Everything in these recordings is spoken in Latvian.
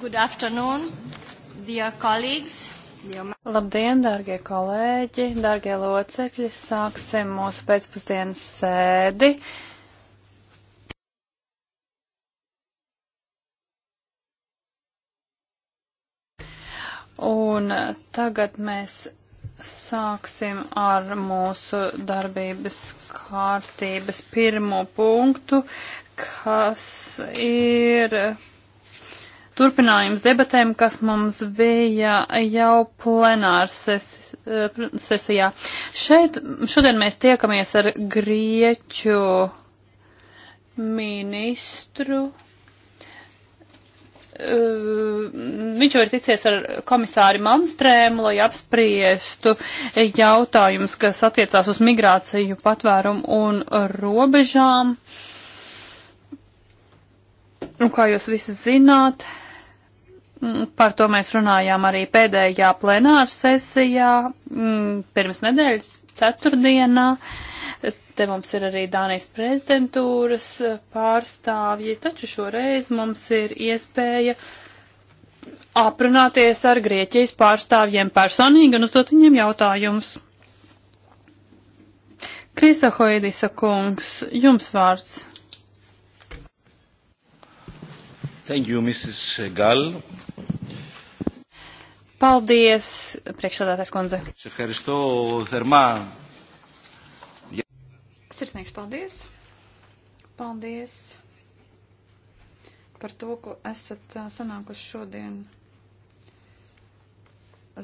Good afternoon, dear colleagues. Dear... Labdien, dārgie kolēģi, dārgie locekļi, sāksim mūsu pēcpusdienas sēdi. Un tagad mēs sāksim ar mūsu darbības kārtības pirmo punktu, kas ir turpinājums debatēm, kas mums bija jau plenāra ses, eh, sesijā. Šeit šodien mēs tiekamies ar Grieķu ministru. Eh, viņš jau ir ticies ar komisāri Malmstrēmu, lai apspriestu jautājumus, kas attiecās uz migrāciju, patvērumu un robežām. Un kā jūs visi zināt, Mm, par to mēs runājām arī pēdējā plenāra sesijā, mm, pirms nedēļas ceturtdienā. Te mums ir arī Dānijas prezidentūras pārstāvji, taču šoreiz mums ir iespēja aprunāties ar Grieķijas pārstāvjiem personīgi un uzdot viņiem jautājumus. Krisahoidisa kungs, jums vārds. Thank you, Mrs. Gall. Paldies, priekšsādātājs kundze. Sirsnīgs paldies. Paldies par to, ko esat sanākuši šodien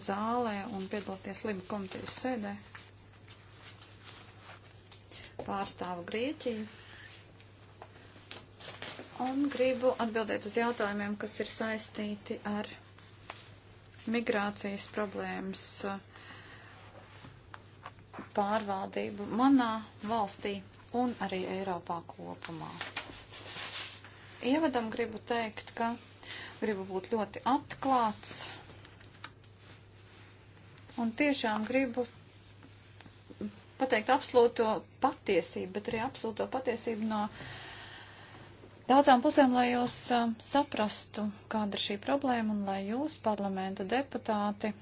zālē un piedalāties Liba komitejas sēdē. Pārstāvu Grieķiju. Un gribu atbildēt uz jautājumiem, kas ir saistīti ar migrācijas problēmas uh, pārvaldību manā valstī un arī Eiropā kopumā. Ievadam gribu teikt, ka gribu būt ļoti atklāts un tiešām gribu pateikt absolūto patiesību, bet arī absolūto patiesību no uh, daudzām pusēm, lai jūs um, saprastu, kāda ir šī problēma un lai jūs, parlamenta deputāti,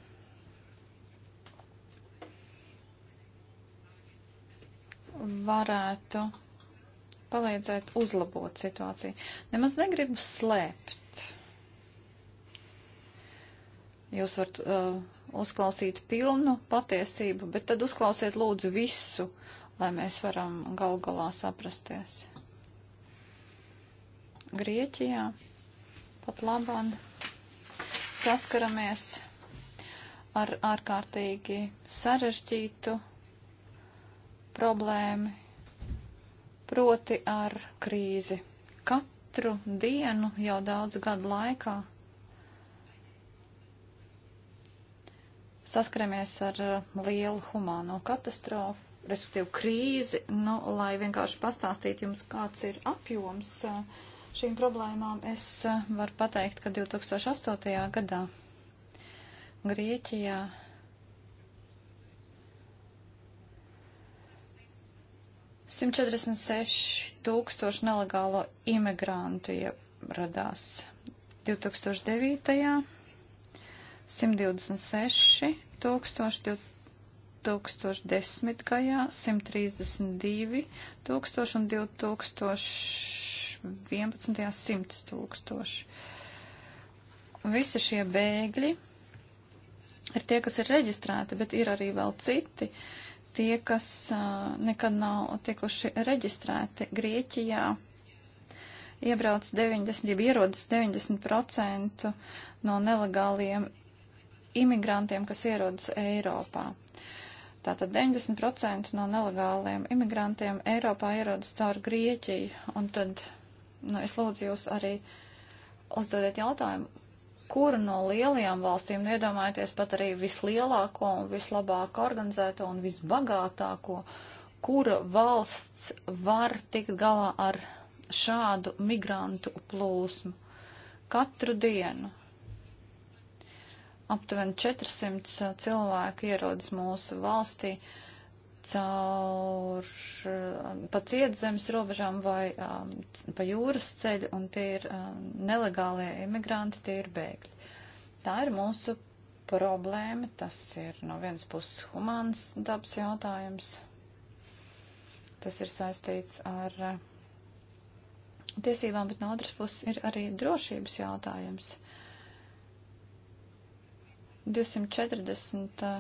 varētu palīdzēt uzlabot situāciju. Nemaz negribu slēpt. Jūs varat uh, uzklausīt pilnu patiesību, bet tad uzklausiet lūdzu visu, lai mēs varam gal galā saprasties. Grieķijā pat labāk saskaramies ar ārkārtīgi sarežģītu problēmu, proti ar krīzi. Katru dienu jau daudz gadu laikā saskaramies ar uh, lielu humāno katastrofu, respektīvi krīzi, nu, lai vienkārši pastāstītu jums, kāds ir apjoms. Uh, šīm problēmām, es eh, varu pateikt, ka 2008. gadā Grieķijā Simt četrdesmit seši tūkstoši nelegālo imigrantu ieradās. 2009. 126 tūkstoši, 2010. 132 tūkstoši un 2000. 2011. 100 tūkstoši. Visi šie bēgļi ir tie, kas ir reģistrēti, bet ir arī vēl citi, tie, kas uh, nekad nav tikuši reģistrēti Grieķijā. Iebrauc 90, jeb ierodas 90% no nelegāliem imigrantiem, kas ierodas Eiropā. Tātad 90% no nelegāliem imigrantiem Eiropā ierodas caur Grieķiju, un tad Nu, es lūdzu jūs arī uzdodiet jautājumu, kuru no lielajām valstīm, nu, iedomājieties pat arī vislielāko un vislabāk organizēto un visbagātāko, kura valsts var tikt galā ar šādu migrantu plūsmu katru dienu. Aptuveni 400 cilvēku ierodas mūsu valstī. Uh, caur um, pa cietzemes robežām vai um, pa jūras ceļu, un tie ir um, nelegālie imigranti, tie ir bēgļi. Tā ir mūsu problēma, tas ir no vienas puses humāns dabas jautājums, tas ir saistīts ar uh, tiesībām, bet no otras puses ir arī drošības jautājums. 240 uh,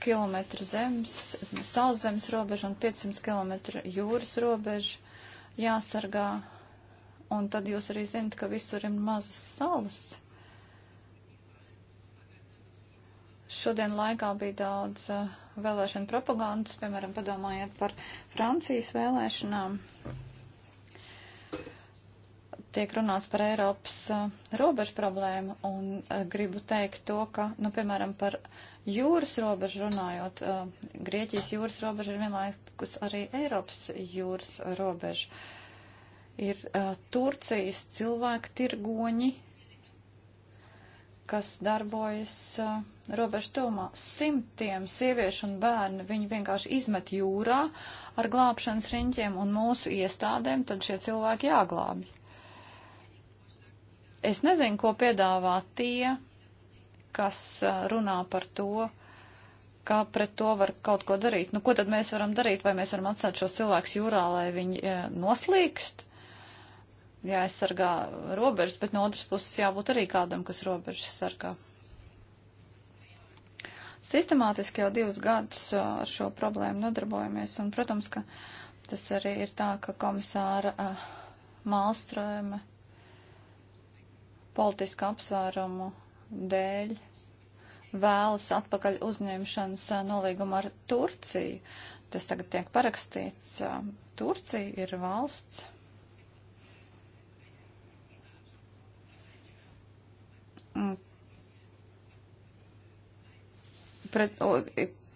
km zemes, saules zemes robeža un 500 km jūras robeža jāsargā. Un tad jūs arī zinat, ka visur ir mazas salas. Šodien laikā bija daudz uh, vēlēšana propagandas, piemēram, padomājiet par Francijas vēlēšanām. Tiek runāts par Eiropas uh, robežu problēmu un uh, gribu teikt to, ka, nu, piemēram, par uh, jūras robežu runājot, eh, Grieķijas jūras robeža ir vienlaikus arī Eiropas jūras robeža. Ir eh, Turcijas cilvēku tirgoņi, kas darbojas eh, robežu tuvumā. Simtiem sieviešu un bērnu viņi vienkārši izmet jūrā ar glābšanas riņķiem un mūsu iestādēm, tad šie cilvēki jāglābj. Es nezinu, ko piedāvā tie kas runā par to, kā pret to var kaut ko darīt. Nu, ko tad mēs varam darīt? Vai mēs varam atstāt šos cilvēkus jūrā, lai viņi noslīkst? Jāaizsargā robežas, bet no otras puses jābūt arī kādam, kas robežas sargā. Sistemātiski jau divus gadus ar šo problēmu nodarbojamies, un, protams, ka tas arī ir tā, ka komisāra uh, Mālstrēma politiska apsvērumu dēļ vēlas atpakaļ uzņemšanas nolīgumu ar Turciju. Tas tagad tiek parakstīts. Turcija ir valsts. Pret,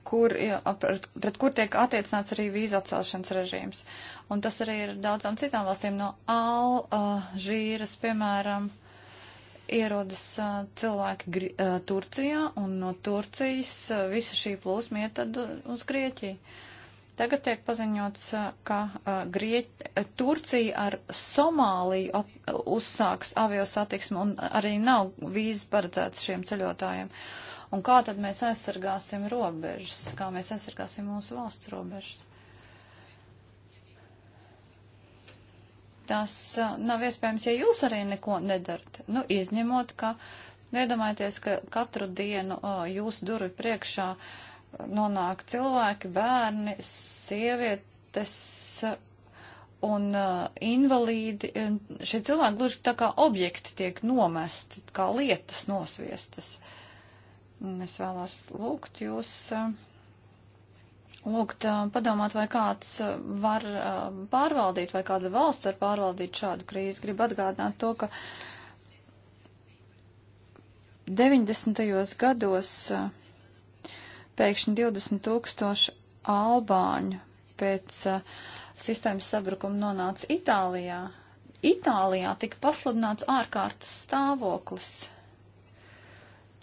kur, jā, pret, pret kur tiek attiecināts arī vīzu atcelšanas režīms. Un tas arī ir daudzām citām valstīm no Alžīras, piemēram, uh, ierodas cilvēki Turcijā un no Turcijas visa šī plūsma iet tad uz Grieķiju. Tagad tiek paziņots, ka Grieķ... Turcija ar Somāliju uzsāks aviosatiksmu un arī nav vīzes paredzētas šiem ceļotājiem. Un kā tad mēs aizsargāsim robežas, kā mēs aizsargāsim mūsu valsts robežas? tas uh, nav iespējams, ja jūs arī neko nedarat. Nu, izņemot, ka, nu, iedomājieties, ka katru dienu uh, jūsu durvi priekšā uh, nonāk cilvēki, bērni, sievietes un invalīdi. Šie cilvēki gluži tā kā objekti tiek nomesti, kā lietas nosviestas. Un es vēlos lūgt jūs. Uh, lūgt padomāt, vai kāds uh, var uh, pārvaldīt, vai kāda valsts var pārvaldīt šādu krīzi. Gribu atgādināt to, ka 90. gados uh, pēkšņi 20 tūkstoši albāņu pēc sistēmas sabrukuma nonāca Itālijā. Itālijā tika pasludināts ārkārtas stāvoklis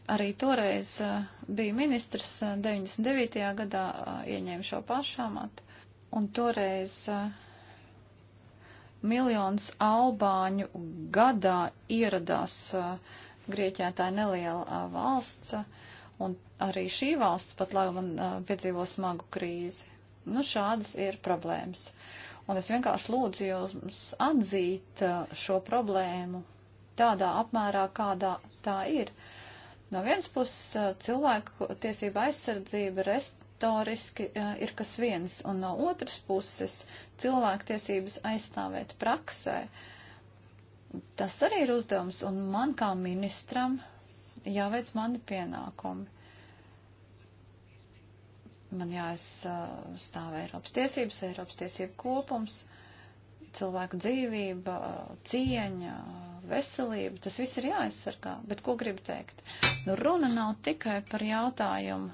arī toreiz bija ministrs 99. gadā ieņēma šo pašu amatu. Un toreiz miljons albāņu gadā ieradās Grieķijā tā ir neliela valsts, un arī šī valsts pat lai man piedzīvo smagu krīzi. Nu, šādas ir problēmas. Un es vienkārši lūdzu jums atzīt šo problēmu tādā apmērā, kādā tā ir. Uh, No vienas puses cilvēku tiesība aizsardzība restoriski ir kas viens, un no otras puses cilvēku tiesības aizstāvēt praksē. Tas arī ir uzdevums, un man kā ministram jāveic mani pienākumi. Man jāizstāv Eiropas tiesības, Eiropas tiesību kopums, cilvēku dzīvība, cieņa, veselību, tas viss ir jāaizsargā. Bet ko gribu teikt? Nu, runa nav tikai par jautājumu,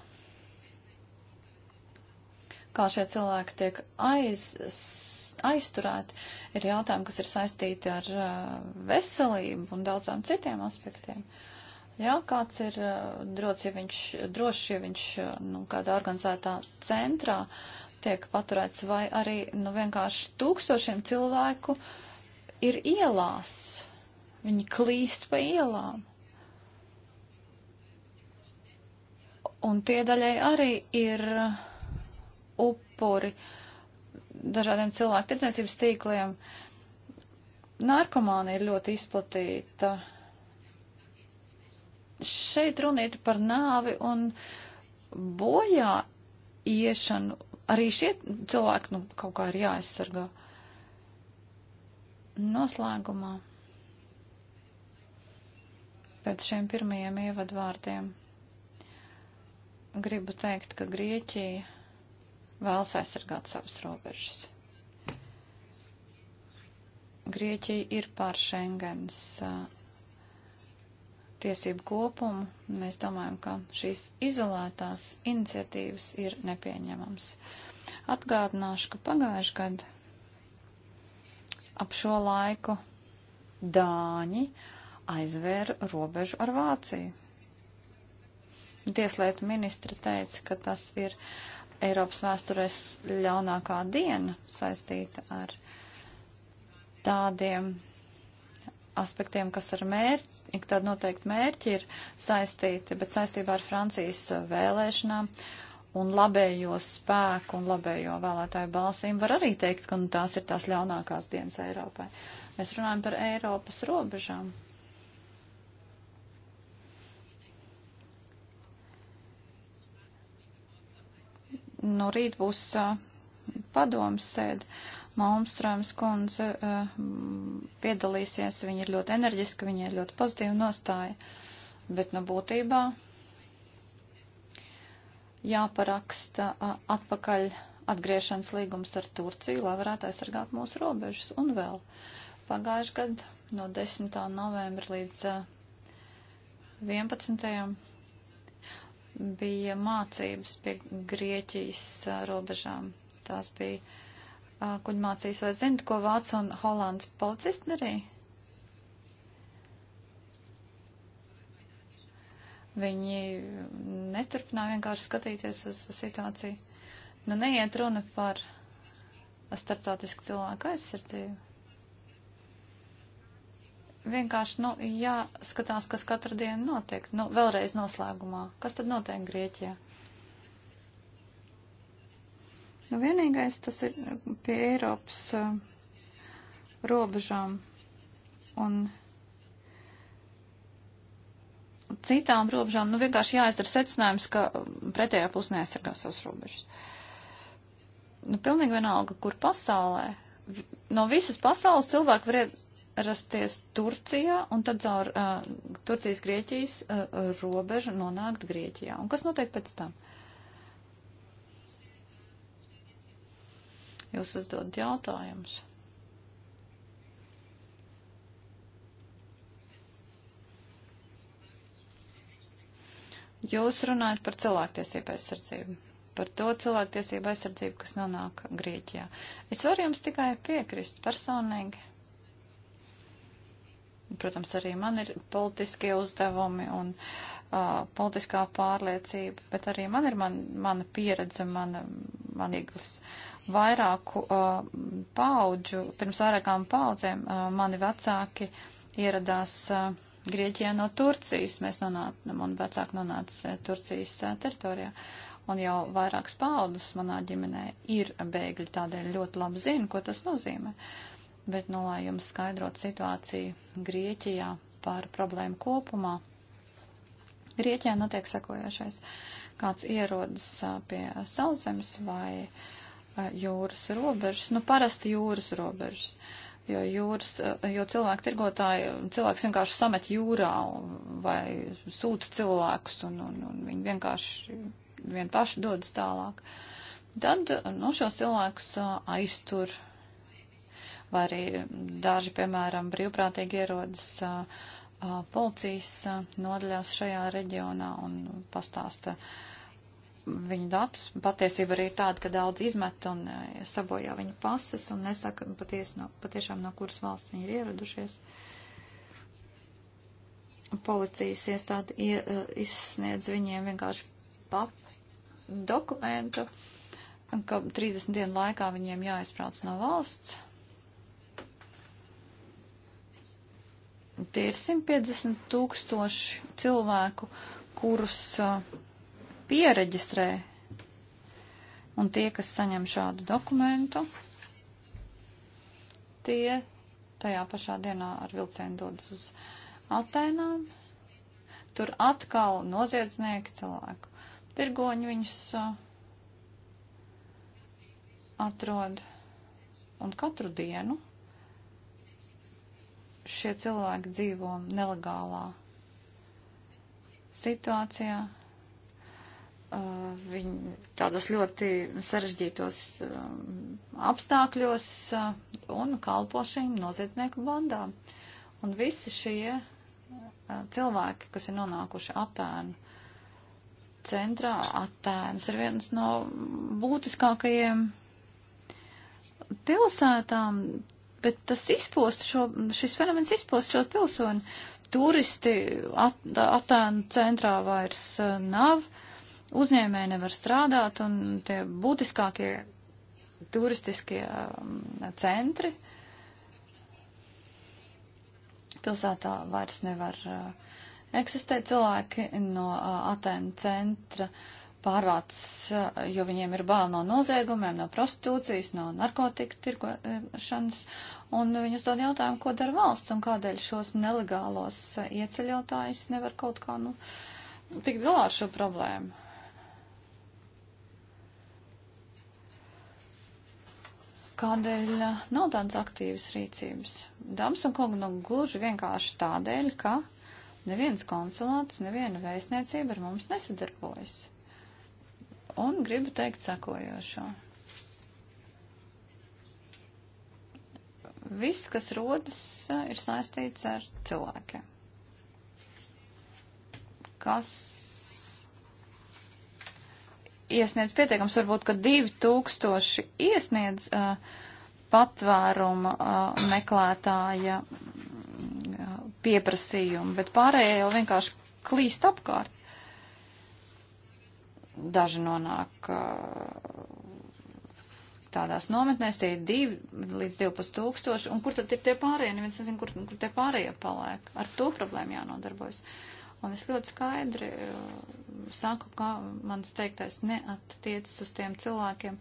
kā šie cilvēki tiek aiz, aizturēti. Ir jautājumi, kas ir saistīti ar uh, veselību un daudzām citiem aspektiem. Jā, kāds ir uh, drošs, ja viņš, drošs, ja viņš uh, nu, kādā organizētā centrā tiek paturēts, vai arī nu, vienkārši tūkstošiem cilvēku ir ielās. Viņi klīst pa ielām. Un tie daļai arī ir uh, upuri dažādiem cilvēku tirdzniecības tīkliem. Narkomāna ir ļoti izplatīta. Šeit runiet par nāvi un bojā iešanu. Arī šie cilvēki nu, kaut kā ir jāaizsargā. Noslēgumā. Pēc šiem pirmajiem ievadvārdiem gribu teikt, ka Grieķija vēlas aizsargāt savas robežas. Grieķija ir pār Schengens tiesību kopumu, mēs domājam, ka šīs izolētās iniciatīvas ir nepieņemams. Atgādināšu, ka pagājuši gadu ap šo laiku Dāņi aizvēra robežu ar Vāciju. Tieslietu ministra teica, ka tas ir Eiropas vēsturēs ļaunākā diena saistīta ar tādiem aspektiem, kas ar mērķi, ik tādu noteikti mērķi ir saistīti, bet saistībā ar Francijas vēlēšanām un labējo spēku un labējo vēlētāju balsīm var arī teikt, ka nu, tās ir tās ļaunākās dienas Eiropai. Mēs runājam par Eiropas robežām. no nu, rīt būs padomas sēde. Malmstrāms kundze piedalīsies, viņa ir ļoti enerģiska, viņa ir ļoti pozitīva nostāja, bet no nu, būtībā jāparaksta atpakaļ atgriešanas līgums ar Turciju, lai varētu aizsargāt mūsu robežas. Un vēl pagājuši gadu no 10. novembra līdz 11 bija mācības pie Grieķijas robežām. Tās bija uh, kuģmācīs. Vai zinat, ko Vācu un Holandas policisti darīja? Viņi neturpināja vienkārši skatīties uz situāciju. Nu, neiet runa par starptautisku cilvēku aizsardzību vienkārši nu, jāskatās, kas katru dienu notiek. Nu, vēlreiz noslēgumā. Kas tad notiek Grieķijā? Nu, vienīgais tas ir pie Eiropas uh, robežām un citām robežām. Nu, vienkārši jāizdara secinājums, ka pretējā pusē neaizsargā savas robežas. Nu, pilnīgi vienalga, kur pasaulē. No visas pasaules cilvēki varētu ierasties Turcijā un tad caur uh, Turcijas-Grieķijas uh, robežu nonākt Grieķijā. Un kas notiek pēc tam? Jūs uzdodat jautājumus. Jūs runājat par cilvēktiesību aizsardzību, par to cilvēktiesību aizsardzību, kas nonāk Grieķijā. Es varu jums tikai piekrist personīgi. Protams, arī man ir politiskie uzdevumi un uh, politiskā pārliecība, bet arī man ir man, mana pieredze, mana, man iglis. Vairāku uh, paudžu, pirms vairākām paudzēm uh, mani vecāki ieradās uh, Grieķijā no Turcijas. Mēs nonācām, un vecāki nonāca Turcijas uh, teritorijā. Un jau vairākas paudzes manā ģimenē ir bēgļi, tādēļ ļoti labi zinu, ko tas nozīmē. Uh, Bet, nu, lai jums skaidrot situāciju Grieķijā par problēmu kopumā, Grieķijā notiek sekojošais. Kāds ierodas pie sauszemes vai jūras robežas, nu, parasti jūras robežas, jo, jūras, jo cilvēku tirgotāji, cilvēks vienkārši samet jūrā vai sūta cilvēkus un, un, un viņi vienkārši vien paši dodas tālāk. Tad, nu, šos cilvēkus aiztur vai arī daži, piemēram, brīvprātīgi ierodas policijas nodaļās šajā reģionā un pastāsta viņu datus. Patiesība arī ir tāda, ka daudz izmet un sabojā viņu pases un nesaka paties, no, patiešām no kuras valsts viņi ir ieradušies. Policijas iestāde izsniedz viņiem vienkārši pap dokumentu, ka 30 dienu laikā viņiem jāizbrauc no valsts. Tie ir 150 tūkstoši cilvēku, kurus piereģistrē. Un tie, kas saņem šādu dokumentu, tie tajā pašā dienā ar vilcienu dodas uz Atēnām. Tur atkal noziedznieki cilvēku. Tirgoņi viņus atrod. Un katru dienu šie cilvēki dzīvo nelegālā situācijā. Uh, viņi tādos ļoti sarežģītos uh, apstākļos uh, un kalpo šīm noziedznieku bandām. Un visi šie uh, cilvēki, kas ir nonākuši Atēnu centrā, Atēnas ir viens no būtiskākajiem pilsētām bet tas izpost šo, šis fenomens izpost šo pilsoni. Turisti at, atēnu centrā vairs uh, nav, uzņēmēji nevar strādāt un tie būtiskākie turistiskie um, centri pilsētā vairs nevar uh, eksistēt. Cilvēki no uh, Atēnu centra uh, pārvāc, eh, jo viņiem ir bail no noziegumiem, no prostitūcijas, no narkotika tirgošanas, un viņi uzdod jautājumu, ko dara valsts un kādēļ šos nelegālos eh, ieceļotājus nevar kaut kā, nu, tikt galā ar šo problēmu. Kādēļ eh, nav tādas aktīvas rīcības? Dāmas un kungi, nu gluži vienkārši tādēļ, ka neviens konsulāts, neviena vēstniecība ar mums nesadarbojas. Un gribu teikt sakojošo. Viss, kas rodas, ir saistīts ar cilvēkiem. Kas iesniedz pietiekams, varbūt, ka 2000 iesniedz uh, patvēruma uh, meklētāja mm, uh, pieprasījumu, bet pārējie jau vienkārši klīst apkārt. Daži nonāk uh, tādās nometnēs, tie ir divi līdz 12 tūkstoši, un kur tad ir tie pārējie? Neviens nezin, kur, kur tie pārējie paliek. Ar to problēmu jānodarbojas. Un es ļoti skaidri uh, saku, ka mans teiktais neattiecas uz tiem cilvēkiem,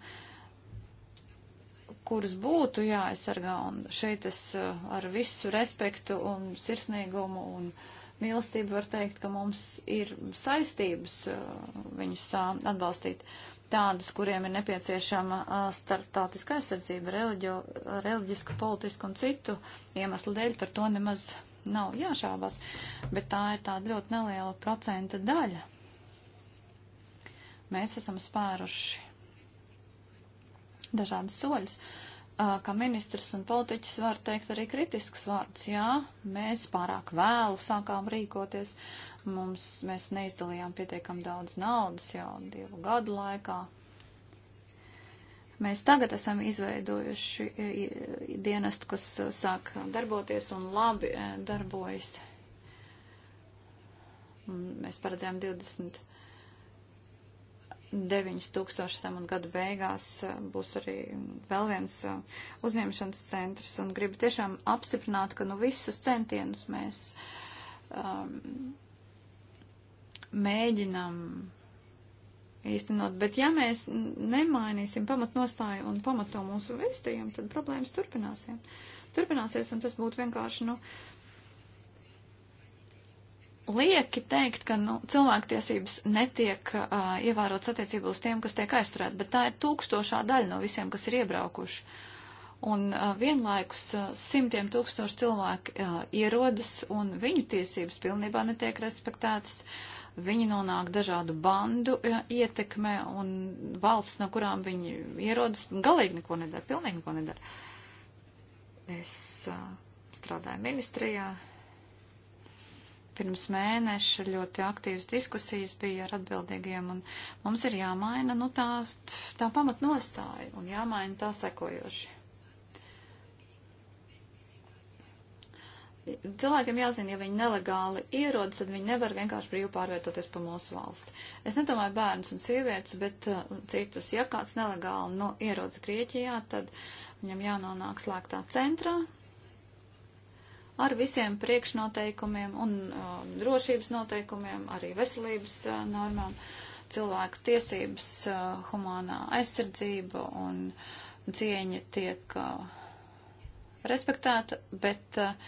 kurus būtu jāaizsargā, un šeit es uh, ar visu respektu un sirsnīgumu un. Uh, mīlestība var teikt, ka mums ir saistības uh, viņus uh, atbalstīt tādus, kuriem ir nepieciešama uh, starptautiska aizsardzība reliģio, reliģisku, politisku un citu iemeslu dēļ, par to nemaz nav jāšābas, bet tā ir tāda ļoti neliela procenta daļa. Mēs esam spēruši dažādas soļus, kā ministrs un politiķis var teikt arī kritiskus vārdus. Jā, mēs pārāk vēlu sākām rīkoties, mums, mēs neizdalījām pietiekam daudz naudas jau divu gadu laikā. Mēs tagad esam izveidojuši dienestu, kas sāk darboties un labi darbojas. Mēs paredzējām 20 9000 tam un gadu beigās eh, būs arī vēl viens eh, uzņemšanas centrs un gribu tiešām apstiprināt, ka nu visus centienus mēs um, mēģinam īstenot, bet ja mēs nemainīsim pamatnostāju un pamato mūsu vēstījumu, tad problēmas turpināsim. Turpināsies un tas būtu vienkārši, nu, uh, lieki teikt, ka nu, cilvēktiesības netiek uh, ievērotas attiecībā uz tiem, kas tiek aizturēti, bet tā ir tūkstošā daļa no visiem, kas ir iebraukuši. Un uh, vienlaikus uh, simtiem tūkstoši cilvēki uh, ierodas un viņu tiesības pilnībā netiek respektētas. Viņi nonāk dažādu bandu uh, ietekmē un valsts, no kurām viņi ierodas, galīgi neko nedara, pilnīgi neko nedara. Es uh, strādāju ministrijā, pirms mēneša ļoti aktīvas diskusijas bija ar atbildīgiem, un mums ir jāmaina nu, tā, tā pamatnostāja un jāmaina tā sekojoši. Cilvēkiem jāzina, ja viņi nelegāli ierodas, tad viņi nevar vienkārši brīvi pārvietoties pa mūsu valsti. Es nedomāju bērnus un sievietes, bet uh, citus. Ja kāds nelegāli no, nu, ierodas Grieķijā, tad viņam jānonāk slēgtā centrā, ar visiem priekšnoteikumiem un uh, drošības noteikumiem, arī veselības uh, normām, cilvēku tiesības, uh, humānā aizsardzība un cieņa tiek uh, respektēta, bet uh,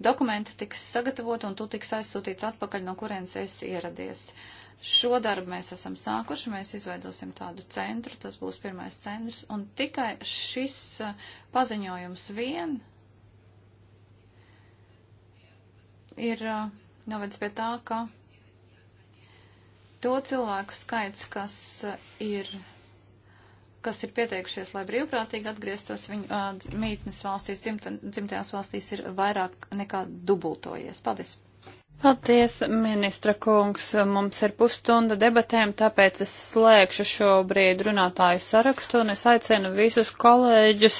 dokumenti tiks sagatavoti un tu tiks aizsūtīts atpakaļ, no kurienes esi ieradies. Šo darbu mēs esam sākuši, mēs izveidosim tādu centru, tas būs pirmais centrs, un tikai šis uh, paziņojums vien ir novedis pie tā, ka to cilvēku skaits, kas ir, kas ir pieteikušies, lai brīvprātīgi atgrieztos viņu uh, mītnes valstīs, dzimten, dzimtajās valstīs, ir vairāk nekā dubultojies. Paldies! Paldies, ministra kungs. Mums ir pusstunda debatēm, tāpēc es slēgšu šobrīd runātāju sarakstu un es aicinu visus kolēģus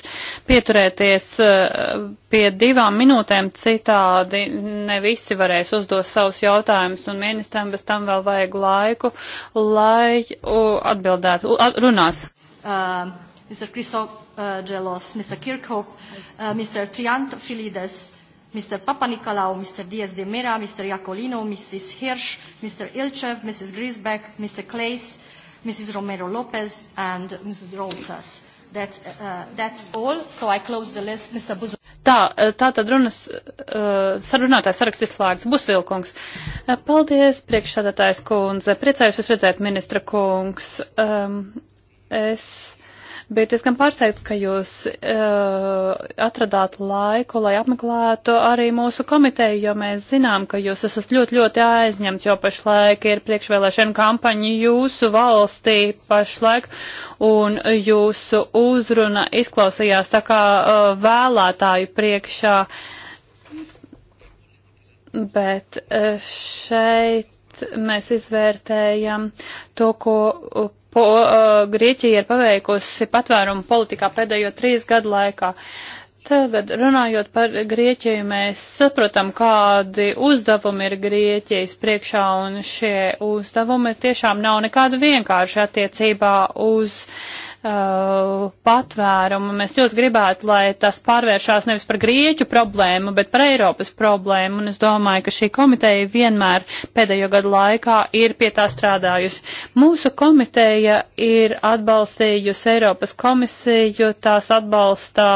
pieturēties eh, pie divām minūtēm citādi. Ne visi varēs uzdot savus jautājumus un ministram bez tam vēl vajag laiku, lai atbildētu, at, runās. Uh, Mr. Kriso, uh, Gelos, Mr. Kirkhope, uh, Mr. Triantafilides. Mr. Papanikolaou, Mr. Diaz de Mera, Mr. Iacolino, Mrs. Hirsch, Mr. Ilchev, Mrs. Grisbeck, Mr. Claes, Mrs. Romero-Lopez, and Mrs. Rolzas. That, uh, that's all. So I close the list. Mr. Buzo. Tā, uh, tā tad runas uh, sarunātājs saraksts izslēgts. Busilkungs. Uh, paldies, priekšsādātājs kundze. Priecājos jūs redzēt, ministra kungs. Um, es Bija diezgan pārsteigts, ka jūs uh, atradāt laiku, lai apmeklētu arī mūsu komiteju, jo mēs zinām, ka jūs esat ļoti, ļoti aizņemts, jo pašlaik ir priekšvēlēšana kampaņa jūsu valstī pašlaik, un jūsu uzruna izklausījās tā kā uh, vēlētāju priekšā. Bet uh, šeit mēs izvērtējam to, ko po, uh, Grieķija ir paveikusi patvērumu politikā pēdējo trīs gadu laikā. Tagad runājot par Grieķiju, mēs saprotam, kādi uzdevumi ir Grieķijas priekšā, un šie uzdevumi tiešām nav nekādu vienkārši attiecībā uz uh, uh, patvērumu. Mēs ļoti gribētu, lai tas pārvēršās nevis par Grieķu problēmu, bet par Eiropas problēmu. Un es domāju, ka šī komiteja vienmēr pēdējo gadu laikā ir pie tā strādājusi. Mūsu komiteja ir atbalstījusi Eiropas komisiju, tās atbalstā.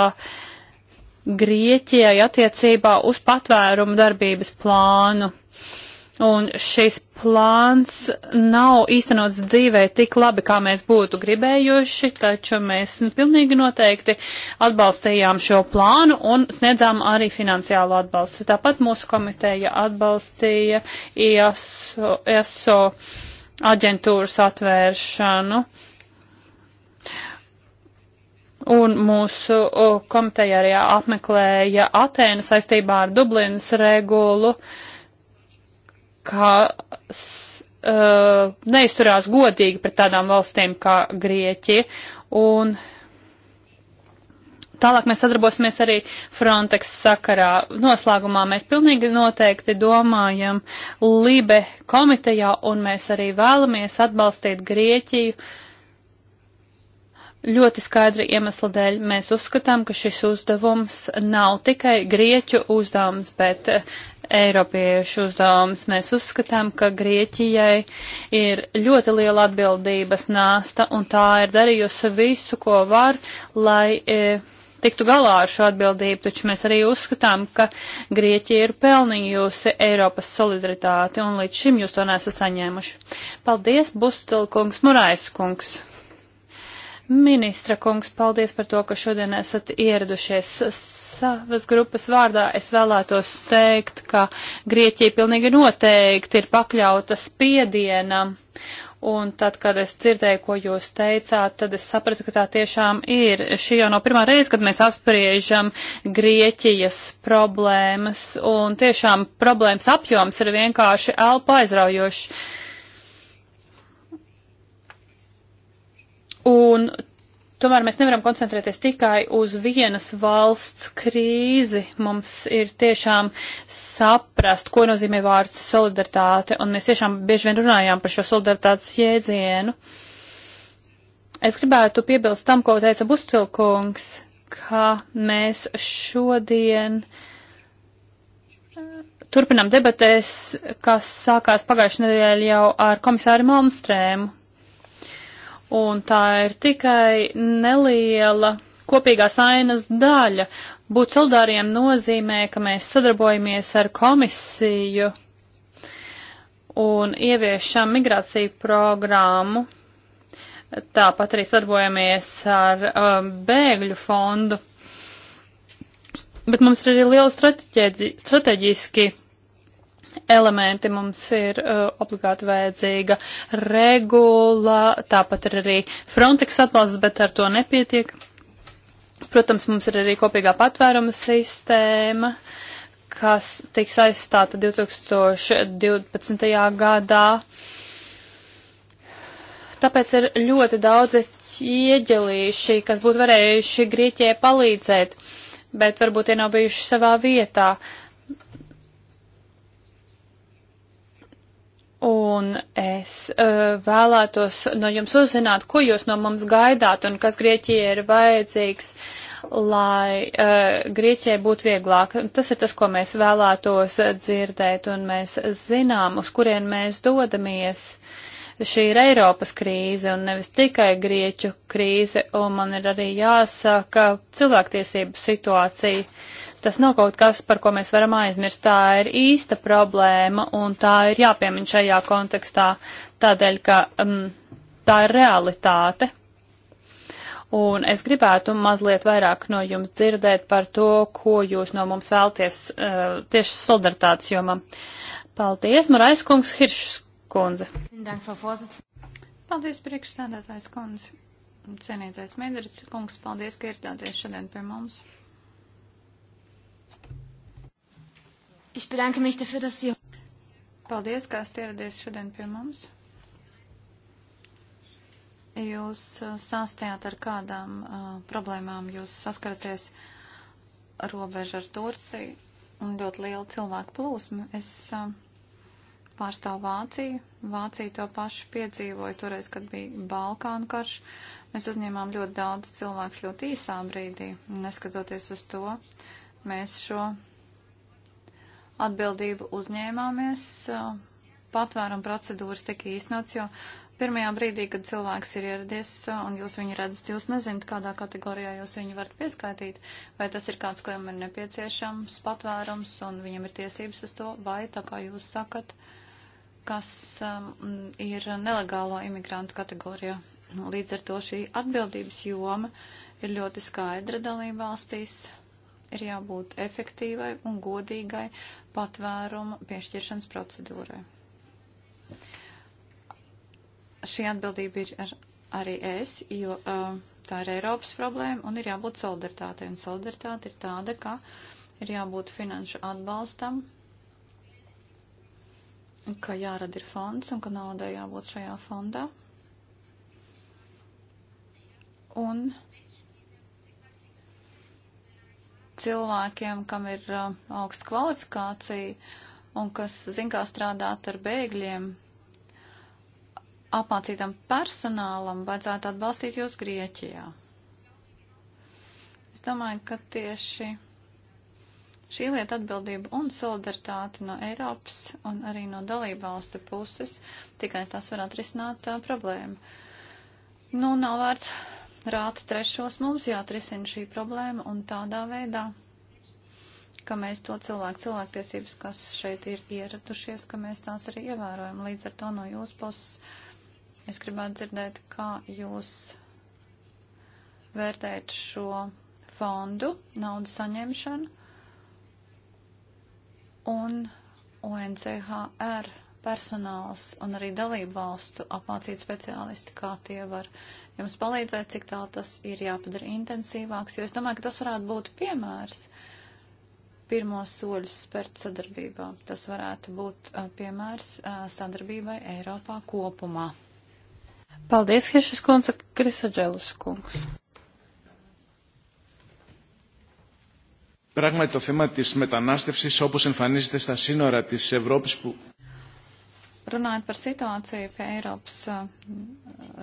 Grieķijai attiecībā uz patvērumu darbības plānu. Uh, un šis plāns nav īstenots dzīvē tik labi, kā mēs būtu gribējuši, taču mēs pilnīgi noteikti atbalstījām šo plānu un sniedzām arī finansiālu atbalstu. Tāpat mūsu komiteja atbalstīja ESO, ESO aģentūras atvēršanu. Un mūsu uh, komiteja arī apmeklēja Atēnu saistībā ar Dublinas regulu. Uh, kas uh, eh, neizturās godīgi pret tādām valstīm kā Grieķija. Un tālāk mēs sadarbosimies arī Frontex sakarā. Noslēgumā mēs pilnīgi noteikti domājam Libe komitejā un mēs arī vēlamies atbalstīt Grieķiju. Ļoti skaidra iemesla dēļ mēs uzskatām, ka šis uzdevums nav tikai grieķu uzdevums, bet Eiropiešu uzdevums. Mēs uzskatām, ka Grieķijai ir ļoti liela atbildības nāsta, un tā ir darījusi visu, ko var, lai e, tiktu galā ar šo atbildību, taču mēs arī uzskatām, ka Grieķija ir pelnījusi Eiropas solidaritāti, un līdz šim jūs to nesat saņēmuši. Paldies, Bustilkungs, Murais kungs! Ministra kungs, paldies par to, ka šodien esat ieradušies savas grupas vārdā. Es vēlētos teikt, ka Grieķija pilnīgi noteikti ir pakļauta spiedienam. Un tad, kad es dzirdēju, ko jūs teicāt, tad es sapratu, ka tā tiešām ir. Šī jau nav no pirmā reize, kad mēs apspriežam Grieķijas problēmas, un tiešām problēmas apjoms ir vienkārši elpa aizraujošs Un tomēr mēs nevaram koncentrēties tikai uz vienas valsts krīzi. Mums ir tiešām saprast, ko nozīmē vārds solidaritāte, un mēs tiešām bieži vien runājām par šo solidaritātes jēdzienu. Es gribētu piebilst tam, ko teica Bustilkungs, ka mēs šodien turpinām debatēs, kas sākās pagājušajā nedēļā jau ar komisāru Malmstrēmu un tā ir tikai neliela kopīgās ainas daļa. Būt solidāriem nozīmē, ka mēs sadarbojamies ar komisiju un ieviešam migrāciju programmu. Tāpat arī sadarbojamies ar um, bēgļu fondu. Bet mums ir arī liela strateģiski elementi mums ir uh, obligāti vajadzīga regula, tāpat ir arī Frontex atbalsts, bet ar to nepietiek. Protams, mums ir arī kopīgā patvēruma sistēma, kas tiks aizstāta 2012. gadā. Tāpēc ir ļoti daudzi ieģelīši, kas būtu varējuši Grieķijai palīdzēt, bet varbūt tie nav bijuši savā vietā. Uh, Un es uh, vēlētos no jums uzzināt, ko jūs no mums gaidāt un kas Grieķijai ir vajadzīgs, lai uh, Grieķijai būtu vieglāk. Tas ir tas, ko mēs vēlētos dzirdēt, un mēs zinām, uz kurien mēs dodamies. Šī ir Eiropas krīze un nevis tikai Grieķu krīze, un man ir arī jāsaka cilvēktiesību situācija. Tas nav kaut kas, par ko mēs varam aizmirst. Tā ir īsta problēma un tā ir jāpiemina šajā kontekstā tādēļ, ka um, tā ir realitāte. Un es gribētu mazliet vairāk no jums dzirdēt par to, ko jūs no mums vēlties uh, tieši solidaritātes jomā. Paldies, Marais kungs, Hiršs kundze. Paldies, priekšstādātājs kundze. Cienītais Medrits kungs, paldies, ka ieradāties šodien pie mums. Ich bedanke mich dafür, dass Sie. Paldies, ka esat ieradies šodien pie mums. Jūs uh, sāstījāt, ar kādām uh, problēmām jūs saskaraties robeža ar Turciju un ļoti liela cilvēku plūsma. Es uh, pārstāvu Vāciju. Vācija to pašu piedzīvoja toreiz, kad bija Balkānu karš. Mēs uzņēmām ļoti daudz cilvēku ļoti īsā brīdī, neskatoties uz to. Uh, Mēs šo atbildību uzņēmāmies, patvērumu procedūras tika īstenots, jo pirmajā brīdī, kad cilvēks ir ieradies un jūs viņu redzat, jūs nezināt, kādā kategorijā jūs viņu varat pieskaitīt, vai tas ir kāds, kuram ir nepieciešams patvērums un viņam ir tiesības uz to, vai tā kā jūs sakat, kas um, ir nelegālo imigrantu kategorijā. Līdz ar to šī atbildības joma ir ļoti skaidra dalība valstīs ir jābūt efektīvai un godīgai patvērumu piešķiršanas procedūrai. Šī atbildība ir ar, arī es, jo uh, tā ir Eiropas problēma un ir jābūt solidaritātei. Un solidaritāte ir tāda, ka ir jābūt finanšu atbalstam, ka jārada ir fonds un ka naudai jābūt šajā fondā. Un cilvēkiem, kam ir uh, augsta kvalifikācija un kas zin, kā strādāt ar bēgļiem, apmācītam personālam vajadzētu atbalstīt jūs Grieķijā. Es domāju, ka tieši šī lieta atbildība un solidaritāte no Eiropas un arī no dalībvalstu puses tikai tas var atrisināt uh, problēmu. Nu, nav vērts rāta trešos mums jāatrisina šī problēma un tādā veidā, ka mēs to cilvēku cilvēktiesības, kas šeit ir ieradušies, ka mēs tās arī ievērojam. Līdz ar to no jūsu puses es gribētu dzirdēt, kā jūs vērtējat šo fondu, naudu saņemšanu un UNCHR personāls un arī dalību valstu apmācīt speciālisti, kā tie var uh, jums palīdzēt, cik tālu tas ir jāpadara intensīvāks, jo es domāju, ka tas varētu būt piemērs pirmos soļus spērt sadarbībā. Tas varētu būt uh, piemērs uh, sadarbībai Eiropā kopumā. Paldies, Hiršas kundze, Krisoģelus kungs. Πράγματι το θέμα της μετανάστευσης όπως εμφανίζεται στα σύνορα της Ευρώπης που Runājot par situāciju pie Eiropas uh,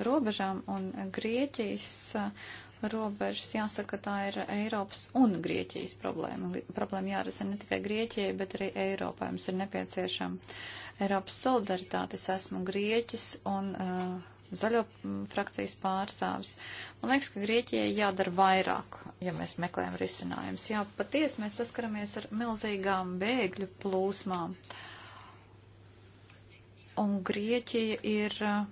robežām un Grieķijas uh, robežas, jāsaka, tā ir Eiropas un Grieķijas problēma. Problēma jārisina ne tikai Grieķijai, bet arī Eiropai. Mums ir nepieciešama Eiropas solidaritāte. Es esmu Grieķis un uh, zaļo mm, frakcijas pārstāvis. Man liekas, ka Grieķijai jādara vairāk, ja mēs meklējam risinājumus. Jā, patiesi mēs saskaramies ar milzīgām bēgļu plūsmām. Uh, Un Grieķija ir eh,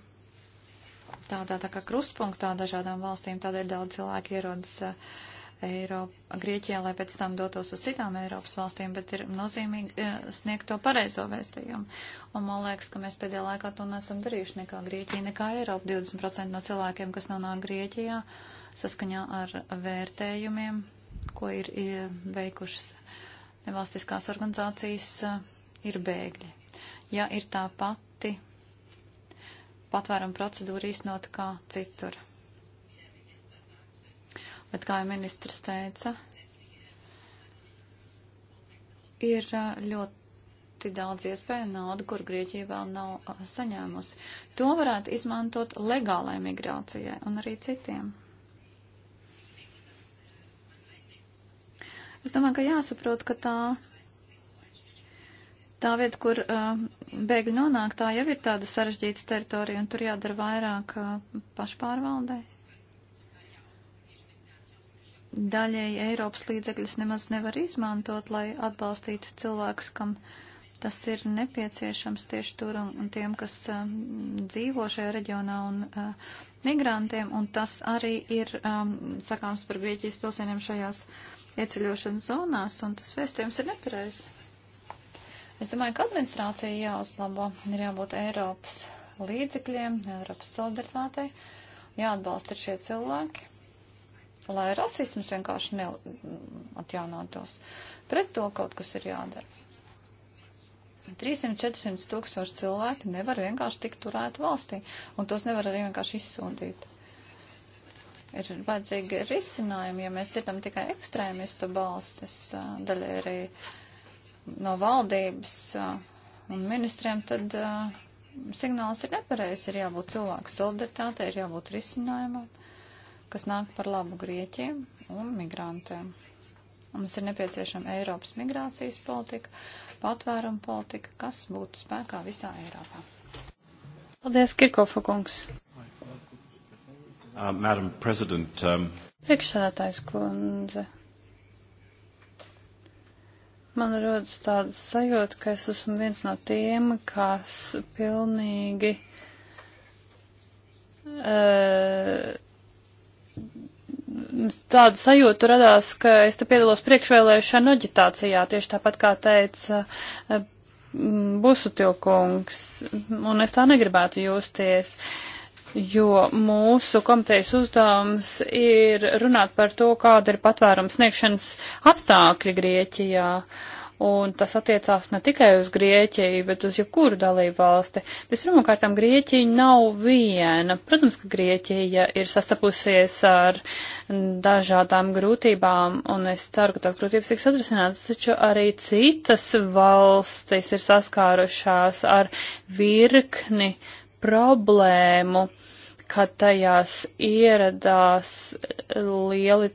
tādā tā kā krustpunktā dažādām valstīm, tādēļ daudz cilvēku ierodas eh, Eiropa, Grieķijā, lai pēc tam dotos uz citām Eiropas valstīm, bet ir nozīmīgi eh, sniegt to pareizo vēstījumu. Un man liekas, ka mēs pēdējā laikā to nesam darījuši nekā Grieķija, nekā Eiropa. 20% no cilvēkiem, kas nonāk Grieķijā, saskaņā ar vērtējumiem, ko ir, ir veikušas nevalstiskās organizācijas, ir bēgļi ja ir tā pati patvērum procedūra īstenot kā citur. Bet, kā jau ministrs teica, ir ļoti daudz iespēju naudu, kur Grieķija vēl nav saņēmusi. To varētu izmantot legālai migrācijai un arī citiem. Es domāju, ka jāsaprot, ka tā tā vieta, kur uh, bēgļi nonāk, tā jau ir tāda sarežģīta teritorija, un tur jādara vairāk uh, pašpārvaldē. Daļēji Eiropas līdzekļus nemaz nevar izmantot, lai atbalstītu cilvēkus, kam tas ir nepieciešams tieši tur un, un tiem, kas uh, dzīvo šajā reģionā un uh, migrantiem, un tas arī ir um, sakāms par Grieķijas pilsēniem šajās ieceļošanas zonās, un tas vēstījums ir nepareizs. Es domāju, ka administrācija jāuzlabo, ir jābūt Eiropas līdzekļiem, Eiropas solidaritātei, jāatbalsta šie cilvēki, lai rasisms vienkārši neatjaunotos. Pret to kaut kas ir jādara. 300-400 tūkstoši cilvēki nevar vienkārši tikt turēt valstī, un tos nevar arī vienkārši izsūtīt. Ir vajadzīgi risinājumi, ja mēs dzirdam tikai ekstrēmistu balstis, daļai arī uh, no valdības uh, un ministriem, tad uh, signāls ir nepareizs. Ir jābūt cilvēku solidaritātei, ir jābūt risinājumam, kas nāk par labu Grieķiem un migrantiem. Mums ir nepieciešama Eiropas migrācijas politika, patvēruma politika, kas būtu spēkā visā Eiropā. Paldies, Kirkofa kungs. Uh, um, Priekšsēdētājs kundze. Man rodas tāda sajūta, ka es esmu viens no tiem, kas pilnīgi uh, tāda sajūta radās, ka es te piedalos priekšvēlēšana aģitācijā, tieši tāpat kā teica uh, Busutilkungs, un es tā negribētu jūsties. Uh, jo mūsu komitejas uzdevums ir runāt par to, kāda ir patvērums sniegšanas apstākļi Grieķijā. Un tas attiecās ne tikai uz Grieķiju, bet uz jebkuru dalību valsti. Vispirmkārt, Grieķija nav viena. Protams, ka Grieķija ir sastapusies ar dažādām grūtībām, un es ceru, ka tās grūtības tiks atrisinātas, taču arī citas valstis ir saskārušās ar virkni problēmu, ka tajās ieradās lieli,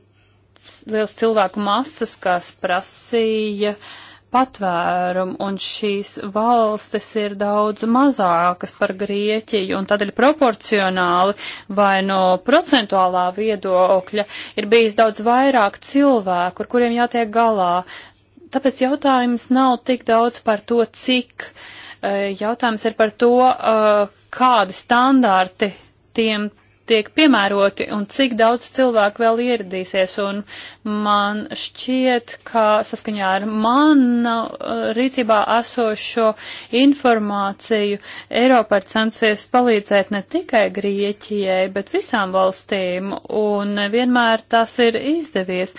liels cilvēku masas, kas prasīja patvērumu, un šīs valstis ir daudz mazākas par Grieķiju, un tādēļ proporcionāli vai no procentuālā viedokļa ir bijis daudz vairāk cilvēku, ar kuriem jātiek galā. Tāpēc jautājums nav tik daudz par to, cik uh, Jautājums ir par to, kādi standarti tiem tiek piemēroti un cik daudz cilvēku vēl ieradīsies. Un man šķiet, ka saskaņā ar manu uh, rīcībā esošo informāciju Eiropa ir censusies palīdzēt ne tikai Grieķijai, bet visām valstīm, un vienmēr tas ir izdevies.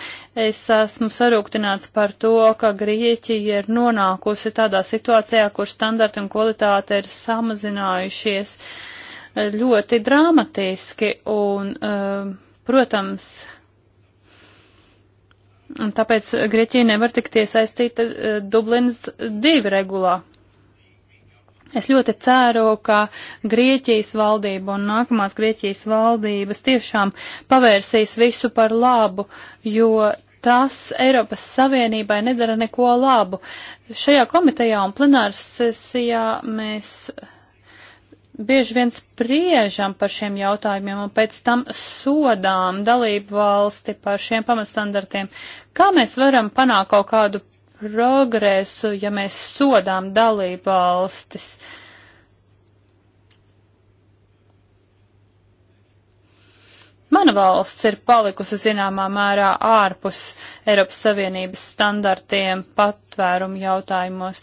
Es esmu sarūktināts par to, ka Grieķija ir nonākusi tādā situācijā, kur standarti un kvalitāte ir samazinājušies. Uh, ļoti dramatiski un, um, protams, un tāpēc Grieķija nevar tikt iesaistīta uh, Dublinas divi regulā. Es ļoti ceru, ka Grieķijas valdība un nākamās Grieķijas valdības tiešām pavērsīs visu par labu, jo tas Eiropas Savienībai nedara neko labu. Šajā komitejā un plenāras sesijā mēs bieži vien spriežam par šiem jautājumiem un pēc tam sodām dalību valsti par šiem pamatstandartiem. Kā mēs varam panākt kaut kādu progresu, ja mēs sodām dalību valstis? Mana valsts ir palikusi zināmā mērā ārpus Eiropas Savienības standartiem patvērumu jautājumos.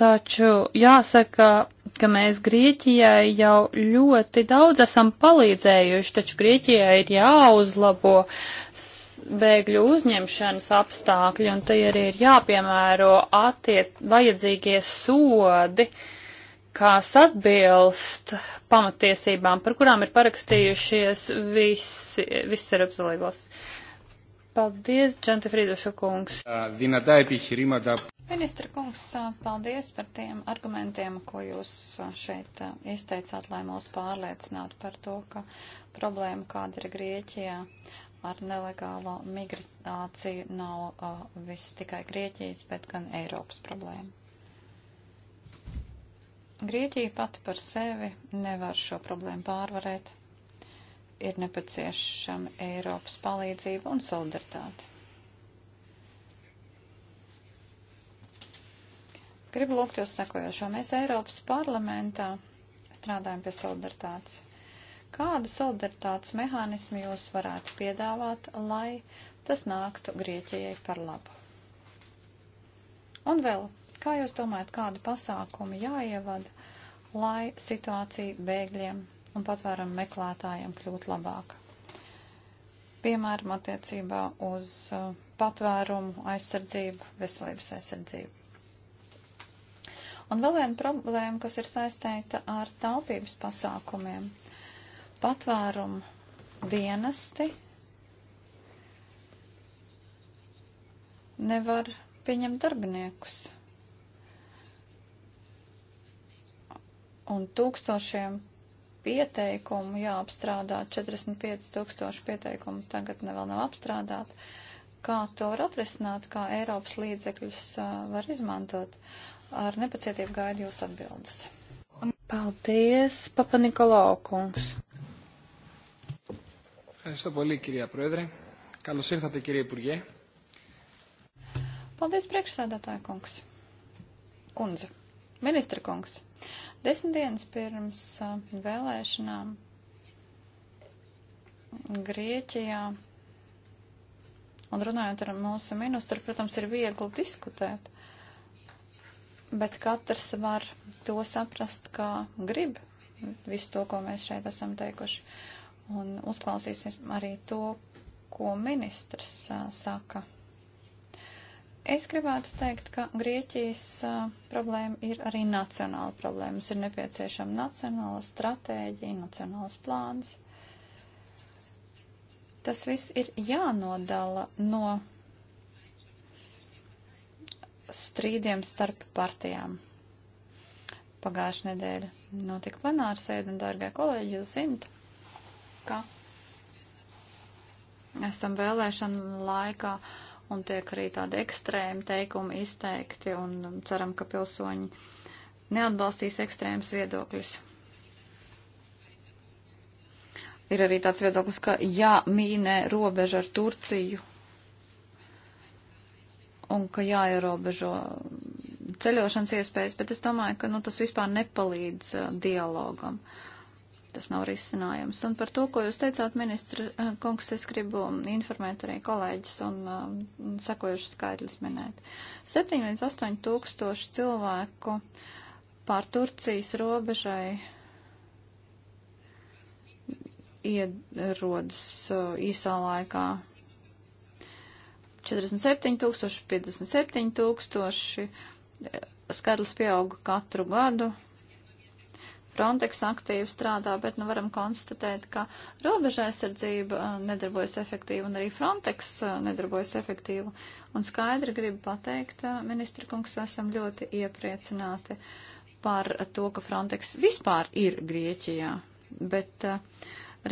Taču jāsaka, ka mēs Grieķijai jau ļoti daudz esam palīdzējuši, taču Grieķijai ir jāuzlabo bēgļu uzņemšanas apstākļi, un tai arī ir jāpiemēro attiet vajadzīgie sodi, kas atbilst pamatiesībām, par kurām ir parakstījušies visi, visi ir apzalībās. Uh, Paldies, Džanta Frīdusa kungs. Dinatā epihirīmatā. Ministra kungs, paldies par tiem argumentiem, ko jūs šeit izteicāt, lai mūs pārliecinātu par to, ka problēma, kāda ir Grieķijā ar nelegālo migrāciju, nav viss tikai Grieķijas, bet gan Eiropas problēma. Grieķija pati par sevi nevar šo problēmu pārvarēt ir nepieciešama Eiropas palīdzība un solidaritāte. Gribu lūgt jūs sakojošo. Mēs Eiropas parlamentā strādājam pie solidaritātes. Kādu solidaritātes mehānismu jūs varētu piedāvāt, lai tas nāktu Grieķijai par labu? Un vēl, kā jūs domājat, kādu pasākumu jāievada, lai situācija bēgļiem un patvērumu meklētājiem kļūt labāk. Piemēram, attiecībā uz uh, patvērumu aizsardzību, veselības aizsardzību. Un vēl viena problēma, kas ir saistīta ar taupības pasākumiem. Patvērumu dienesti nevar pieņemt darbiniekus. Un tūkstošiem pieteikumu jāapstrādā, 45 tūkstoši pieteikumu tagad vēl nav apstrādāti. Kā to var atrisināt, kā Eiropas līdzekļus var izmantot? Ar nepacietību gaidu jūs atbildes. Paldies, Papa Nikolau kungs. Ευχαριστώ πολύ, κυρία Πρόεδρε. Καλώς ήρθατε, κύριε Υπουργέ. Paldies, priekšsēdētāja kungs. Kundze. Ministra kungs. Desmit dienas pirms uh, vēlēšanām Grieķijā un runājot ar mūsu ministru, protams, ir viegli diskutēt, bet katrs var to saprast, kā grib, visu to, ko mēs šeit esam teikuši. Un uzklausīsim arī to, ko ministrs uh, saka. Es gribētu teikt, ka Grieķijas uh, problēma ir arī nacionāla problēma. Mums ir nepieciešama nacionāla stratēģija, nacionāls plāns. Tas viss ir jānodala no strīdiem starp partijām. Pagājušā nedēļa notika plenārsēde, un, dārgie kolēģi, jūs zinat, ka esam vēlēšanu laikā. Uh, un tiek arī tādi ekstrēmi teikumi izteikti, un ceram, ka pilsoņi neatbalstīs ekstrēmas viedokļus. Ir arī tāds viedoklis, ka jāmīnē robeža ar Turciju un ka jāierobežo ceļošanas iespējas, bet es domāju, ka nu, tas vispār nepalīdz uh, dialogam. Uh, Tas nav risinājums. Un par to, ko jūs teicāt, ministra eh, kungs, es gribu informēt arī kolēģis un eh, um, sekojušas skaidrs minēt. 7 līdz 8 tūkstoši cilvēku pār Turcijas robežai ierodas uh, īsā laikā. 47 tūkstoši, 57 tūkstoši. Skaidrs pieauga katru gadu Frontex aktīvi strādā, bet nu varam konstatēt, ka robeža aizsardzība uh, nedarbojas efektīvi un arī Frontex uh, nedarbojas efektīvi. Un skaidri gribu pateikt, uh, ministra kungs, esam ļoti iepriecināti par to, ka Frontex vispār ir Grieķijā, bet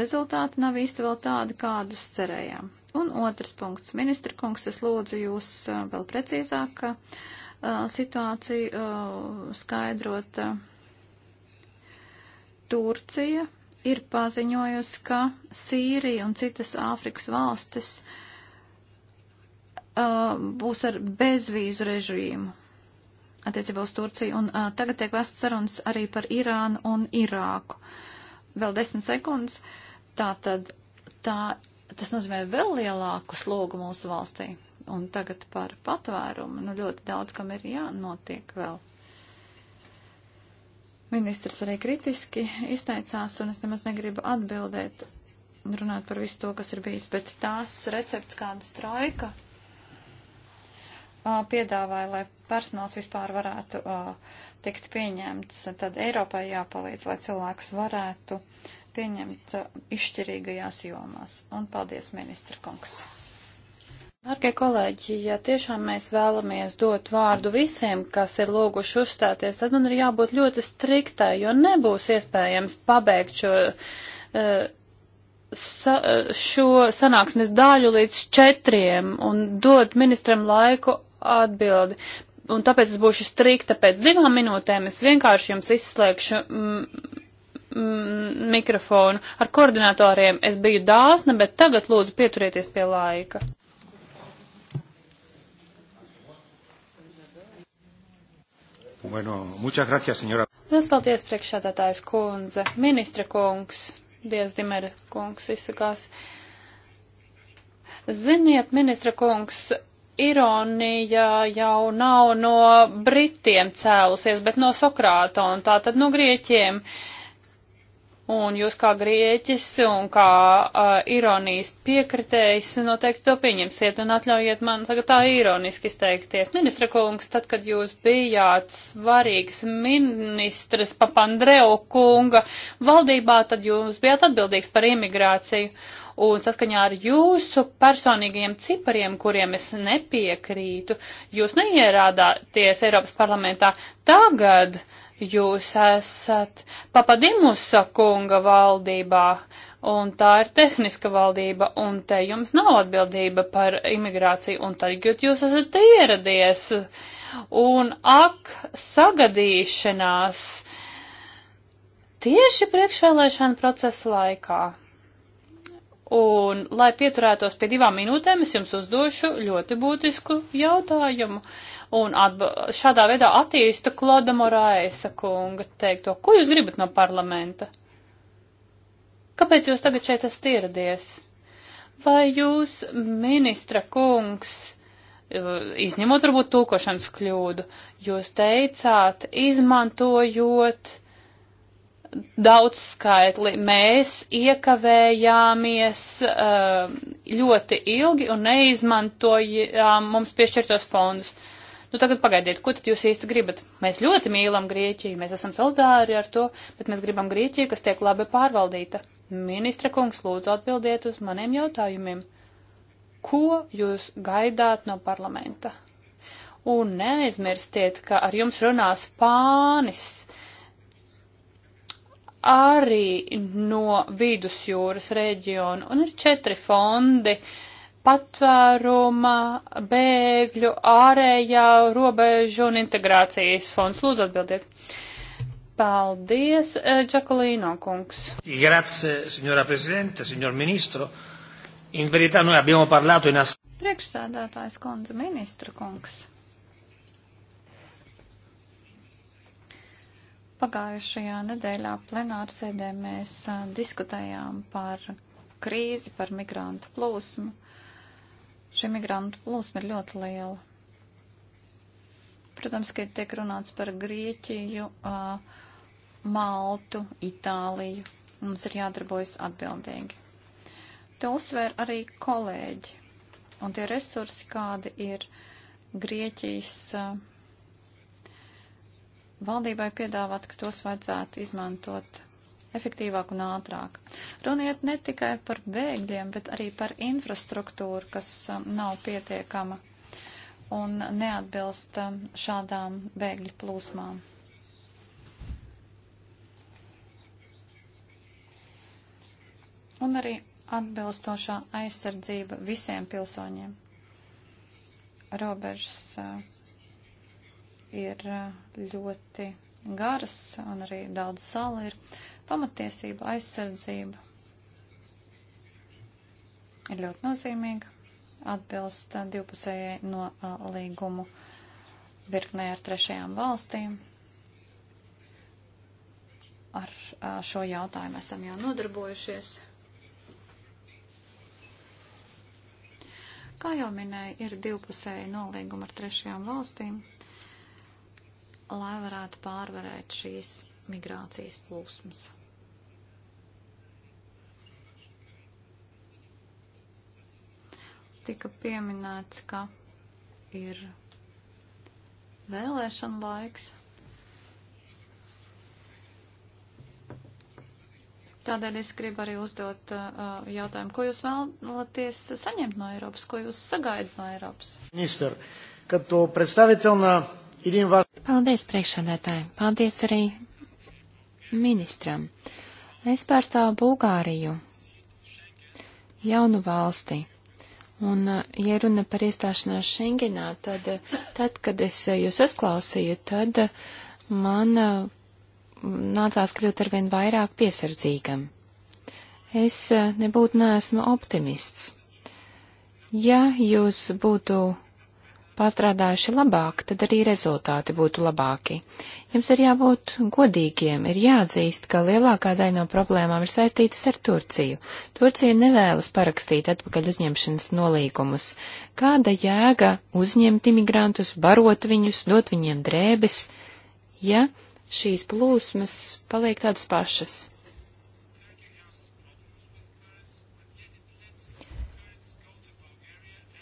rezultāti nav īsti vēl tādi, kādus cerējām. Un otrs punkts. Ministra kungs, es lūdzu jūs vēl precīzāk situāciju skaidrot Turcija ir paziņojusi, ka Sīrija un citas Āfrikas valstis uh, būs ar bezvīzu režīmu attiecībā uz Turciju. Un uh, tagad tiek vēsts sarunas arī par Irānu un Irāku. Vēl desmit sekundes. Tā tad tā, tas nozīmē vēl lielāku slogu mūsu valstī. Un tagad par patvērumu. Nu, ļoti daudz, kam ir jānotiek vēl. Ministrs arī kritiski izteicās, un es nemaz negribu atbildēt, runāt par visu to, kas ir bijis, bet tās recepts, kādas trojka piedāvāja, lai personāls vispār varētu uh, tikt pieņemts, tad Eiropai jāpalīdz, lai cilvēkus varētu pieņemt uh, izšķirīgajās jomās. Un paldies, ministra kungs! Dargie kolēģi, ja tiešām mēs vēlamies dot vārdu visiem, kas ir lūguši uzstāties, tad man ir jābūt ļoti striktai, jo nebūs iespējams pabeigt šo, eh, sa, eh, šo sanāksmes daļu līdz četriem un dot ministram laiku atbildi. Un tāpēc es būšu strikta pēc divām minūtēm. Es vienkārši jums izslēgšu mm, mm mikrofonu. Ar koordinatoriem es biju dāsna, bet tagad lūdzu pieturieties pie laika. Bueno, muchas gracias, señora. Liels paldies, priekšsēdētājs kundze. Ministra kungs, Dievs Dimera kungs izsakās. Ziniet, ministra kungs, ironija jau nav no Britiem cēlusies, bet no Sokrāta un tā tad no Grieķiem. Uh, un jūs kā grieķis un kā uh, ironijas piekritējs noteikti to pieņemsiet un atļaujiet man tagad tā ironiski izteikties. Ministra kungs, tad, kad jūs bijāt svarīgs ministrs Papandreu kunga valdībā, tad jūs bijāt atbildīgs par imigrāciju. Un saskaņā ar jūsu personīgajiem cipariem, kuriem es nepiekrītu, jūs neierādāties Eiropas parlamentā tagad. Uh, Jūs esat papadimusa kunga valdībā, un tā ir tehniska valdība, un te jums nav atbildība par imigrāciju, un tagad jūs esat ieradies, un ak, sagadīšanās tieši priekšvēlēšana procesa laikā. Un, lai pieturētos pie divām minūtēm, es jums uzdošu ļoti būtisku jautājumu. Un atba, šādā veidā attīstu Kloda Moraisa kunga teikto. Ko jūs gribat no parlamenta? Kāpēc jūs tagad šeit esat ieradies? Vai jūs, ministra kungs, uh, izņemot varbūt tūkošanas kļūdu, jūs teicāt, izmantojot uh, daudz skaitli. Mēs iekavējāmies um, ļoti ilgi un neizmantojām mums piešķirtos fondus. Nu tagad pagaidiet, ko tad jūs īsti gribat? Mēs ļoti mīlam Grieķiju, mēs esam solidāri ar to, bet mēs gribam Grieķiju, kas tiek labi pārvaldīta. Ministra kungs, lūdzu atbildiet uz maniem jautājumiem. Ko jūs gaidāt no parlamenta? Un neaizmirstiet, ka ar jums runās pānis arī no vidusjūras reģiona, un ir četri fondi - patvēruma, bēgļu, ārējā robežu un integrācijas fonds. Lūdzu atbildiet. Paldies, Čakolīno eh, kungs. Grazie, signora prezidente, signor ministro. In verità noi abbiamo parlato in as... Priekšsēdētājs kundze, ministra kungs. Pagājušajā nedēļā plenārsēdē mēs a, diskutējām par krīzi, par migrantu plūsmu. Šī migrantu plūsma ir ļoti liela. Protams, ka tiek runāts par Grieķiju, a, Maltu, Itāliju. Mums ir jādarbojas atbildīgi. Te uzsver arī kolēģi un tie resursi, kādi ir Grieķijas. Uh, valdībai piedāvāt, ka tos vajadzētu izmantot efektīvāk un ātrāk. Runiet ne tikai par bēgļiem, bet arī par infrastruktūru, kas um, nav pietiekama un neatbilst um, šādām bēgļu plūsmām. Un arī atbilstošā aizsardzība visiem pilsoņiem. Robežas uh, ir ļoti garas un arī daudz sala ir. Pamatiesība, aizsardzība ir ļoti nozīmīga, atbilst divpusējai no līgumu virknē ar trešajām valstīm. Ar šo jautājumu esam jau nodarbojušies. Kā jau minēju, ir divpusēji nolīgumi ar trešajām valstīm lai varētu pārvarēt šīs migrācijas plūsmas. Tika pieminēts, ka ir vēlēšana laiks. Tādēļ es gribu arī uzdot uh, jautājumu, ko jūs vēlaties saņemt no Eiropas, ko jūs sagaidat no Eiropas? Minister, kad to predstavitelnā Paldies, priekšsēdētāji. Paldies arī ministram. Es pārstāvu Bulgāriju, jaunu valsti. Un, eh, ja runa par iestāšanos Schengenā, tad, eh, tad, kad es eh, jūs uzklausīju, tad man nācās kļūt arvien vairāk piesardzīgam. Es nebūtu neesmu optimists. Ja jūs būtu pastrādājuši labāk, tad arī rezultāti būtu labāki. Jums ir jābūt godīgiem, ir jāatzīst, ka lielākā daļa no problēmām ir saistītas ar Turciju. Turcija nevēlas parakstīt atpakaļ uzņemšanas nolīgumus. Kāda jēga uzņemt imigrantus, barot viņus, dot viņiem drēbes, ja šīs plūsmas paliek tādas pašas?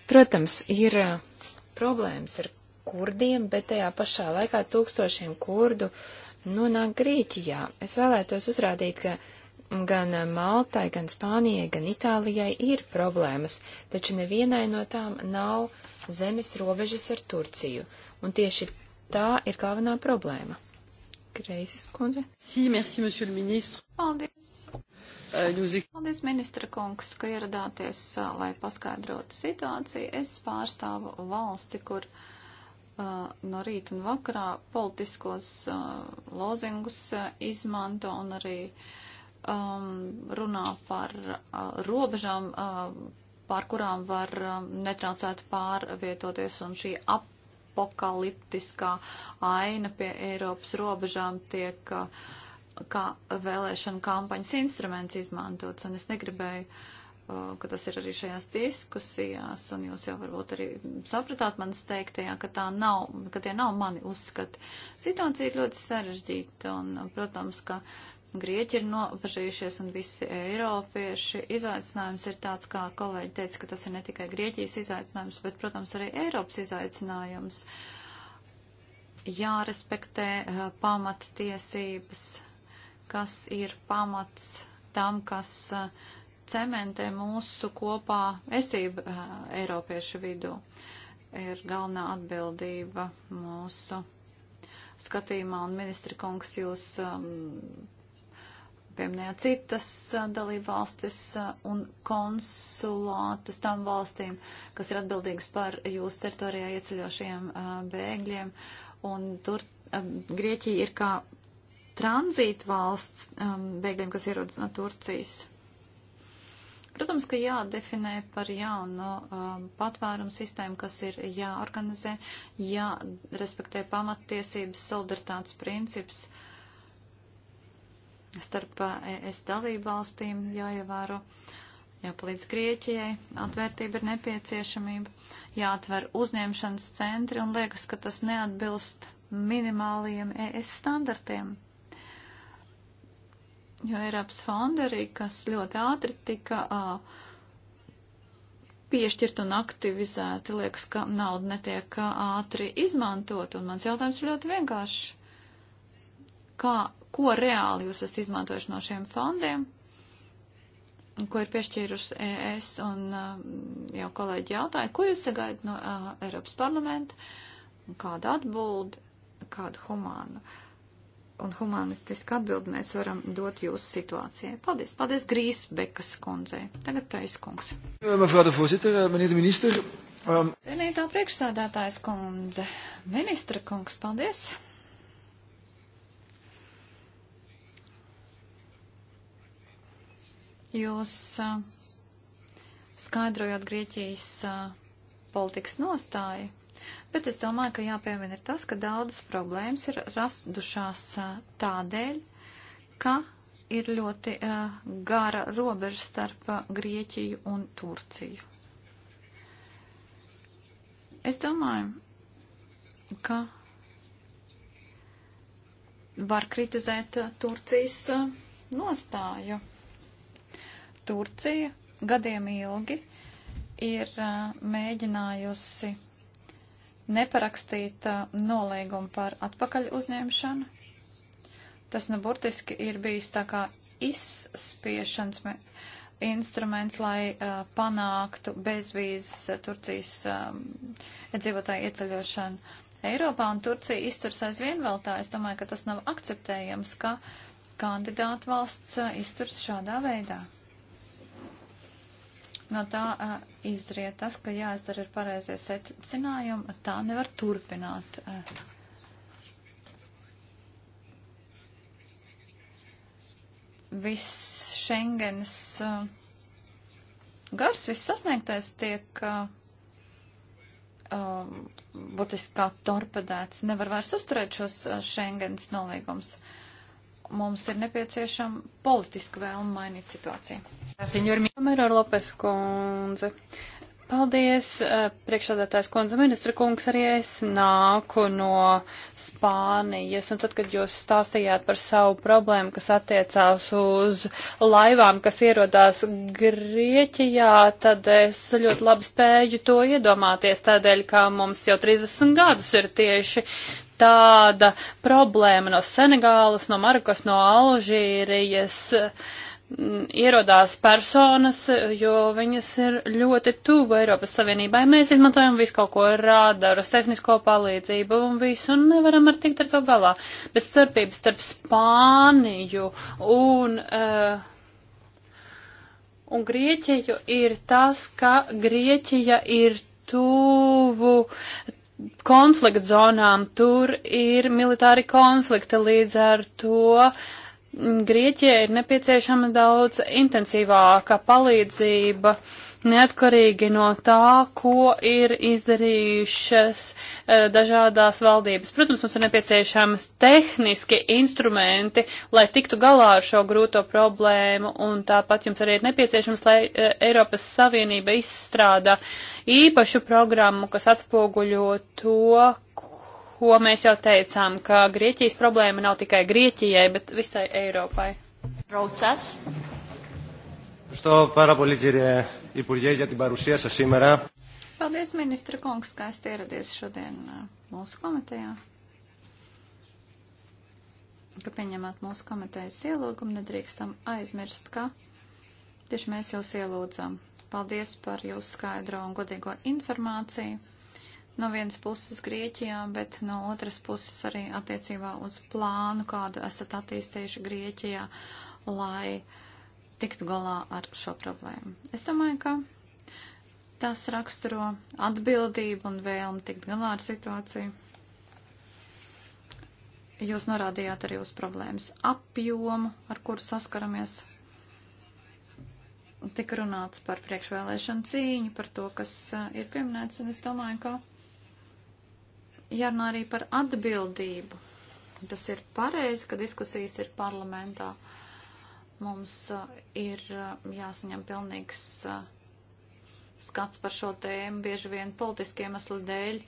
Protams, ir problēmas ar kurdiem, bet tajā pašā laikā tūkstošiem kurdu nonāk Grieķijā. Es vēlētos uzrādīt, ka gan Maltai, gan Spānijai, gan Itālijai ir problēmas, taču nevienai no tām nav zemes robežas ar Turciju, un tieši tā ir galvenā problēma. Kreisas kundze. Sī, si, merci, monsieur le ministre. Paldies. Euh, Paldies, ministra kungs, ka ieradāties, lai paskaidrotu situāciju. Es pārstāvu valsti, kur uh, no rīta un vakarā politiskos uh, lozingus uh, izmanto un arī um, runā par robežām pār kurām var um, netraucēt pārvietoties, un šī ap, apokaliptiskā aina pie Eiropas robežām tiek kā vēlēšana kampaņas instruments izmantots, un es negribēju uh, ka tas ir arī šajās diskusijās, un jūs jau varbūt arī sapratāt manas teiktajā, ka tā nav, ka tie nav mani uzskati. Situācija ir ļoti sarežģīta, un, protams, ka uh, Grieķi ir nobežījušies un visi eiropieši. Izaicinājums ir tāds, kā kolēģi teica, ka tas ir ne tikai Grieķijas izaicinājums, bet, protams, arī Eiropas izaicinājums. Jārespektē uh, pamattiesības, kas ir pamats tam, kas uh, cementē mūsu kopā esību uh, eiropiešu vidū. Ir galvenā atbildība mūsu skatījumā, un ministri kungs jūs um, pieminējāt citas dalībvalstis un konsulātus tam valstīm, kas ir atbildīgas par jūsu teritorijā ieceļošiem bēgļiem. Un tur Grieķija ir kā tranzīta valsts bēgļiem, kas ierodas no Turcijas. Protams, ka jādefinē par jaunu um, patvērumu sistēmu, kas ir jāorganizē, jārespektē pamattiesības, solidaritātes princips. Uh, starp eh, ES dalību valstīm jāievēro, jāpalīdz Grieķijai, atvērtība ir nepieciešamība, jāatver uzņemšanas centri un liekas, ka tas neatbilst minimāliem ES standartiem. Jo Eiropas fonda arī, kas ļoti ātri tika uh, piešķirt un aktivizēti, liekas, ka nauda netiek ātri izmantot. Un mans jautājums ļoti vienkārši. Kā ko reāli jūs esat izmantojuši no šiem fondiem, ko ir piešķīrusi ES, un um, jau kolēģi jautāja, ko jūs sagaidat no uh, Eiropas parlamenta, kādu atbildi, kādu humānu un humanistisku atbildi mēs varam dot jūsu situācijai. Paldies, paldies Grīsbekas kundzei. Tagad tais kungs. Eh, mevrouw de voorzitter, eh, meneer de minister. Um... Cienītā priekšsādātājs kundze, ministra kungs, paldies. Jūs skaidrojot Grieķijas politikas nostāju, bet es domāju, ka jāpiemina ir tas, ka daudzas problēmas ir rastušās tādēļ, ka ir ļoti uh, gara robeža starp Grieķiju un Turciju. Es domāju, ka var kritizēt Turcijas nostāju. Turcija gadiem ilgi ir mēģinājusi neparakstīt nolīgumu par atpakaļ uzņemšanu. Tas nu burtiski ir bijis tā kā izspiešanas instruments, lai uh, panāktu bezvīzes Turcijas um, iedzīvotāju ieceļošanu Eiropā, un Turcija izturs aizvien vēl tā. Es domāju, ka tas nav akceptējams, ka kandidāta valsts uh, izturs šādā veidā. No tā uh, izriet tas, ka jāizdara ir pareizie secinājumi, tā nevar turpināt. Uh. Viss Schengens uh, gars, viss sasniegtais tiek uh, uh, būtiski kā torpedēts. Nevar vairs uzturēt šos uh, Schengens nolīgums. Uh, mums ir nepieciešama politiska vēlme mainīt situāciju. Mērā Lopes kundze. Paldies, eh, priekšādātājs kundze, ministra kungs, arī es nāku no Spānijas, un tad, kad jūs stāstījāt par savu problēmu, kas attiecās uz laivām, kas ierodās Grieķijā, tad es ļoti labi spēju to iedomāties, tādēļ, kā mums jau 30 gadus ir tieši tāda problēma no Senegālas, no Marokas, no Alžīrijas mm, ierodās personas, jo viņas ir ļoti tuvu Eiropas Savienībai. Mēs izmantojam visu kaut ko rādarus, tehnisko palīdzību un visu, un nevaram ar tikt ar to galā. Bez starpības starp Spāniju un. Uh, un Grieķiju ir tas, ka Grieķija ir tuvu konflikta zonām, tur ir militāri konflikti, līdz ar to Grieķijai ir nepieciešama daudz intensīvāka palīdzība, neatkarīgi no tā, ko ir izdarījušas e, dažādās valdības. Protams, mums ir nepieciešamas tehniski instrumenti, lai tiktu galā ar šo grūto problēmu, un tāpat jums arī ir nepieciešams, lai e, Eiropas Savienība izstrādā uh, īpašu programmu, kas atspoguļo to, ko mēs jau teicām, ka Grieķijas problēma nav tikai Grieķijai, bet visai Eiropai. Raucas. Ευχαριστώ πάρα πολύ κύριε Υπουργέ για την παρουσία σας σήμερα. Paldies, ministra kungs, kā esat ieradies šodien uh, mūsu komitejā, ka pieņemat mūsu komitejas ielūgumu, nedrīkstam aizmirst, ka tieši mēs jūs ielūdzam Paldies par jūsu skaidro un godīgo informāciju. No vienas puses Grieķijā, bet no otras puses arī attiecībā uz plānu, kādu esat attīstījuši Grieķijā, lai tiktu galā ar šo problēmu. Es domāju, ka tas raksturo atbildību un vēlmi tikt galā ar situāciju. Jūs norādījāt arī uz problēmas apjomu, ar kuru saskaramies tika runāts par priekšvēlēšanu cīņu, par to, kas ir pieminēts, un es domāju, ka jārunā arī par atbildību. Tas ir pareizi, ka diskusijas ir parlamentā. Mums ir jāsaņem pilnīgs skats par šo tēmu, bieži vien politiski iemesli dēļ.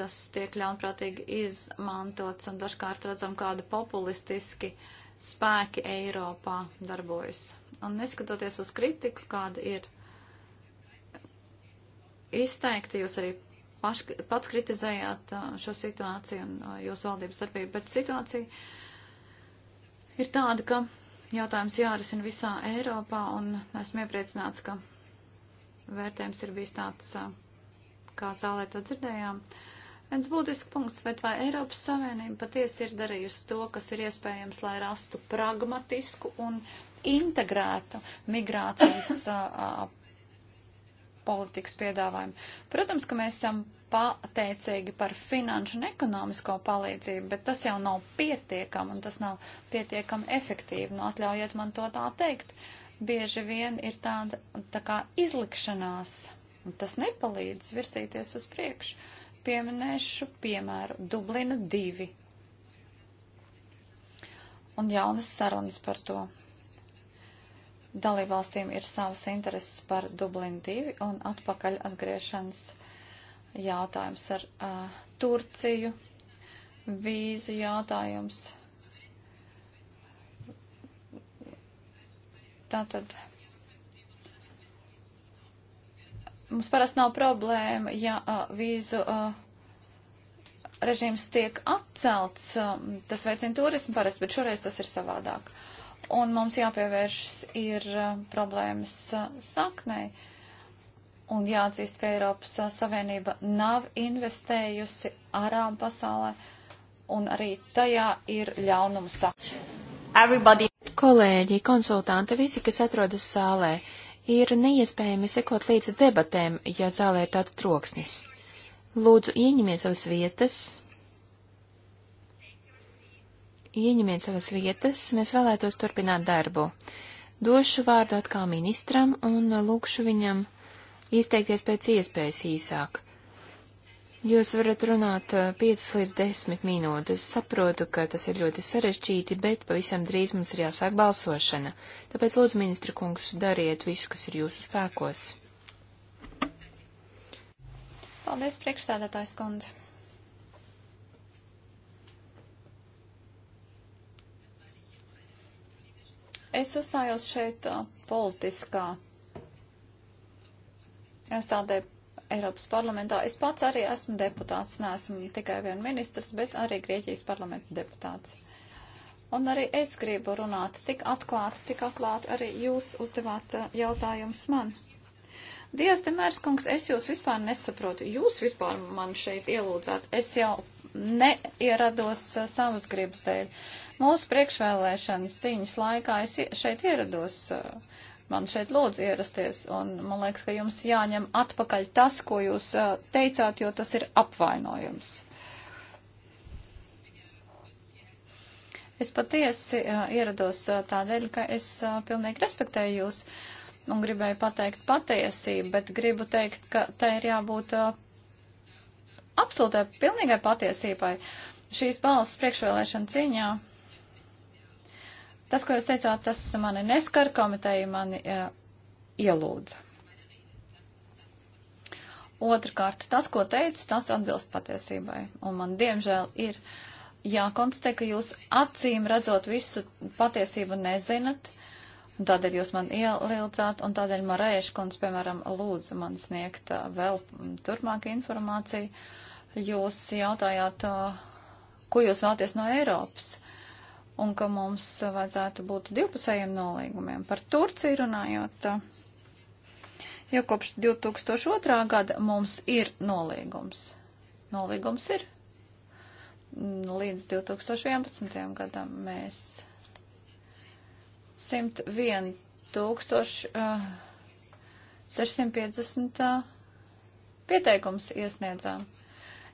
Tas tiek ļaunprātīgi izmantots, un dažkārt redzam kādu populistiski uh, spēki Eiropā darbojas. Un neskatoties uz kritiku, kāda ir izteikti, jūs arī paš, pats kritizējāt šo situāciju un jūsu valdības darbību, bet situācija ir tāda, ka jautājums jārisina visā Eiropā, un esmu iepriecināts, ka vērtējums ir bijis tāds, kā zālē to dzirdējām. Uh, Viens būtisks punkts, bet vai Eiropas Savienība patiesi ir darījusi to, kas ir iespējams, lai rastu pragmatisku un integrētu migrācijas uh, politikas piedāvājumu. Protams, ka mēs esam pateicīgi par finanšu un ekonomisko palīdzību, bet tas jau nav pietiekam un tas nav pietiekam efektīvi. Nu, atļaujiet man to tā teikt. Bieži vien ir tāda tā kā izlikšanās, un tas nepalīdz virzīties uz priekšu. Uh, pieminēšu piemēru Dublina 2 un jaunas sarunas par to. Dalībvalstīm ir savas intereses par Dublinu 2 un atpakaļ atgriešanas jautājums ar uh, Turciju, vīzu jautājums. Tātad Mums parasti nav problēma, ja vīzu režīms tiek atcelts. Tas veicina turismu parasti, bet šoreiz tas ir savādāk. Un mums jāpievēršas ir problēmas saknei. Un jāatzīst, ka Eiropas Savienība nav investējusi arām pasaulē, un arī tajā ir ļaunums sakts. Everybody. Kolēģi, konsultanti, visi, kas atrodas sālē, ir neiespējami sekot līdzi debatēm, ja zālē ir tāds troksnis. Lūdzu, ieņemiet savas vietas. Ieņemiet savas vietas, mēs vēlētos turpināt darbu. Došu vārdu atkal ministram un lūkšu viņam izteikties pēc iespējas īsāk. Jūs varat runāt 5 līdz 10 minūtes. Saprotu, ka tas ir ļoti sarežģīti, bet pavisam drīz mums ir jāsāk balsošana. Tāpēc lūdzu, ministra kungs, dariet visu, kas ir jūsu spēkos. Paldies, priekšsēdētājs kundze. Es uzstājos šeit politiskā iestādē Eiropas parlamentā. Es pats arī esmu deputāts, neesmu tikai vien ministrs, bet arī Grieķijas parlamenta deputāts. Un arī es gribu runāt tik atklāti, cik atklāti arī jūs uzdevāt eh, jautājumus man. Dievs, Demērs kungs, es jūs vispār nesaprotu. Jūs vispār man šeit ielūdzāt. Es jau neierados eh, savas gribas dēļ. Mūsu priekšvēlēšanas cīņas laikā es šeit ierados. Uh, man šeit lūdzu ierasties, un man liekas, ka jums jāņem atpakaļ tas, ko jūs teicāt, jo tas ir apvainojums. Es patiesi ierados tādēļ, ka es pilnīgi respektēju jūs un gribēju pateikt patiesību, bet gribu teikt, ka tai ir jābūt absolūtai, pilnīgai patiesībai. Šīs balss priekšvēlēšana cīņā Tas, ko jūs teicāt, tas mani neskar, komiteja mani uh, ielūdza. Otrakārt, tas, ko teicu, tas atbilst patiesībai. Un man, diemžēl, ir jākonstatē, ka jūs acīm redzot visu patiesību nezinat, un tādēļ jūs man ielīdzāt, un tādēļ Marēša kundze, piemēram, lūdza man sniegt uh, vēl turpmāk informāciju. Jūs jautājāt, uh, ko jūs vēlaties no Eiropas? un ka mums vajadzētu būt divpusējiem nolīgumiem. Par Turciju runājot, jau kopš 2002. gada mums ir nolīgums. Nolīgums ir. Līdz 2011. gadam mēs 101 tūkstoši. Uh, 650 uh, pieteikums iesniedzām.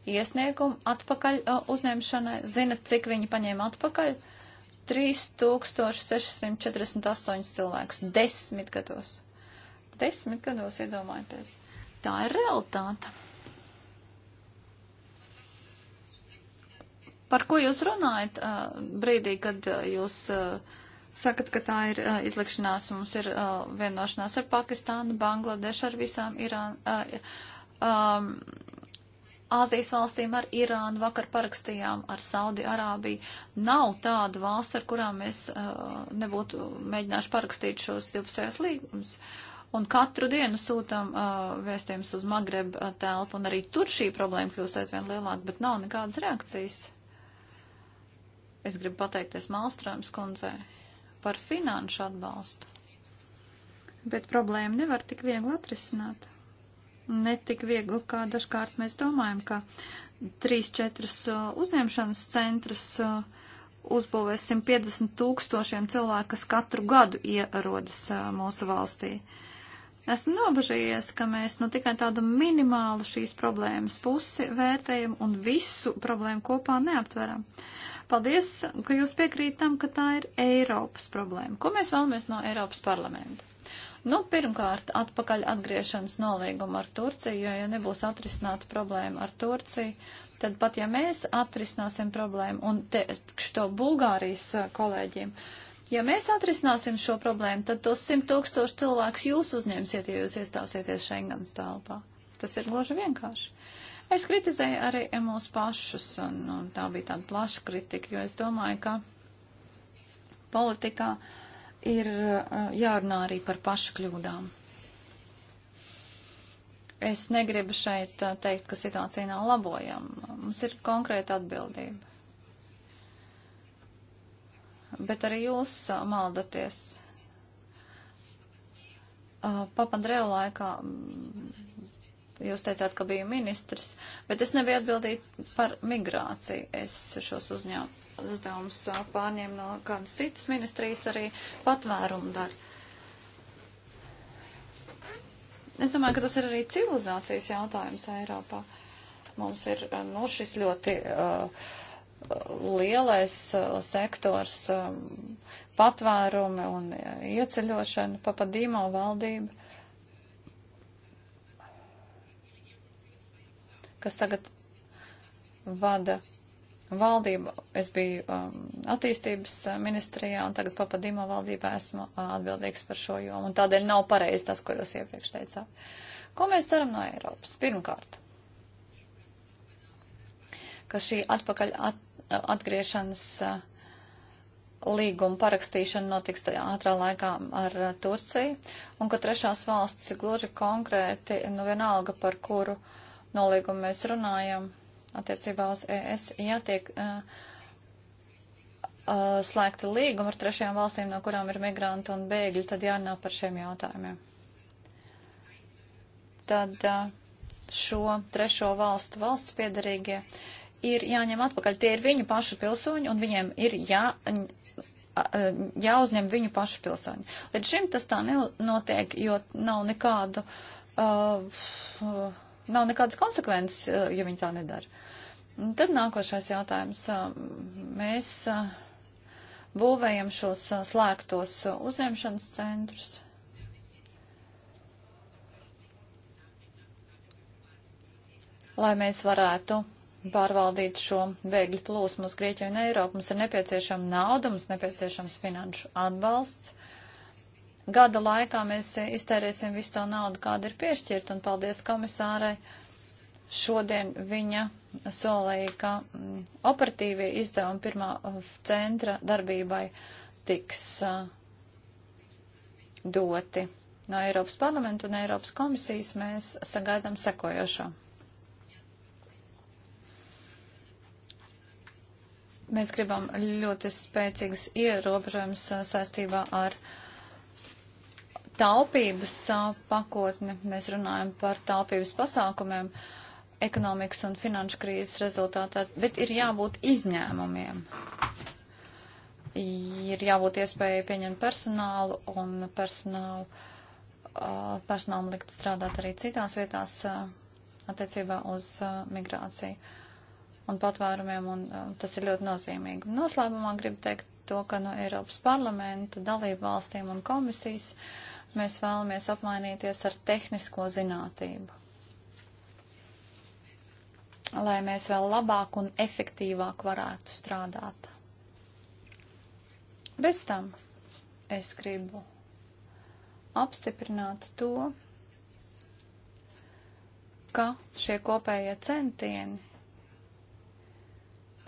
Iesniegumu atpakaļ uh, uzņemšanai, zinat, cik viņi paņēma atpakaļ? Uh, 3648 cilvēkus desmit gados. Desmit gados iedomājieties. Tā ir realitāte. Par ko jūs runājat brīdī, kad jūs sakat, ka tā ir izlikšanās, mums ir vienošanās ar Pakistānu, Bangladešu, ar visām Irānu. Um, Āzijas valstīm, ar Irānu vakar parakstījām, ar Saudi Arābiju. Nav tādu valstu, ar kurām mēs uh, nebūtu mēģinājuši parakstīt šos 12. līgumus. Un katru dienu sūtam uh, vēstījumus uz Magreb uh, telpu, un arī tur šī problēma kļūst aizvien lielāka, bet nav nekādas reakcijas. Es gribu pateikties Malstrāms kundzei par finanšu atbalstu. Bet problēmu nevar tik viegli atrisināt netik viegli, kā dažkārt mēs domājam, ka 3-4 uzņemšanas centrus uzbūvēs 150 tūkstošiem cilvēku, kas katru gadu ierodas mūsu valstī. Esmu nobažījies, ka mēs nu tikai tādu minimālu šīs problēmas pusi vērtējam un visu problēmu kopā neaptveram. Paldies, ka jūs piekrītam, ka tā ir Eiropas problēma. Ko mēs vēlamies no Eiropas parlamenta? Nu, pirmkārt, atpakaļ atgriešanas nolīguma ar Turciju, jo, ja nebūs atrisināta problēma ar Turciju, tad pat ja mēs atrisināsim problēmu, un teikšu to Bulgārijas eh, kolēģiem, ja mēs atrisināsim šo problēmu, tad tos simt tūkstoši cilvēks jūs uzņemsiet, ja jūs iestāsieties Schengens telpā. Tas ir gluži vienkārši. Es kritizēju arī mūsu pašus, un, un tā bija tāda plaša kritika, jo es domāju, ka politikā uh, ir eh, jārunā arī par pašu kļūdām. Es negribu šeit eh, teikt, ka situācija nav labojama. Mums ir konkrēta atbildība. Bet arī jūs eh, maldaties. Papandrēla laikā Jūs teicāt, ka biju ministrs, bet es nebiju atbildīts par migrāciju. Es šos uzņēmu, uzdevumus pārņēmu no kādas citas ministrijas arī patvērumu daļu. Es domāju, ka tas ir arī civilizācijas jautājums Eiropā. Mums ir nu, šis ļoti uh, lielais uh, sektors um, patvērumi un ieceļošana, papadīmo valdība. kas tagad vada valdību. Es biju um, attīstības uh, ministrijā un tagad papadīmo valdībā esmu uh, atbildīgs par šo jomu. Un tādēļ nav pareizi tas, ko jūs iepriekš teicāt. Ko mēs ceram no Eiropas? Pirmkārt, ka šī atpakaļ at, atgriešanas uh, līguma parakstīšana notiks ātrā laikā ar uh, Turciju un ka trešās valsts gluži konkrēti, nu vienalga par kuru uh, nolīgumu mēs runājam attiecībā uz ES, ja tiek uh, uh, slēgta līguma ar trešajām valstīm, no kurām ir migranti un bēgļi, tad jārunā par šiem jautājumiem. Tad uh, šo trešo valstu valsts piedarīgie ir jāņem atpakaļ. Tie ir viņu pašu pilsoņi un viņiem ir jā, jāuzņem viņu pašu pilsoņi. Līdz šim tas tā nenotiek, jo nav nekādu. Uh, nav nekādas konsekvences, eh, ja viņi tā nedara. Un tad nākošais jautājums. Eh, mēs eh, būvējam šos slēgtos uzņemšanas centrus. Lai mēs varētu pārvaldīt šo bēgļu plūsmu uz Grieķiju un Eiropu, mums ir nepieciešama nauda, mums nepieciešams finanšu atbalsts gada laikā mēs iztērēsim visu to naudu, kāda ir piešķirta, un paldies komisārai. Šodien viņa solīja, ka mm, operatīvie izdevumi pirmā uh, centra darbībai tiks uh, doti. No Eiropas parlamenta un Eiropas komisijas mēs sagaidām sekojošo. Mēs gribam ļoti spēcīgus ierobežojumus uh, saistībā ar uh, taupības pakotni, mēs runājam par taupības pasākumiem ekonomikas un finanšu krīzes rezultātā, bet ir jābūt izņēmumiem. Ir jābūt iespējai pieņemt personālu un personālu, personālu likt strādāt arī citās vietās attiecībā uz migrāciju un patvērumiem, un tas ir ļoti nozīmīgi. Noslēgumā gribu teikt to, ka no Eiropas parlamenta, dalību valstīm un komisijas uh, Mēs vēlamies apmainīties ar tehnisko zinātību, lai mēs vēl labāk un efektīvāk varētu strādāt. Bez tam es gribu apstiprināt to, ka šie kopējie centieni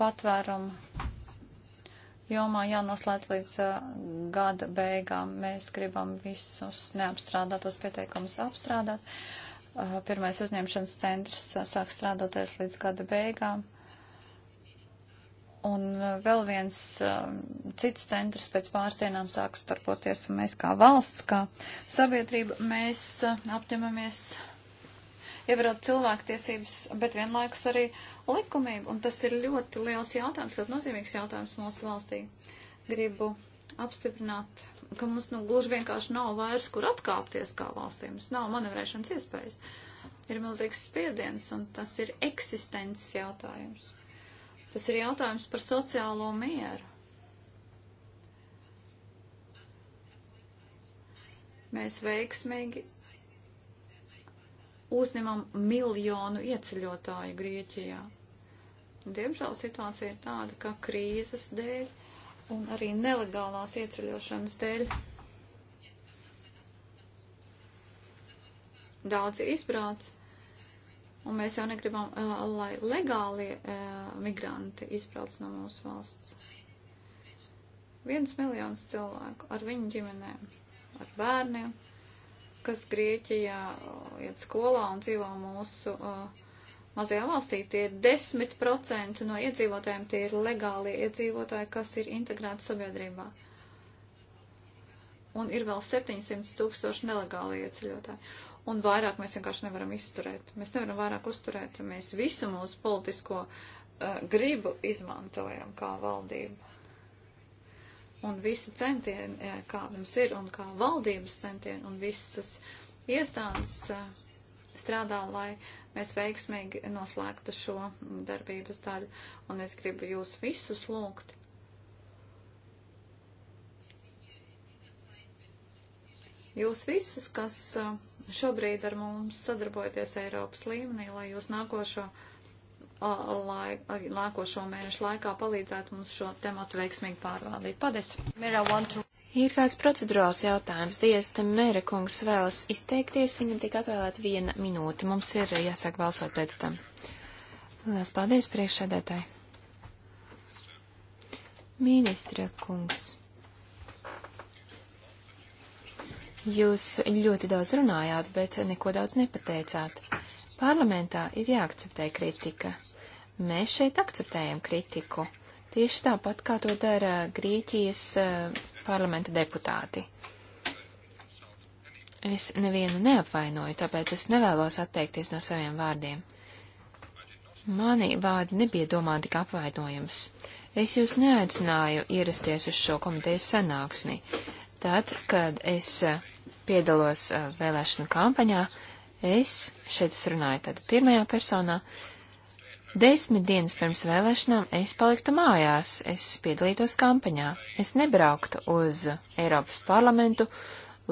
patvērumu jomā jānoslēdz līdz uh, gada beigām. Mēs gribam visus neapstrādātos pieteikumus apstrādāt. Uh, pirmais uzņemšanas centrs uh, sāk strādāties līdz gada beigām. Un vēl viens um, cits centrs pēc pāris dienām sāks starpoties, un mēs kā valsts, kā sabiedrība, mēs apņemamies ievērot cilvēktiesības, bet vienlaikus arī likumību. Un tas ir ļoti liels jautājums, ļoti nozīmīgs jautājums mūsu valstī. Gribu apstiprināt, ka mums nu gluži vienkārši nav vairs, kur atkāpties kā valstīm. Mums nav manevrēšanas iespējas. Ir milzīgs spiediens, un tas ir eksistences jautājums. Tas ir jautājums par sociālo mieru. Mēs veiksmīgi uzņemam miljonu ieceļotāju Grieķijā. Diemžēl situācija ir tāda, ka krīzes dēļ un arī nelegālās ieceļošanas dēļ daudzi izbrauc. Un mēs jau negribam, uh, lai legālie uh, migranti izbrauc no mūsu valsts. Viens miljons cilvēku ar viņu ģimenēm, ar bērniem kas Grieķijā uh, iet skolā un dzīvo mūsu uh, mazajā valstī. Tie ir 10% no iedzīvotājiem, tie ir legālie iedzīvotāji, kas ir integrēti sabiedrībā. Un ir vēl 700 tūkstoši nelegāli ieceļotāji. Un vairāk mēs vienkārši nevaram izturēt. Mēs nevaram vairāk uzturēt. Mēs visu mūsu politisko uh, gribu izmantojam kā valdību un visi centieni, eh, kā mums ir, un kā valdības centieni, un visas iestādes eh, strādā, lai mēs veiksmīgi noslēgtu šo darbības daļu. Un es gribu jūs visus lūgt. Jūs visus, kas eh, šobrīd ar mums sadarbojaties Eiropas līmenī, lai jūs nākošo. Uh, laik, lākošo mēnešu laikā palīdzētu mums šo tematu veiksmīgi pārvaldīt. Paldies! Ir kāds procedurāls jautājums. Diezte mēra kungs vēlas izteikties, viņam tika atvēlēta viena minūte. Mums ir jāsāk balsot pēc tam. Lielas paldies priekšsēdētāji. Ministra kungs. Jūs ļoti daudz runājāt, bet neko daudz nepateicāt. Parlamentā ir jāakceptē kritika. Mēs šeit akceptējam kritiku. Tieši tāpat, kā to dara Grieķijas eh, parlamenta deputāti. Es nevienu neapvainoju, tāpēc es nevēlos atteikties no saviem vārdiem. Mani vārdi nebija domāti kā apvainojums. Es jūs neaicināju ierasties uz šo komitejas sanāksmi. Tad, kad es eh, piedalos eh, vēlēšanu kampaņā, Es šeit es runāju tātad pirmajā personā. Desmit dienas pirms vēlēšanām es paliktu mājās, es piedalītos kampaņā, es nebrauktu uz Eiropas parlamentu,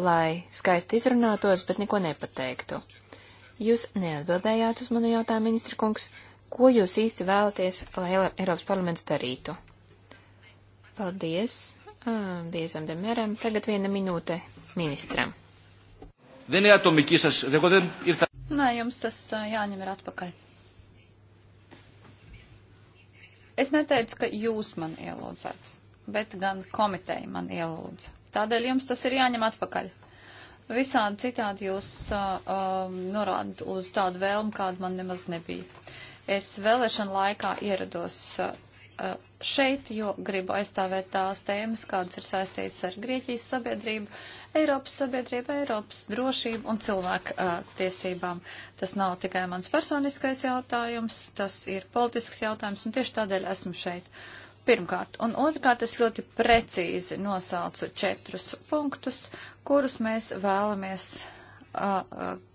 lai skaisti izrunātos, bet neko nepateiktu. Jūs neatbildējāt uz manu jautājumu, ministra kungs, ko jūs īsti vēlaties, lai Eiropas parlaments darītu? Paldies, Diezam Demeram, tagad viena minūte ministram. Δεν είναι ατομική σας... Εγώ δεν ήρθα... Nē, jums tas jāņem ir atpakaļ. Es neteicu, ka jūs man ielūdzat, bet gan komiteja man ielūdza. Tādēļ jums tas ir jāņem atpakaļ. Visādi citādi jūs uh, uh, norādat uz tādu vēlmu, kādu man nemaz nebija. Es vēlēšana laikā ierados uh, šeit, jo gribu aizstāvēt tās tēmas, kādas ir saistītas ar Grieķijas sabiedrību, Eiropas sabiedrību, Eiropas drošību un cilvēku uh, tiesībām. Tas nav tikai mans personiskais jautājums, tas ir politisks jautājums, un tieši tādēļ esmu šeit. Pirmkārt, un otrkārt es ļoti precīzi nosaucu četrus punktus, kurus mēs vēlamies,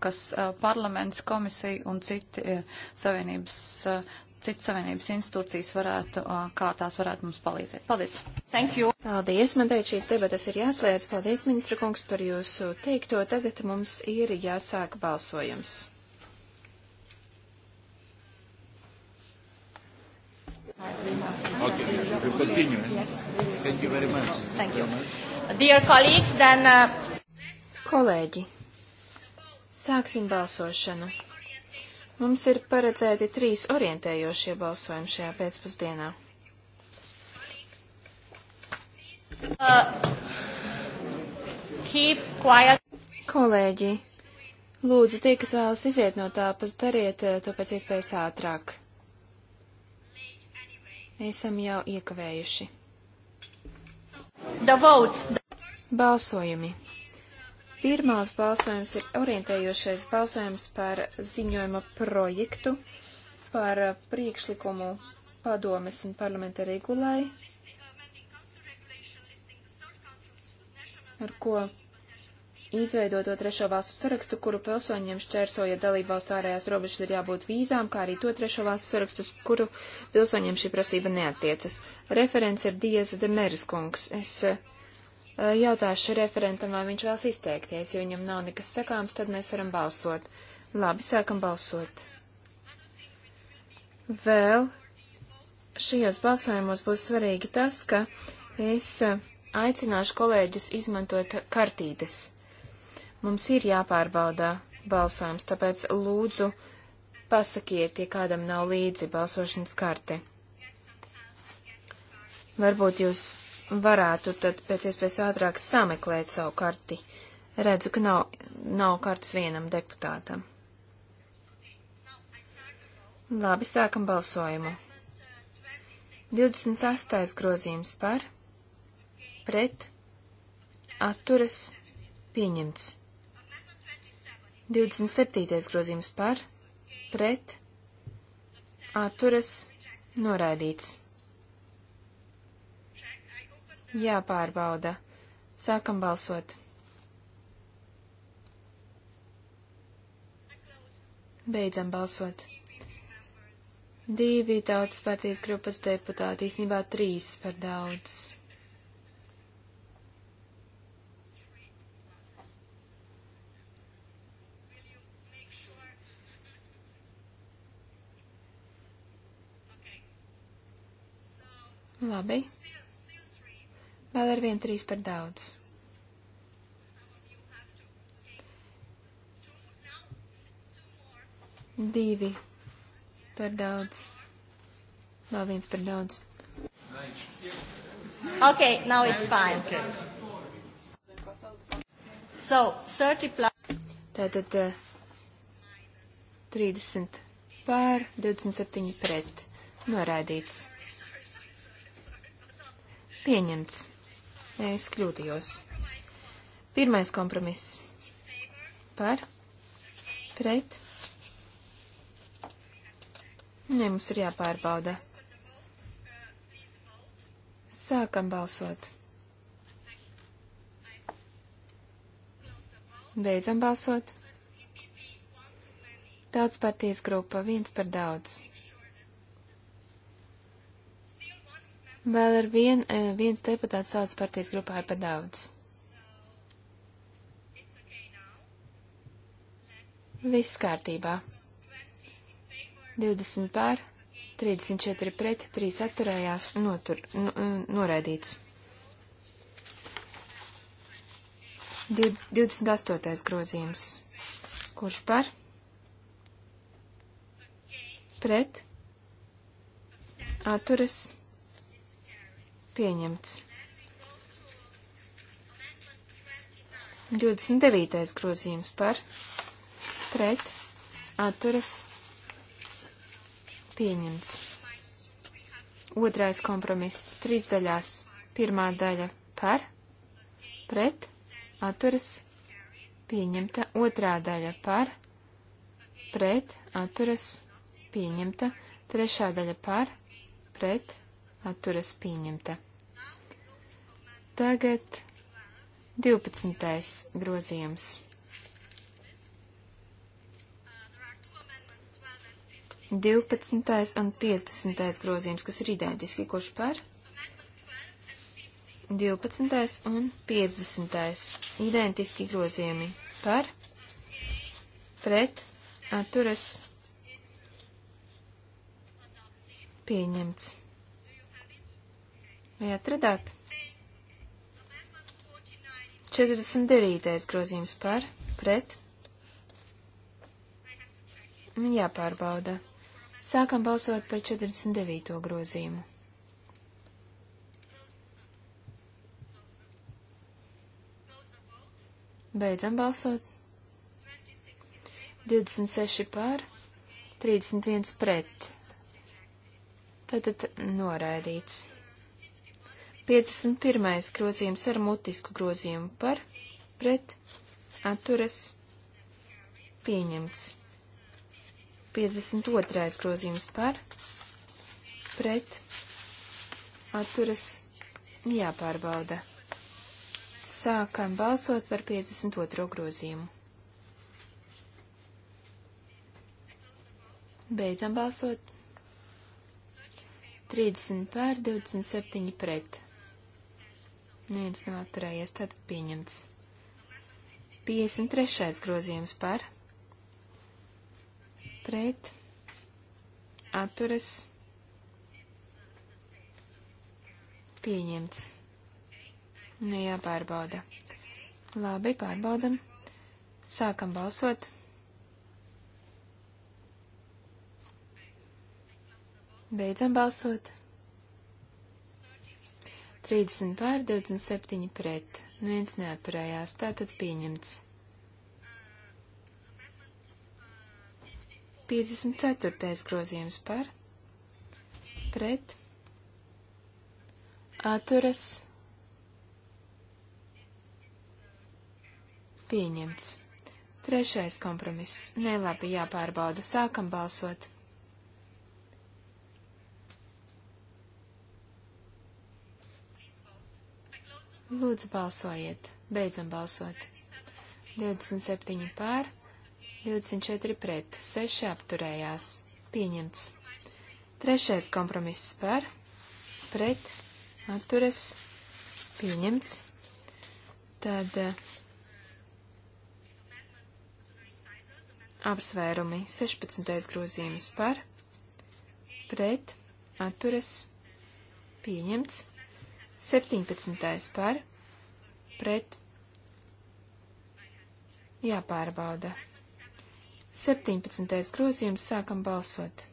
kas parlaments, komisija un citi savienības citas savienības institūcijas varētu, kā tās varētu mums palīdzēt. Paldies! Thank you! Paldies! Man teikt, šīs debatas ir jāslēdz. Paldies, ministra kungs, par jūsu teikto. Tagad mums ir jāsāk balsojums. Okay, we continue. Eh? Yes. Thank you very much. Thank you. Dear colleagues, then... Uh... Kolēģi, sāksim balsošanu. Mums ir paredzēti trīs orientējošie balsojumi šajā pēcpusdienā. Uh, Kolēģi, lūdzu, tie, kas vēlas iziet no tāpas, dariet eh, to pēc iespējas ātrāk. Esam jau iekavējuši. Balsojumi. Pirmās balsojums ir orientējošais balsojums par ziņojuma projektu, par priekšlikumu padomes un parlamenta regulai, ar ko izveidoto trešo valstu sarakstu, kuru pilsoņiem šķērsoja dalībvalstu ārējās robežas ir jābūt vīzām, kā arī to trešo valstu sarakstus, kuru pilsoņiem šī prasība neatiecas. Referents ir Dieza Demeris kungs. Es eh, Jautāšu referentam, vai viņš vēlas izteikties. Ja viņam nav nekas sakāms, tad mēs varam balsot. Labi, sākam balsot. Vēl šajos balsojumos būs svarīgi tas, ka es aicināšu kolēģus izmantot kartītes. Mums ir jāpārbauda balsojums, tāpēc lūdzu pasakiet, ja kādam nav līdzi balsošanas karte. Varbūt jūs varētu tad pēc iespējas ātrāk sameklēt savu karti. Redzu, ka nav, nav kartas vienam deputātam. Labi, sākam balsojumu. 28. grozījums par, pret, atturas, pieņemts. 27. grozījums par, pret, atturas, noraidīts jāpārbauda. Sākam balsot. Beidzam balsot. Divi tautas partijas grupas deputāti, īsnībā trīs par daudz. Labi. Vēl ar vien trīs par daudz. Divi par daudz. Vēl viens par daudz. Okay, now it's fine. Okay. So, 30 plus. Tātad uh, 30 pār, 27 pret. Noraidīts. Pieņemts. Es kļūdījos. Pirmais kompromiss. Par? Pret? Nē, mums ir jāpārbauda. Sākam balsot. Beidzam balsot. Tautas partijas grupa viens par daudz. Vēl ar vien, e, viens deputāts savas partijas grupā ir padaudz. Viss kārtībā. 20 pār, 34 pret, 3 atturējās, notur, nu, noraidīts. 28. grozījums. Kurš par? Pret? Atturas? Pieņemts. 29. grozījums par pret atturas pieņemts. Otrais kompromiss trīs daļās. Pirmā daļa par pret atturas pieņemta. Otrā daļa par pret atturas pieņemta. Trešā daļa par pret atturas pieņemta. Tagad 12. grozījums. Divpadsmitais un piecdesmitais grozījums, kas ir identiski, kurš par? Divpadsmitais un piecdesmitais identiski grozījumi par, pret, atturas, pieņemts. Vajag redāt. 49. grozījums par, pret. Jāpārbauda. Sākam balsot par 49. grozījumu. Beidzam balsot. 26 pār, 31 pret. Tātad noraidīts. 51. grozījums ar mutisku grozījumu par pret atturas pieņemts. 52. grozījums par pret atturas jāpārbauda. Sākam balsot par 52. grozījumu. Beidzam balsot. 30 pār 27 pret. Neviens nav atturējies, tātad pieņemts. 53. grozījums par pret atturas pieņemts. Nu jāpārbauda. Labi, pārbaudam. Sākam balsot. Beidzam balsot. 30 pār 27 pret. Neviens neaturējās, tātad pieņemts. 54. grozījums par pret atturas pieņemts. Trešais kompromiss. Nelabi jāpārbauda. Sākam balsot. Lūdzu, balsojiet. Beidzam balsot. 27 pār, 24 pret, 6 apturējās. Pieņemts. Trešais kompromiss par, pret, atturas, pieņemts. Tad eh, apsvērumi 16. grozījums par, pret, atturas, pieņemts. 17. par pret jāpārbauda. 17. grozījums sākam balsot.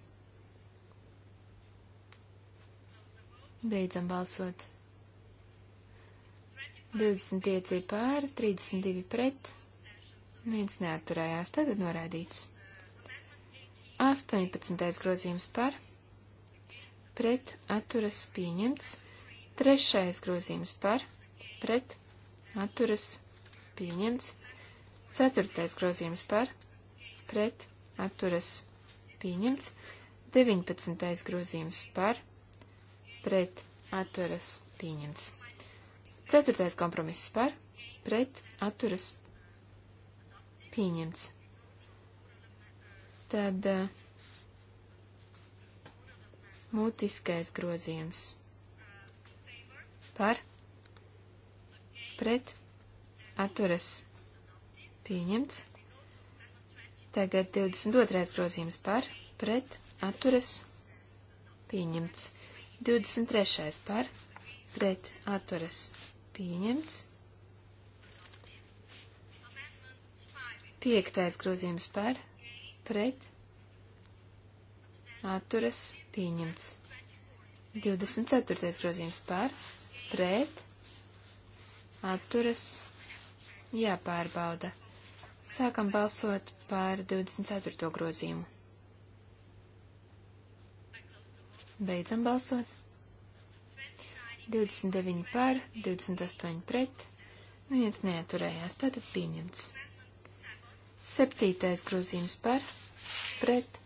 Beidzam balsot. 25 pār, 32 pret, viens neaturējās, tātad norādīts. 18. grozījums par, pret, atturas pieņemts, Trešais grozījums par, pret, atturas, pieņemts. Ceturtais grozījums par, pret, atturas, pieņemts. Deviņpadsmitais grozījums par, pret, atturas, pieņemts. Ceturtais kompromiss par, pret, atturas, pieņemts. Tad uh, mutiskais grozījums par pret atturas pieņemts. Tagad 22. grozījums par pret atturas pieņemts. 23. par pret atturas pieņemts. 5. grozījums par pret atturas pieņemts. 24. grozījums par pret pret, atturas, jāpārbauda. Sākam balsot par 24. grozījumu. Beidzam balsot. 29 par, 28 pret, neviens nu neaturējās, tātad pieņemts. Septītais grozījums par, pret,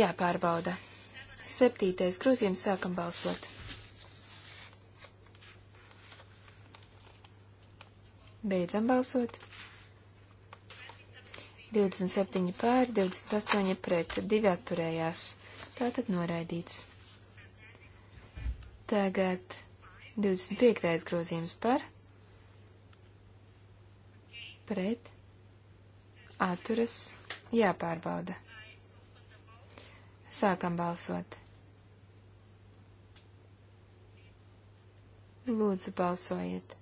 jāpārbauda. Septītais grozījums sākam balsot. Beidzam balsot. 27 pār, 28 pret, 2 atturējās. Tātad noraidīts. Tagad 25. grozījums par, pret, atturas, jāpārbauda. Sākam balsot. Lūdzu, balsojiet.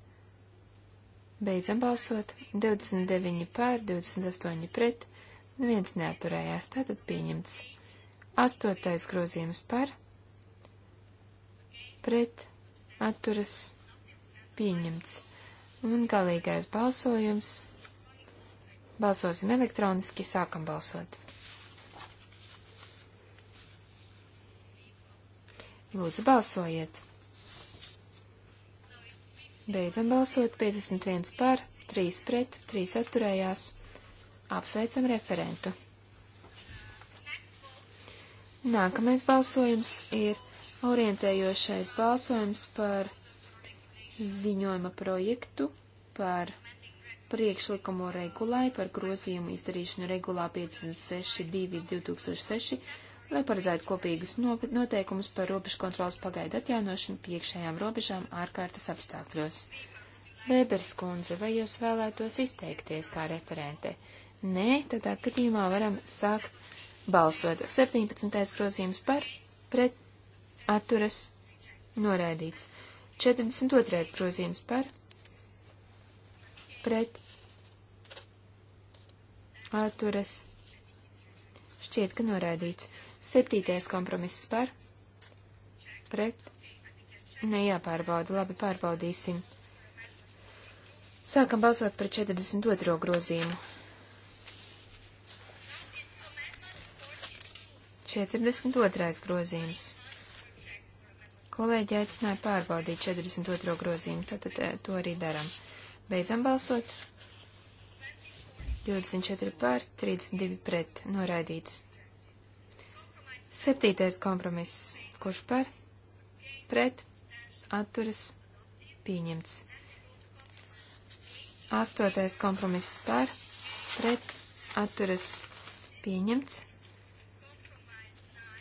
Beidzam balsot. 29 pār, 28 pret, neviens neaturējās, tātad pieņemts. Astotais grozījums par, pret, atturas, pieņemts. Un galīgais balsojums. Balsosim elektroniski, sākam balsot. Lūdzu, balsojiet! Beidzam balsot 51 par, 3 pret, 3 atturējās. Apsveicam referentu. Nākamais balsojums ir orientējošais balsojums par ziņojuma projektu par priekšlikumu regulai par grozījumu izdarīšanu regulā 562 2006 lai paredzētu kopīgus noteikumus par robežu kontrolas pagaidu atjaunošanu pie iekšējām robežām ārkārtas apstākļos. Vēbers kundze, vai jūs vēlētos izteikties kā referente? Nē, tādā gadījumā varam sākt balsot. 17. grozījums par, pret, atturas, noraidīts. 42. grozījums par, pret, atturas, šķiet, ka noraidīts. Septītais kompromiss par, pret, nejāpārbauda, labi pārbaudīsim. Sākam balsot par 42. grozījumu. 42. grozījums. Kolēģi aicināja pārbaudīt 42. grozījumu, tātad eh, to arī daram. Beidzam balsot. 24 pār, 32 pret, noraidīts. Septītais kompromiss. Kurš par? Pret. Atturas. Pieņemts. Astotais kompromiss par. Pret. Atturas. Pieņemts.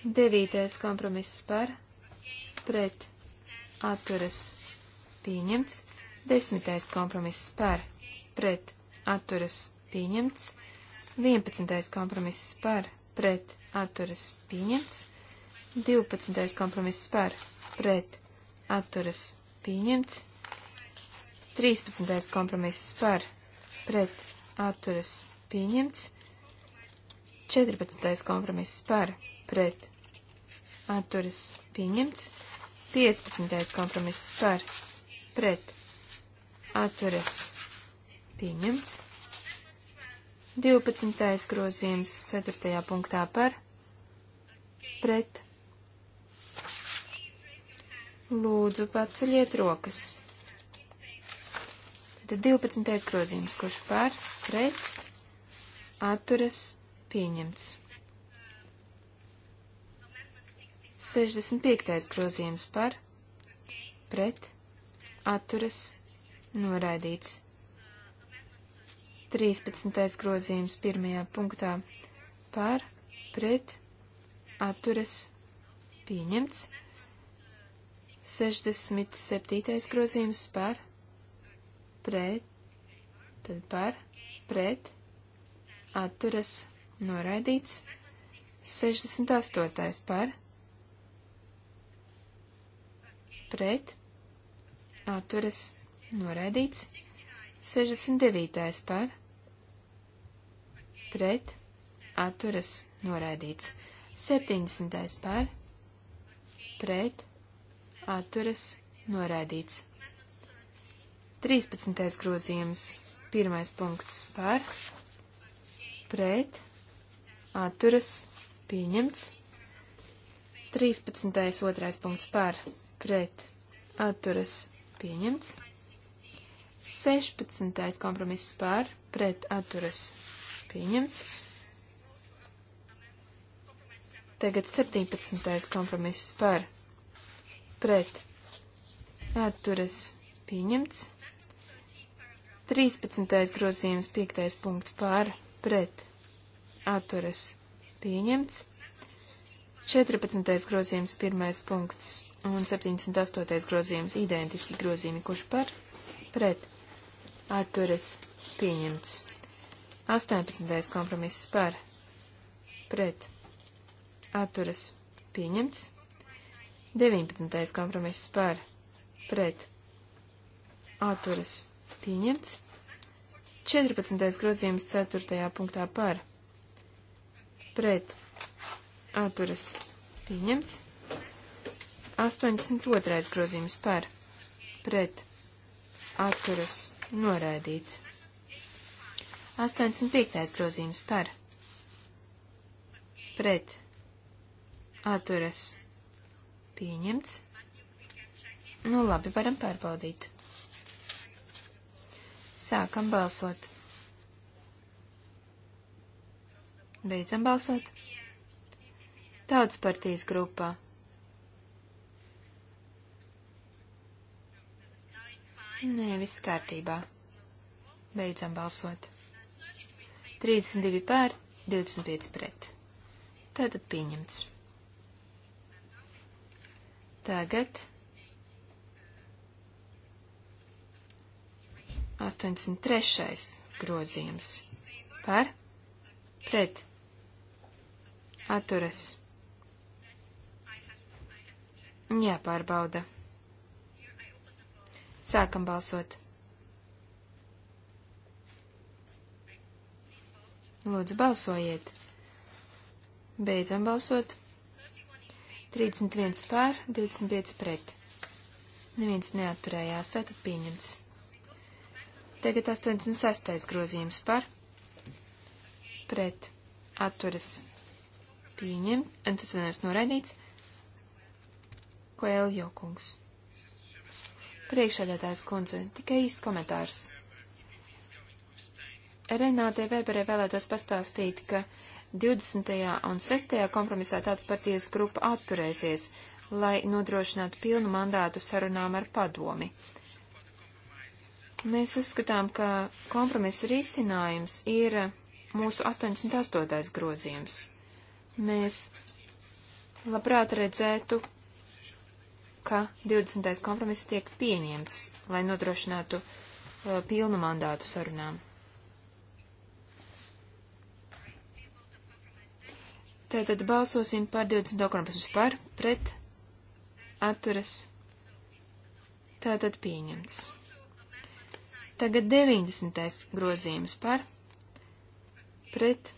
Devītais kompromiss par. Pret. Atturas. Pieņemts. Desmitais kompromiss par. Pret. Atturas. Pieņemts. Vienpadsmitais kompromiss par pret atturas pieņemts. 12. kompromiss par pret atturas pieņemts. 13. kompromiss par pret atturas pieņemts. 14. kompromiss par pret atturas pieņemts. 15. kompromiss par pret atturas pieņemts. 12. grozījums 4. punktā par pret. Lūdzu, paceļiet rokas. Tad 12. grozījums, kurš par pret atturas pieņemts. 65. grozījums par pret atturas noraidīts. 13. grozījums pirmajā punktā par pret atturas pieņemts. 67. grozījums par pret, tad par pret atturas noraidīts. 68. par pret atturas noraidīts. 69. par pret atturas noraidīts. 70. par pret atturas noraidīts. 13. grozījums, pirmais punkts par pret atturas pieņemts. 13. otrais punkts par pret atturas pieņemts. 16. kompromiss par pret atturas pieņemts. Tagad 17. kompromiss par pret atturas pieņemts. 13. grozījums 5. punkts par pret atturas pieņemts. 14. grozījums 1. punkts un 78. grozījums identiski grozījumi, kurš par pret atturas pieņemts. 18. kompromiss par, pret, atturas, pieņemts. 19. kompromiss par, pret, atturas, pieņemts. 14. grozījums 4. punktā par, pret, atturas, pieņemts. 82. grozījums par, pret, atturas, noraidīts. 85. grozījums par pret atturas pieņemts. Nu labi, varam pārbaudīt. Sākam balsot. Beidzam balsot. Tautas partijas grupā. Nē, viss kārtībā. Beidzam balsot. 32 pār, 25 pret. Tātad pieņemts. Tagad 83. grozījums par pret atturas. Jāpārbauda. Sākam balsot. Lūdzu, balsojiet. Beidzam balsot. 31 pār, 25 pret. Neviens neatturējās, tātad pieņemts. Tagad 86. grozījums par pret atturas pieņem, un tas vienais noraidīts, ko Eljo kungs. Priekšādātājs kundze, tikai īsts komentārs. Renātei Weberei vēlētos pastāstīt, ka 20. un 6. kompromisā tautas partijas grupa atturēsies, lai nodrošinātu pilnu mandātu sarunām ar padomi. Mēs uzskatām, ka kompromisa risinājums ir mūsu 88. grozījums. Mēs labprāt redzētu, ka 20. kompromiss tiek pieņemts, lai nodrošinātu uh, pilnu mandātu sarunām. Tātad balsosim par 20. kompromisu par, pret, atturas. Tātad pieņemts. Tagad 90. grozījums par, pret,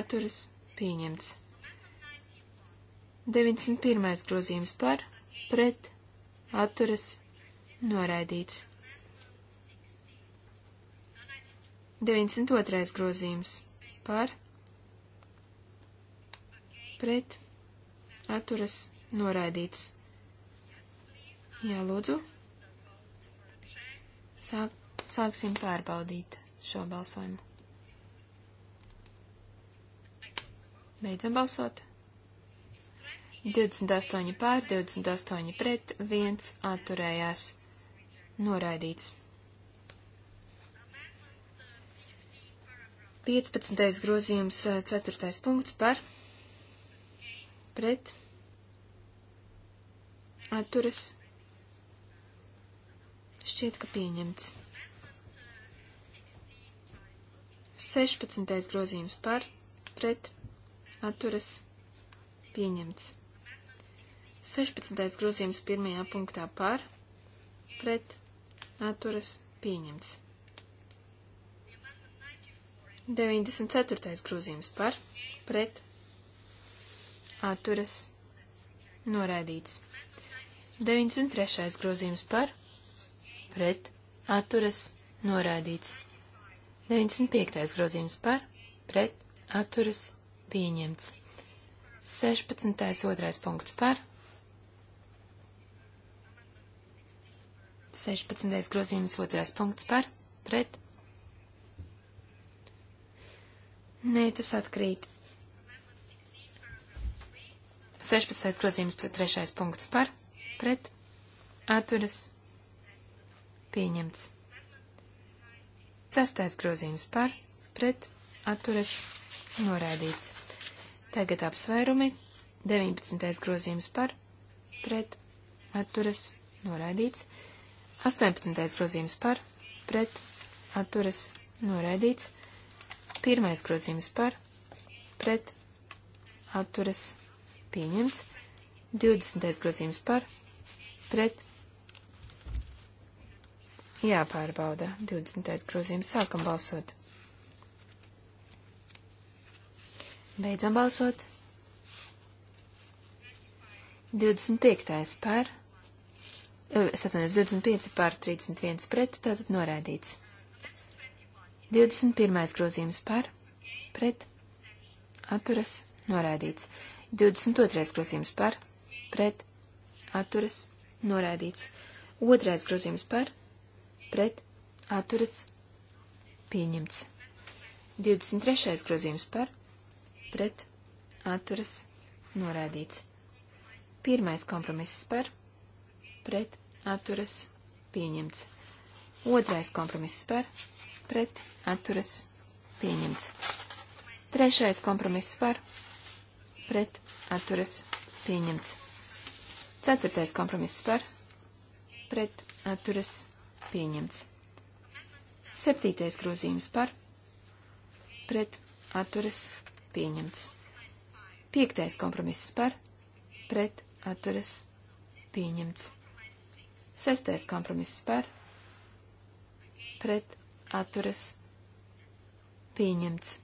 atturas, pieņemts. 91. grozījums par, pret, atturas, noraidīts. 92. grozījums par, pret, pret atturas noraidīts. Jā, lūdzu. Sāk, sāksim pārbaudīt šo balsojumu. Beidzam balsot. 28 pār, 28 pret, 1 atturējās. Noraidīts. 15. grozījums, 4. Eh, punkts par pret atturas šķiet, ka pieņemts. 16. grozījums par pret atturas pieņemts. 16. grozījums pirmajā punktā par pret atturas pieņemts. 94. grozījums par pret atturas, noraidīts. 93. grozījums par, pret, atturas, noraidīts. 95. grozījums par, pret, atturas, pieņemts. 16. otrais punkts par, 16. grozījums otrais punkts par, pret. Nē, tas atkrīt. 16. grozījums, 3. punkts par, pret, atturas, pieņemts. 6. grozījums par, pret, atturas, noraidīts. Tagad apsvērumi. 19. grozījums par, pret, atturas, noraidīts. 18. grozījums par, pret, atturas, noraidīts. 1. grozījums par, pret, atturas, noraidīts pieņemts. 20. grozījums par, pret, jāpārbauda. 20. grozījums sākam balsot. Beidzam balsot. 25. par, eh, satunies, 25 par 31 pret, tātad norēdīts. 21. grozījums par, pret, atturas, norēdīts. 22. grozījums par, pret, atturas, noraidīts. 2. grozījums par, pret, atturas, pieņemts. 23. grozījums par, pret, atturas, noraidīts. 1. kompromiss par, pret, atturas, pieņemts. 2. kompromiss par, pret, atturas, pieņemts. 3. kompromiss par, pret, atturas, pieņemts pret atturas pieņemts. Ceturtais kompromiss par pret atturas pieņemts. Septītais grozījums par pret atturas pieņemts. Piektais kompromiss par pret atturas pieņemts. Sestais kompromiss par pret atturas pieņemts.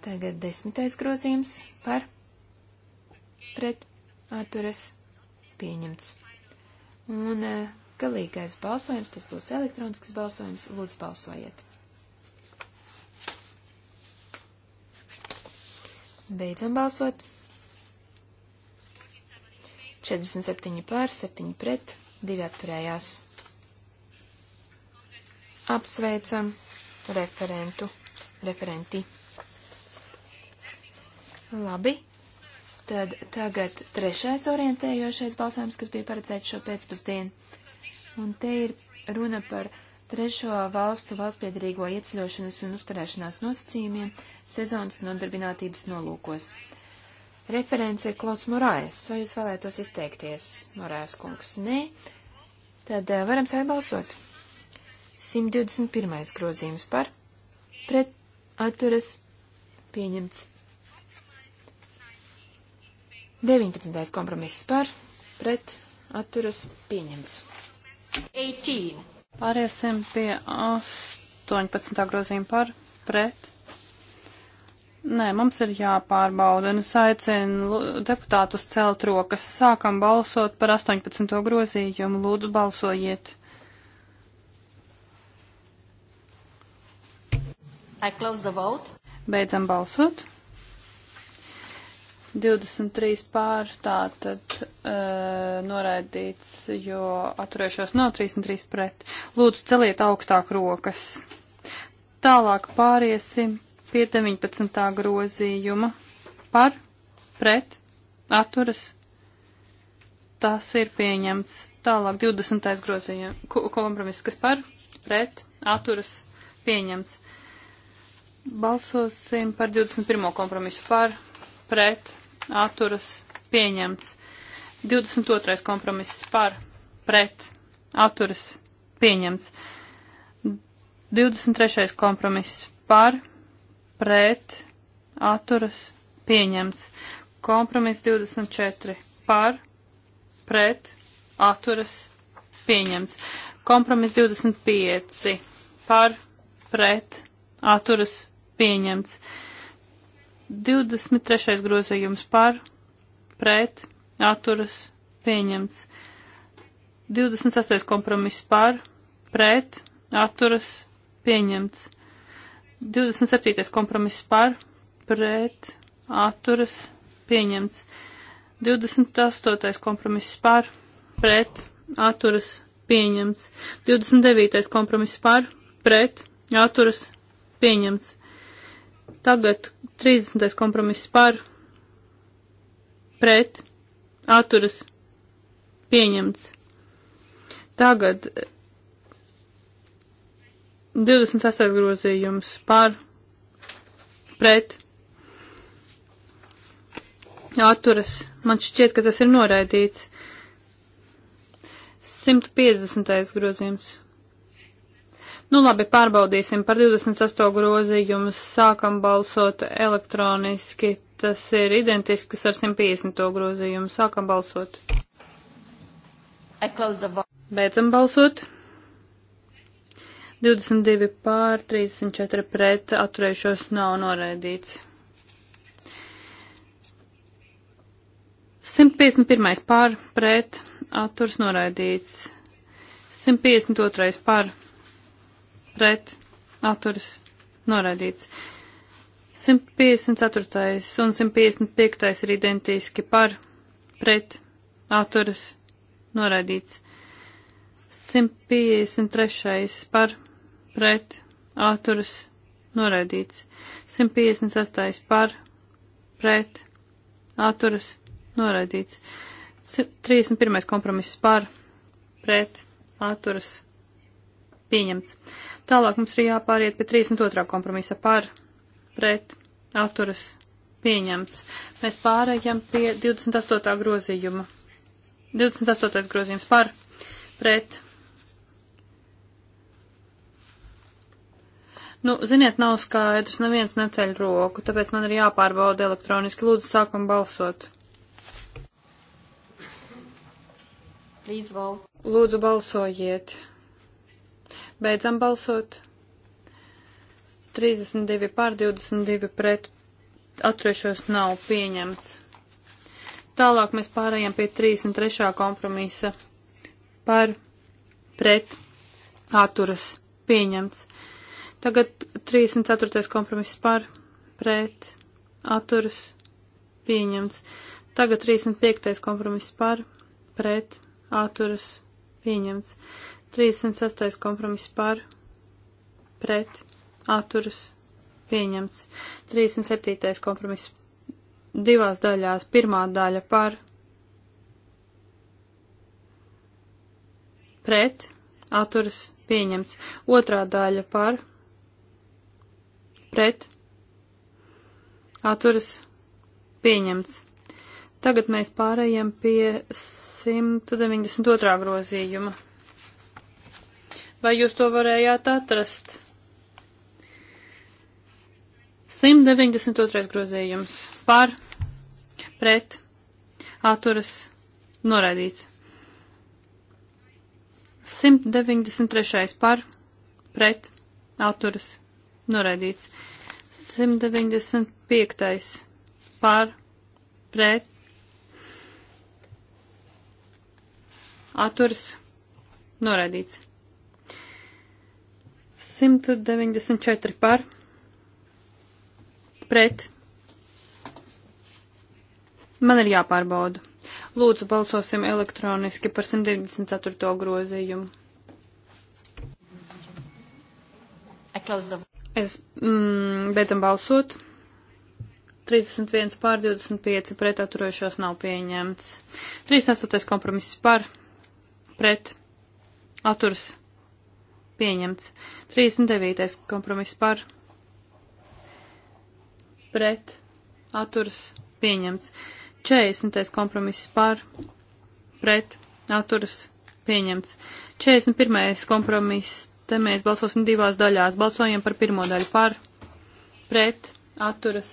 Tagad desmitais grozījums par pret atturas pieņemts. Un eh, galīgais balsojums, tas būs elektronisks balsojums, lūdzu balsojiet. Beidzam balsot. 47 pār, 7 pret, 2 atturējās. Apsveicam referentu, referenti. Labi. Tad tagad trešais orientējošais balsojums, kas bija paredzēts šo pēcpusdienu. Un te ir runa par trešo valstu valstspiedrīgo ieceļošanas un uzturēšanās nosacījumiem sezonas nodarbinātības nolūkos. Referents ir Klots Morājas. Vai jūs vēlētos izteikties, Morājas kungs? Nē. Tad eh, varam sākt balsot. 121. grozījums par pret atturas pieņemts. 19. kompromiss par, pret, atturas pieņemts. 18. Pāriesim pie 18. grozījuma par, pret. Nē, mums ir jāpārbauda, un nu, es aicinu deputātus celt rokas. Sākam balsot par 18. grozījumu, lūdzu balsojiet. I close the vote. Beidzam balsot. 23 pār tātad uh, noraidīts, jo atturēšos no 33 pret. Lūdzu, celiet augstāk rokas. Tālāk pāriesim pie 19. grozījuma par, pret, atturas. Tas ir pieņemts. Tālāk 20. grozījums, kompromiss, kas par, pret, atturas, pieņemts. Balsosim par 21. kompromisu par, pret, atturas pieņemts. 22. kompromiss par pret atturas pieņemts. 23. kompromiss par pret atturas pieņemts. Kompromiss 24 par pret atturas pieņemts. Kompromiss 25 par pret atturas pieņemts. 23. grozījums par, pret, atturas, pieņemts. 26. kompromiss par, pret, atturas, pieņemts. 27. kompromiss par, pret, atturas, pieņemts. 28. kompromiss par, pret, atturas, pieņemts. 29. kompromiss par, pret, atturas, pieņemts. Tagad 30. kompromiss par, pret, atturas, pieņemts. Tagad 28. grozījums par, pret, atturas. Man šķiet, ka tas ir noraidīts. 150. grozījums Nu labi, pārbaudīsim par 28 grozījumu, sākam balsot elektroniski, tas ir identisks ar 150 grozījumu, sākam balsot. Beidzam balsot. 22 pār 34 pret atturējušos nav noraidīts. 151 pār pret atturs noraidīts. 152 pār pret pret atturas noraidīts. 154. un 155. ir identiski par pret atturas noraidīts. 153. par pret atturas noraidīts. 158. par pret atturas noraidīts. 31. kompromiss par pret atturas noraidīts pieņemts. Tālāk mums ir jāpāriet pie 32. kompromisa par, pret, atturas, pieņemts. Mēs pārējām pie 28. grozījuma. 28. grozījums par, pret. Nu, ziniet, nav skaidrs, neviens neceļ roku, tāpēc man ir jāpārbauda elektroniski. Lūdzu, sākam balsot. Lūdzu, balsojiet. Beidzam balsot. 32 pār 22 pret atturēšos nav pieņemts. Tālāk mēs pārējām pie 33. kompromisa par pret atturas pieņemts. Tagad 34. kompromiss par pret atturas pieņemts. Tagad 35. kompromiss par pret atturas pieņemts. 36. kompromiss par, pret, atturas, pieņemts. 37. kompromiss divās daļās. Pirmā daļa par, pret, atturas, pieņemts. Otrā daļa par, pret, atturas, pieņemts. Tagad mēs pārējām pie 192. grozījuma. Vai jūs to varējāt atrast? 192. grozījums par, pret, atturas, noraidīts. 193. par, pret, atturas, noraidīts. 195. par, pret, atturas, noraidīts. 194 par pret. Man ir jāpārbauda. Lūdzu, balsosim elektroniski par 194. grozījumu. Es mm, beidzam balsot. 31 pār 25 pret atturējušos nav pieņemts. 38. kompromiss par pret atturs pieņemts. 39. kompromiss par pret atturas pieņemts. 40. kompromiss par pret atturas pieņemts. 41. kompromiss. Te mēs balsosim divās daļās. Balsojam par pirmo daļu par pret atturas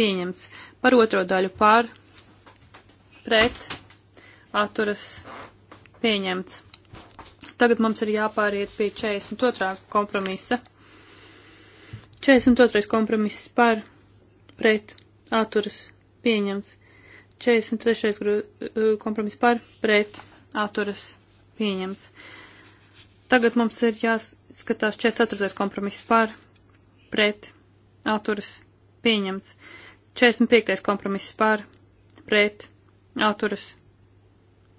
pieņemts. Par otro daļu par pret atturas pieņemts. Tagad mums ir jāpāriet pie 42. kompromisa. 42. kompromiss par pret atturas pieņemts. 43. Eh, kompromiss par pret atturas pieņemts. Tagad mums ir jāskatās 44. kompromiss par pret atturas pieņemts. 45. kompromiss par pret atturas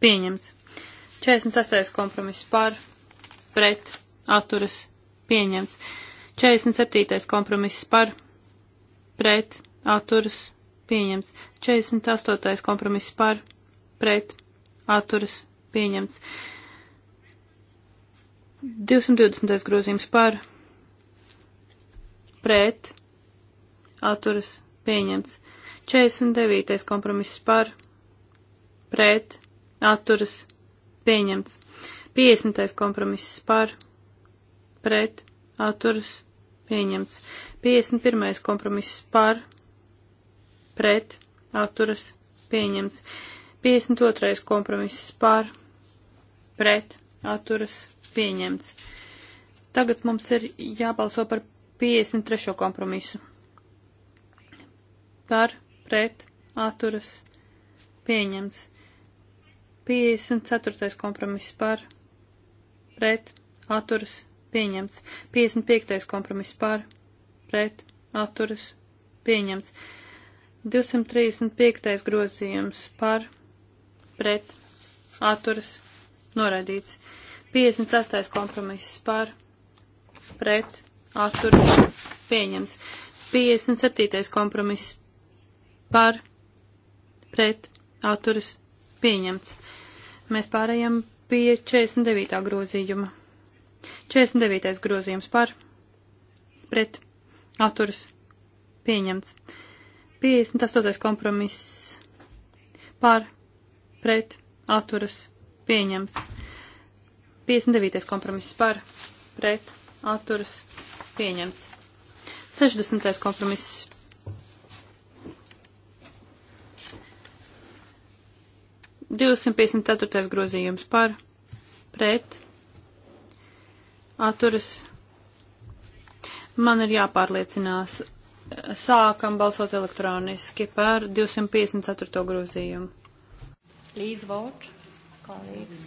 pieņemts. 46. kompromiss par, pret, atturas, pieņemts. 47. kompromiss par, pret, atturas, pieņemts. 48. kompromiss par, pret, atturas, pieņemts. 220. grozījums par, pret, atturas, pieņemts. 49. kompromiss par, pret, atturas, pieņemts pieņemts. 50. kompromiss par, pret, atturas, pieņemts. 51. kompromiss par, pret, atturas, pieņemts. 52. kompromiss par, pret, atturas, pieņemts. Tagad mums ir jābalso par 53. kompromisu. Par, pret, atturas, pieņemts. 54. kompromiss par, pret, atturas, pieņemts. 55. kompromiss par, pret, atturas, pieņemts. 235. grozījums par, pret, atturas, noraidīts. 58. kompromiss par, pret, atturas, pieņemts. 57. kompromiss par, pret, atturas, pieņemts. Mēs pārējām pie 49. grozījuma. 49. grozījums par, pret, atturas, pieņemts. 58. kompromiss par, pret, atturas, pieņemts. 59. kompromiss par, pret, atturas, pieņemts. 60. kompromiss 254. grozījums par pret atturas. Man ir jāpārliecinās. Sākam balsot elektroniski par 254. grozījumu. Please vote, colleagues.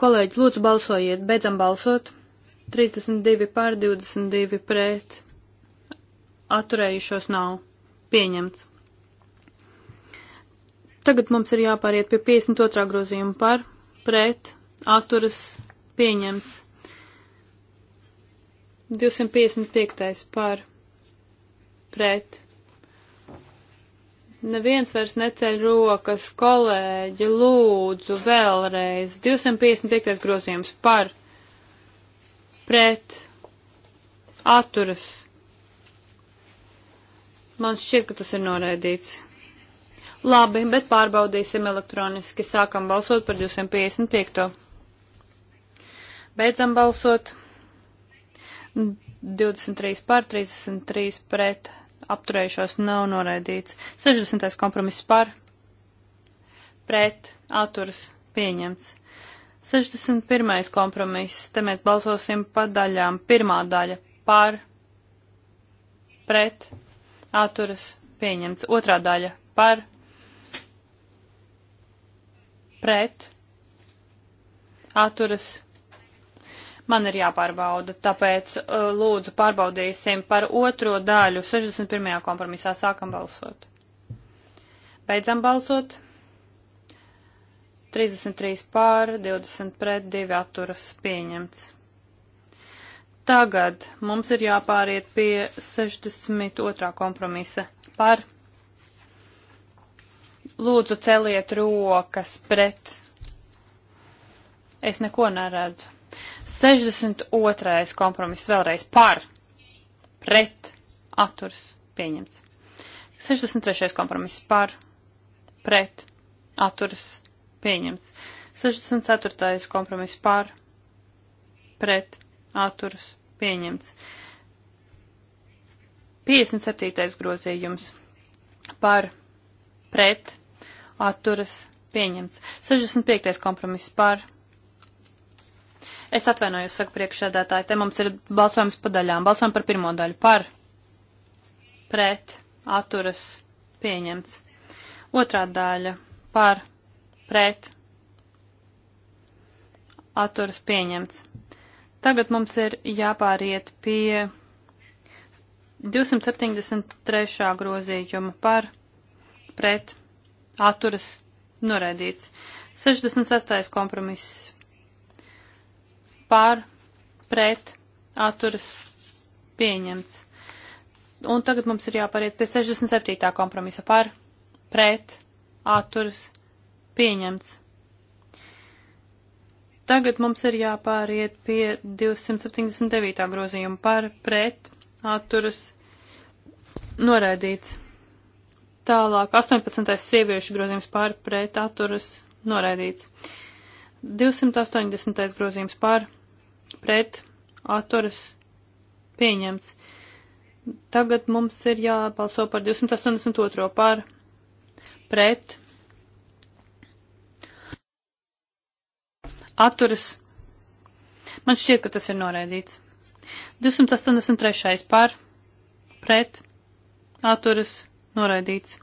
Kolēģi, lūdzu balsojiet, beidzam balsot. 32 pār 22 pret. Atturējušos nav. Pieņemts. Tagad mums ir jāpāriet pie 52. grozījuma par, pret, atturas, pieņemts. 255. par, pret. Neviens vairs neceļ rokas, kolēģi, lūdzu, vēlreiz. 255. grozījums par, pret, atturas. Man šķiet, ka tas ir noraidīts. Labi, bet pārbaudīsim elektroniski. Sākam balsot par 255. Beidzam balsot. 23 pār, 33 pret, apturējušos nav noraidīts. 60. kompromiss par, pret, atturs, pieņemts. 61. kompromiss, te mēs balsosim pa daļām. Pirmā daļa par, pret, atturas, pieņemts. Otrā daļa par, pret, atturas, man ir jāpārbauda. Tāpēc uh, lūdzu pārbaudīsim par otro daļu 61. kompromisā. Sākam balsot. Beidzam balsot. 33 pār, 20 pret, 2 atturas pieņemts. Tagad mums ir jāpāriet pie 62. kompromisa par Lūdzu, celiet rokas pret. Es neko neredzu. 62. kompromiss vēlreiz par, pret, atturs, pieņemts. 63. kompromiss par, pret, atturs, pieņemts. 64. kompromiss par, pret, atturs, pieņemts. 57. grozījums par, pret, atturas pieņemts. 65. kompromiss par. Es atvainojos, saka priekšsēdētāji, te mums ir balsojums pa daļām. Balsojam par pirmo daļu. Par. Pret. Atturas pieņemts. Otrā daļa. Par. Pret. Atturas pieņemts. Tagad mums ir jāpāriet pie 273. grozījuma par pret atturas noraidīts. 68. kompromiss pār, pret, atturas pieņemts. Un tagad mums ir jāpariet pie 67. kompromisa par, pret, atturas pieņemts. Tagad mums ir jāpāriet pie 279. grozījuma par, pret, atturas noraidīts. Tālāk 18. sieviešu grozījums pār pret atturas noraidīts. 280. grozījums pār pret atturas pieņemts. Tagad mums ir jābalso par 282. pār pret atturas. Man šķiet, ka tas ir noraidīts. 283. pār pret atturas pieņemts Noraidīts.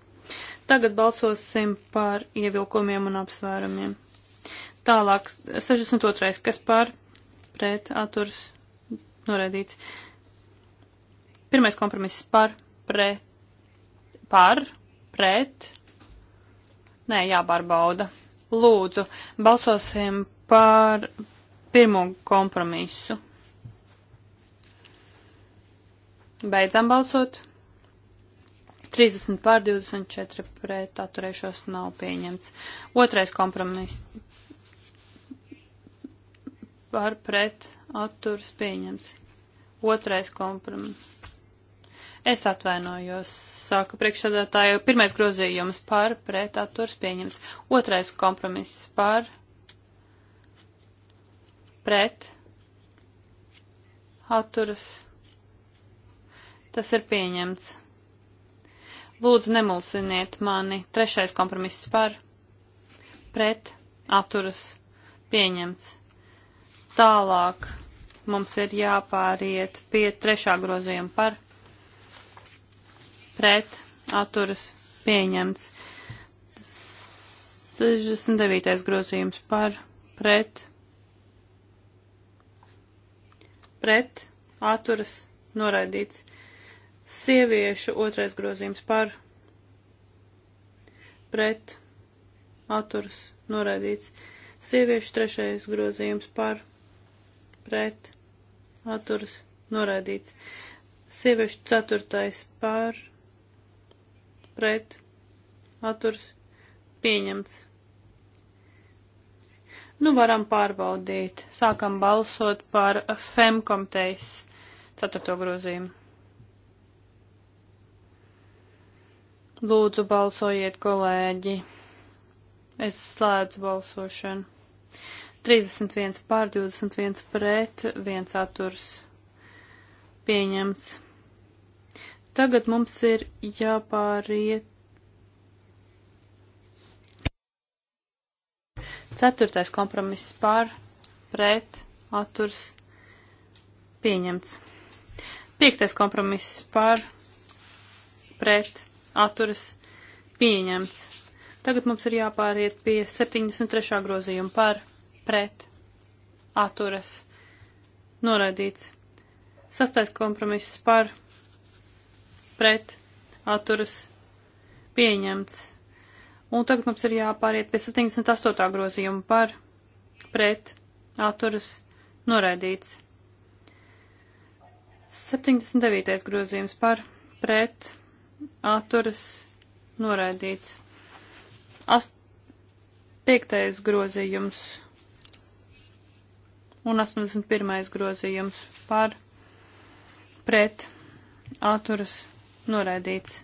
Tagad balsosim par ievilkumiem un apsvērumiem. Tālāk, 62. kas par pret atturs noraidīts. Pirmais kompromiss par pret. Par pret. Nē, jābārbauda. Lūdzu, balsosim par pirmo kompromisu. Beidzam balsot. 30 pār 24 pret atturēšos nav pieņemts. Otrais kompromiss. Par pret atturs pieņems. Otrais kompromiss. Es atvainojos, saka priekšsēdētāju. Pirmais grozījums par pret atturs pieņems. Otrais kompromiss par pret atturs. Tas ir pieņemts. Lūdzu, nemulsiniet mani. Trešais kompromiss par, pret, atturas, pieņemts. Tālāk mums ir jāpāriet pie trešā grozījuma par, pret, atturas, pieņemts. 69. grozījums par, pret, pret, atturas, noraidīts. Sieviešu otrais grozījums par pret atturs noraidīts. Sieviešu trešais grozījums par pret atturs noraidīts. Sieviešu ceturtais par pret atturs pieņemts. Nu, varam pārbaudīt. Sākam balsot par femkomteis ceturto grozījumu. Lūdzu, balsojiet, kolēģi. Es slēdzu balsošanu. 31 pār 21 pret, 1 atturs pieņemts. Tagad mums ir jāpāriet. Ceturtais kompromiss pār, pret, atturs pieņemts. Piektais kompromiss pār, pret, atturs atturas pieņemts. Tagad mums ir jāpāriet pie 73. grozījuma par pret atturas noraidīts. Sastais kompromiss par pret atturas pieņemts. Un tagad mums ir jāpāriet pie 78. grozījuma par pret atturas noraidīts. 79. grozījums par pret atturas noraidīts. Ast piektais grozījums un 81. grozījums par pret atturas noraidīts.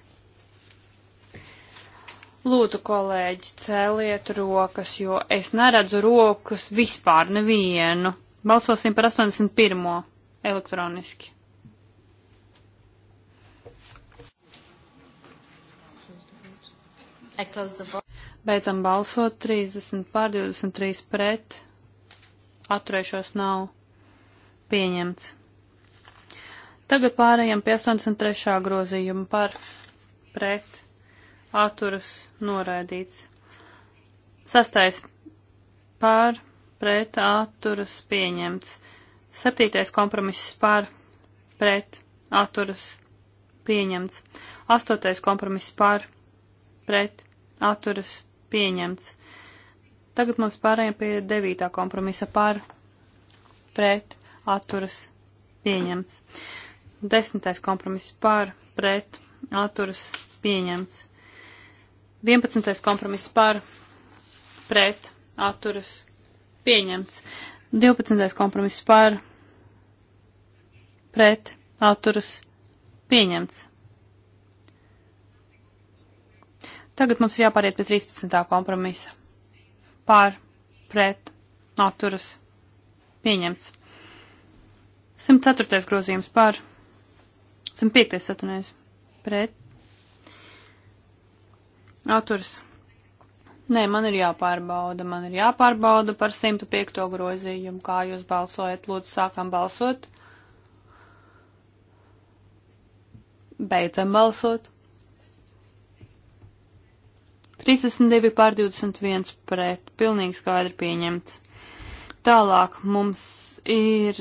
Lūdzu, kolēģi, cēliet rokas, jo es neredzu rokas vispār nevienu. Balsosim par 81. elektroniski. Beidzam balsot 30 pār 23 pret. Atturēšos nav pieņemts. Tagad pārējām pie 83. grozījuma par pret atturas noraidīts. Sastais pār pret atturas pieņemts. Septītais kompromiss pār pret atturas pieņemts. Astotais kompromiss pār pret pret atturas pieņemts. Tagad mums pārējiem pie devītā kompromisa par pret atturas pieņemts. Desmitais kompromiss par pret atturas pieņemts. Vienpadsmitais kompromiss par pret atturas pieņemts. Divpadsmitais kompromiss par pret atturas pieņemts. Tagad mums ir jāpāriet pie 13. kompromisa. Pār, pret, atturas, pieņemts. 104. grozījums pār, 105. satunējums, pret, atturas. Nē, man ir jāpārbauda, man ir jāpārbauda par 105. grozījumu, kā jūs balsojat, lūdzu, sākam balsot. Beidzam balsot. 32 pār 21 pret, pilnīgi skaidri pieņemts. Tālāk mums ir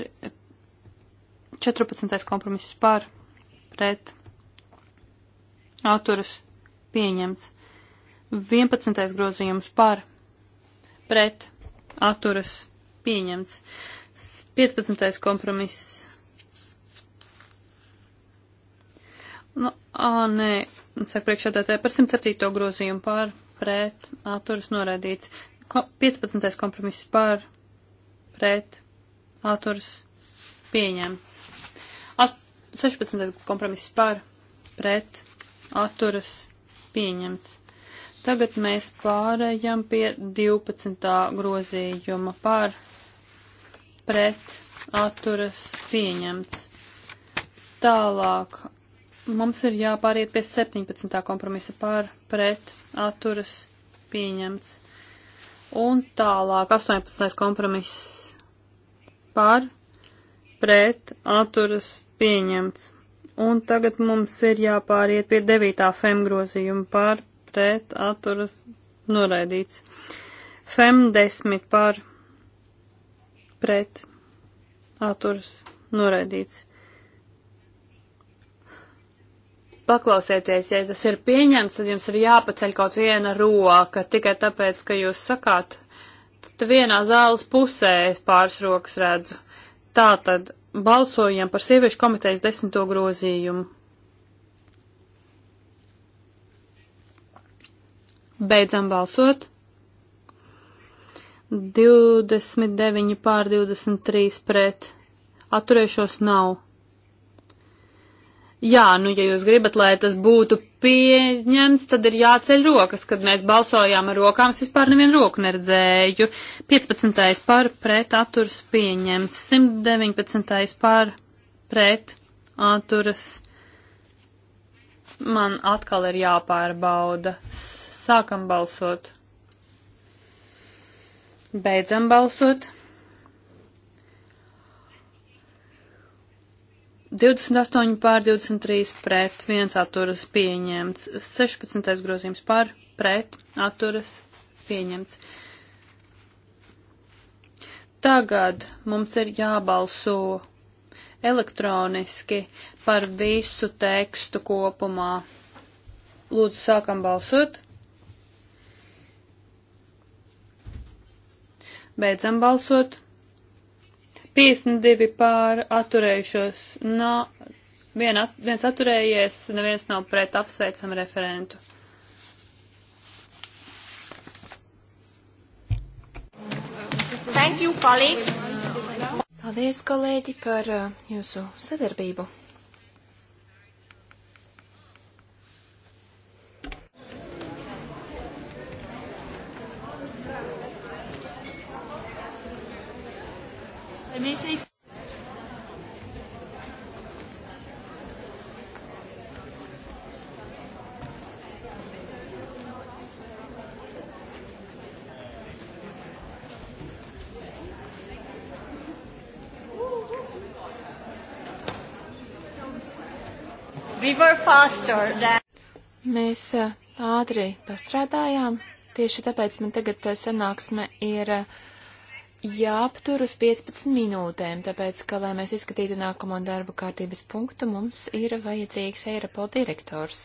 14. kompromiss par, pret, atturas pieņemts. 11. grozījums par, pret, atturas pieņemts. 15. kompromiss Nu, ā, nē, saka priekšādātāja par 107. grozījumu pār, pret, atturas noraidīts. Ko, 15. kompromiss pār, pret, atturas pieņemts. Ast, 16. kompromiss pār, pret, atturas pieņemts. Tagad mēs pārējām pie 12. grozījuma pār, pret, atturas pieņemts. Tālāk Mums ir jāpāriet pie 17. kompromisa pār pret atturas pieņemts. Un tālāk 18. kompromiss pār pret atturas pieņemts. Un tagad mums ir jāpāriet pie 9. fem grozījuma pār pret atturas noraidīts. Fem 10 pār pret atturas noraidīts. paklausieties, ja tas ir pieņemts, tad jums ir jāpaceļ kaut viena roka, tikai tāpēc, ka jūs sakāt, tad vienā zāles pusē es pāris rokas redzu. Tā tad balsojam par sieviešu komitejas desmito grozījumu. Beidzam balsot. 29 pār 23 pret. Atturēšos nav. Jā, nu, ja jūs gribat, lai tas būtu pieņemts, tad ir jāceļ rokas. Kad mēs balsojām ar rokām, es vispār nevienu roku neredzēju. 15. par pret atturas pieņemts, 119. par pret atturas. Man atkal ir jāpārbauda. Sākam balsot. Beidzam balsot. 28 pār 23 pret, 1 atturas pieņemts, 16. grozījums pār, pret, atturas pieņemts. Tagad mums ir jābalso elektroniski par visu tekstu kopumā. Lūdzu, sākam balsot. Beidzam balsot. 52 pār atturējušos, nā, vien at, viens atturējies, neviens nav pret apsveicam referentu. Thank you, colleagues! Paldies, kolēģi, par uh, jūsu sadarbību! Mēs eh, ātri pastrādājām, tieši tāpēc man tagad eh, sanāksme ir eh, jāaptur uz 15 minūtēm, tāpēc, ka, lai mēs izskatītu nākamo darba kārtības punktu, mums ir vajadzīgs Eiropola direktors.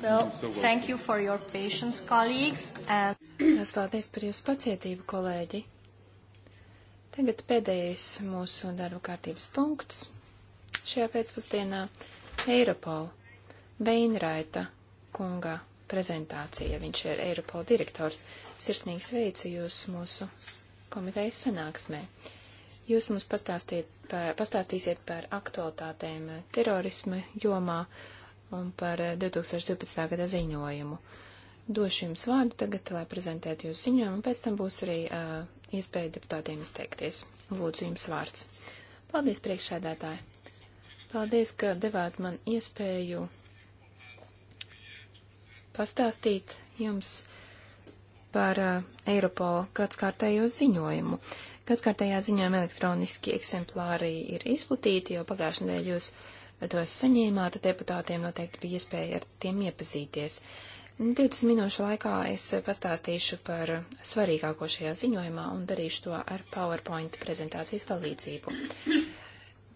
So, thank you for your patience, colleagues. And... Es paldies par jūsu pacietību, kolēģi. Tagad pēdējais mūsu darba kārtības punkts šajā pēcpusdienā - Eiropola Veinraita kunga prezentācija. Viņš ir Eiropola direktors. Sirsnīgi sveicu jūs mūsu komitejas sanāksmē. Jūs mums pastāstiet par, pastāstīsiet par aktualitātēm terorisma jomā un par 2012. Eh, gada ziņojumu. Došu jums vārdu tagad, lai prezentētu jūsu ziņojumu, un pēc tam būs arī uh, iespēja deputātiem izteikties. Lūdzu, jums vārds. Paldies, priekšsēdētāji! Paldies, ka devāt man iespēju pastāstīt jums par uh, eh, Eiropola gadskārtējo ziņojumu. Gadskārtējā ziņojuma elektroniski eksemplāri ir izplatīti, jo pagājušajā nedēļā jūs uh, tos saņēmāt, deputātiem noteikti bija iespēja ar tiem iepazīties. 20 minūšu laikā es pastāstīšu par svarīgāko šajā ziņojumā un darīšu to ar PowerPoint prezentācijas palīdzību.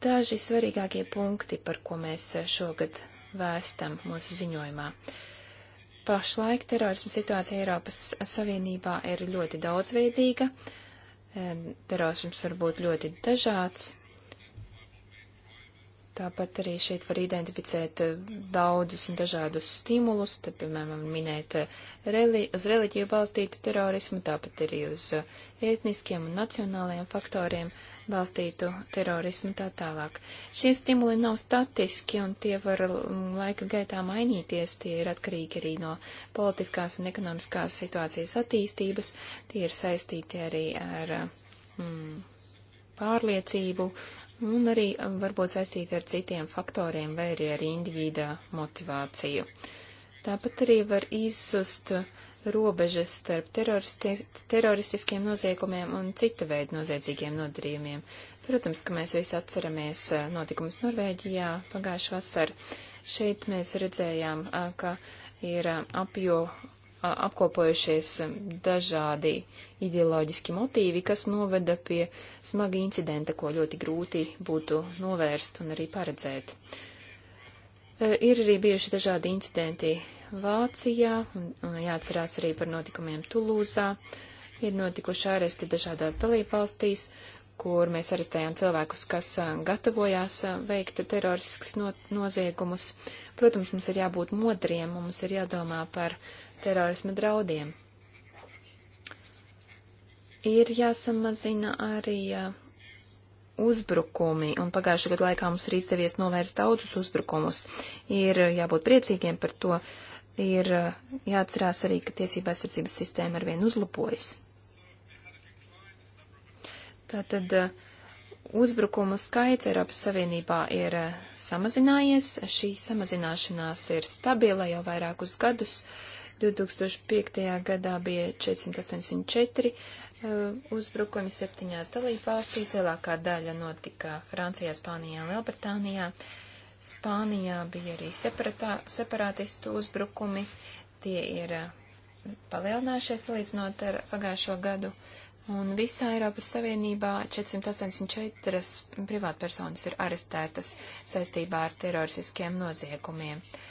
Daži svarīgākie punkti, par ko mēs šogad vēstam mūsu ziņojumā. Pašlaik terorismu situācija Eiropas Savienībā ir ļoti daudzveidīga, terorisms var būt ļoti dažāds, Tāpat arī šeit var identificēt eh, daudzus un dažādus stimulus, tad, piemēram, minēt eh, reli uz reliģiju balstītu terorismu, tāpat arī uz eh, etniskiem un nacionālajiem faktoriem balstītu terorismu tā tālāk. Šie stimuli nav statiski un tie var mm, laika gaitā mainīties, tie ir atkarīgi arī no politiskās un ekonomiskās situācijas attīstības, tie ir saistīti arī ar mm, pārliecību, un arī um, varbūt saistīti ar citiem faktoriem vai arī ar individu motivāciju. Tāpat arī var izsust robežas starp teroristi, teroristiskiem noziegumiem un cita veida noziedzīgiem nodarījumiem. Protams, ka mēs visi atceramies uh, notikumus Norvēģijā pagājušā vasarā. Šeit mēs redzējām, uh, ka ir uh, apjo apkopojušies um, dažādi ideoloģiski motīvi, kas noveda pie smaga incidenta, ko ļoti grūti būtu novērst un arī paredzēt. E, ir arī bijuši dažādi incidenti Vācijā, un, un jāatcerās arī par notikumiem Tulūzā. Ir notikuši aresti dažādās dalībvalstīs, kur mēs arestējām cilvēkus, kas gatavojās veikt teroristiskus no, noziegumus. Protams, mums ir jābūt modriem, mums ir jādomā par uh, terorisma draudiem. Ir jāsamazina arī uzbrukumi, un pagājušajā gadu laikā mums ir izdevies novērst daudzus uzbrukumus. Ir jābūt priecīgiem par to, ir jāatcerās arī, ka tiesībā aizsardzības sistēma arvien uzlabojas. Tātad uzbrukumu skaits Eiropas Savienībā ir samazinājies. Šī samazināšanās ir stabila jau vairākus gadus. Uh, 2005. gadā bija 484 eh, uzbrukumi septiņās dalībvalstīs, lielākā daļa notika Francijā, Spānijā un Lielbritānijā. Spānijā bija arī separatā, separātistu uzbrukumi, tie ir eh, palielinājušies salīdzinot ar pagājušo gadu, un visā Eiropas Savienībā 484 privātpersonas ir arestētas saistībā ar teroristiskiem noziegumiem. Uh,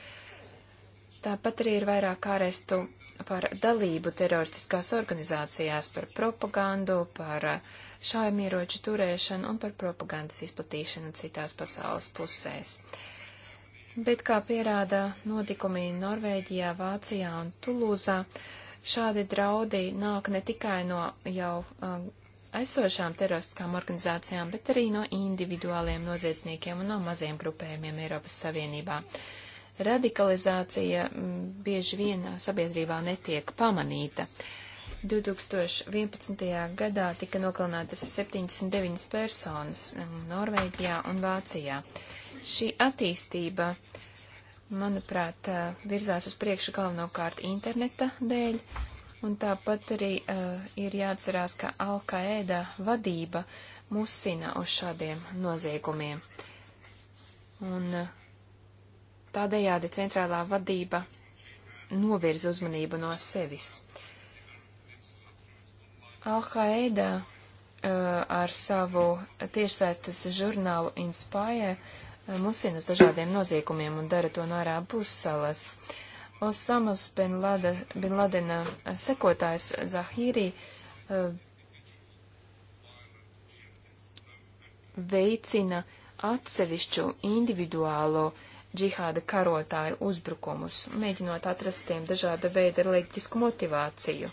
Tāpat arī ir vairāk arestu par dalību teroristiskās organizācijās, par propagandu, par uh, šaujamieroču turēšanu un par propagandas izplatīšanu citās pasaules pusēs. Bet, kā pierāda notikumi Norvēģijā, Vācijā un Tulūzā, šādi draudi nāk ne tikai no jau uh, esošām teroristiskām organizācijām, bet arī no individuāliem noziedzniekiem un no maziem grupējumiem Eiropas Savienībā. Uh, radikalizācija mm, bieži vien sabiedrībā netiek pamanīta. 2011. gadā tika nokalinātas 79 personas mm, Norvēģijā un Vācijā. Šī attīstība, manuprāt, eh, virzās uz priekšu galvenokārt interneta dēļ, un tāpat arī uh, ir jāatcerās, ka Alkaēda vadība musina uz šādiem noziegumiem. Un uh, Tādējādi centrālā vadība novirza uzmanību no sevis. Al-Qaeda uh, ar savu tiešsaistes žurnālu Inspire uh, musina uz dažādiem noziegumiem un dara to no ārā pussalas. Osamas bin, Lada, bin Ladena uh, sekotājs Zahīrī uh, veicina atsevišķu individuālo uh, džihāda karotāju uzbrukumus, mēģinot atrast tiem dažāda veida reliģisku motivāciju.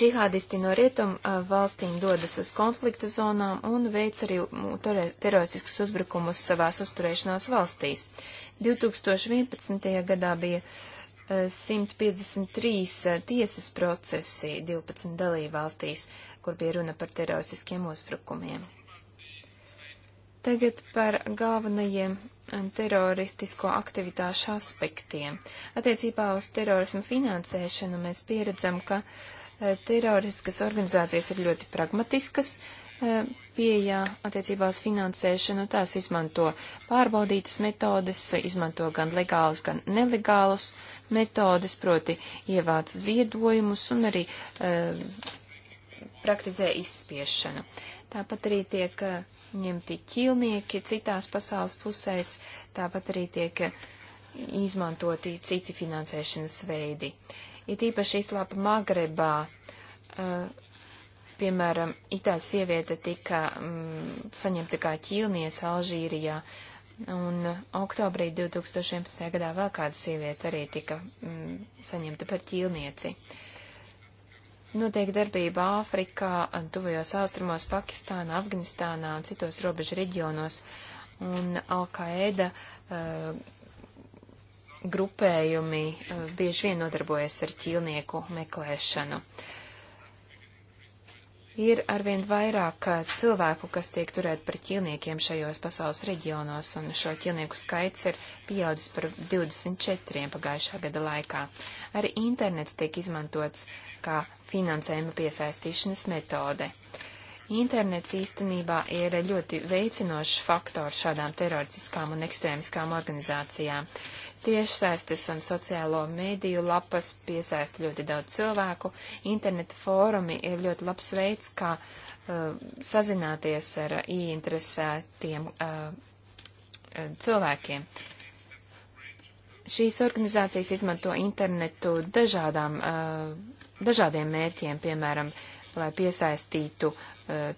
Džihādisti no rietum valstīm dodas uz konflikta zonām un veic arī teroristiskus uzbrukumus savās uzturēšanās valstīs. 2011. gadā bija 153 tiesas procesi 12 dalībvalstīs, kur bija runa par teroristiskiem uzbrukumiem. Tagad par galvenajiem eh, teroristisko aktivitāšu aspektiem. Attiecībā uz terorismu finansēšanu mēs pieredzam, ka e, teroristiskas organizācijas ir ļoti pragmatiskas e, pieejā attiecībā uz finansēšanu. Tās izmanto pārbaudītas metodes, izmanto gan legālus, gan nelegālus metodes, proti ievāc ziedojumus un arī e, praktizē izspiešanu. Tāpat arī tiek uh, ņemti ķilnieki citās pasaules pusēs, tāpat arī tiek izmantoti citi finansēšanas veidi. Ir īpaši izslāpa Magrebā, piemēram, itāļu sieviete tika mm, saņemta kā ķīlniece Alžīrijā, un oktobrī 2011. gadā vēl kāda sieviete arī tika mm, saņemta par ķīlnieci. Uh, Notiek darbība Āfrikā, tuvajos austrumos, Pakistānā, Afganistānā un citos robežu reģionos, un Al-Qaeda uh, grupējumi uh, bieži vien nodarbojas ar ķīlnieku meklēšanu. Uh, Ir arvien vairāk uh, cilvēku, kas tiek turēt par ķilniekiem šajos pasaules reģionos, un šo ķilnieku skaits ir pieaudzis par 24 pagājušā gada laikā. Arī internets tiek izmantots kā finansējuma piesaistīšanas metode. Internets īstenībā ir ļoti veicinošs faktors šādām teroristiskām un ekstrēmiskām organizācijām. Tiešsaistes un sociālo mēdīju lapas piesaista ļoti daudz cilvēku. Interneta fórumi ir ļoti labs veids, kā uh, sazināties ar uh, ieinteresētiem uh, cilvēkiem. Šīs organizācijas izmanto internetu dažādām, uh, dažādiem mērķiem, piemēram, lai piesaistītu uh,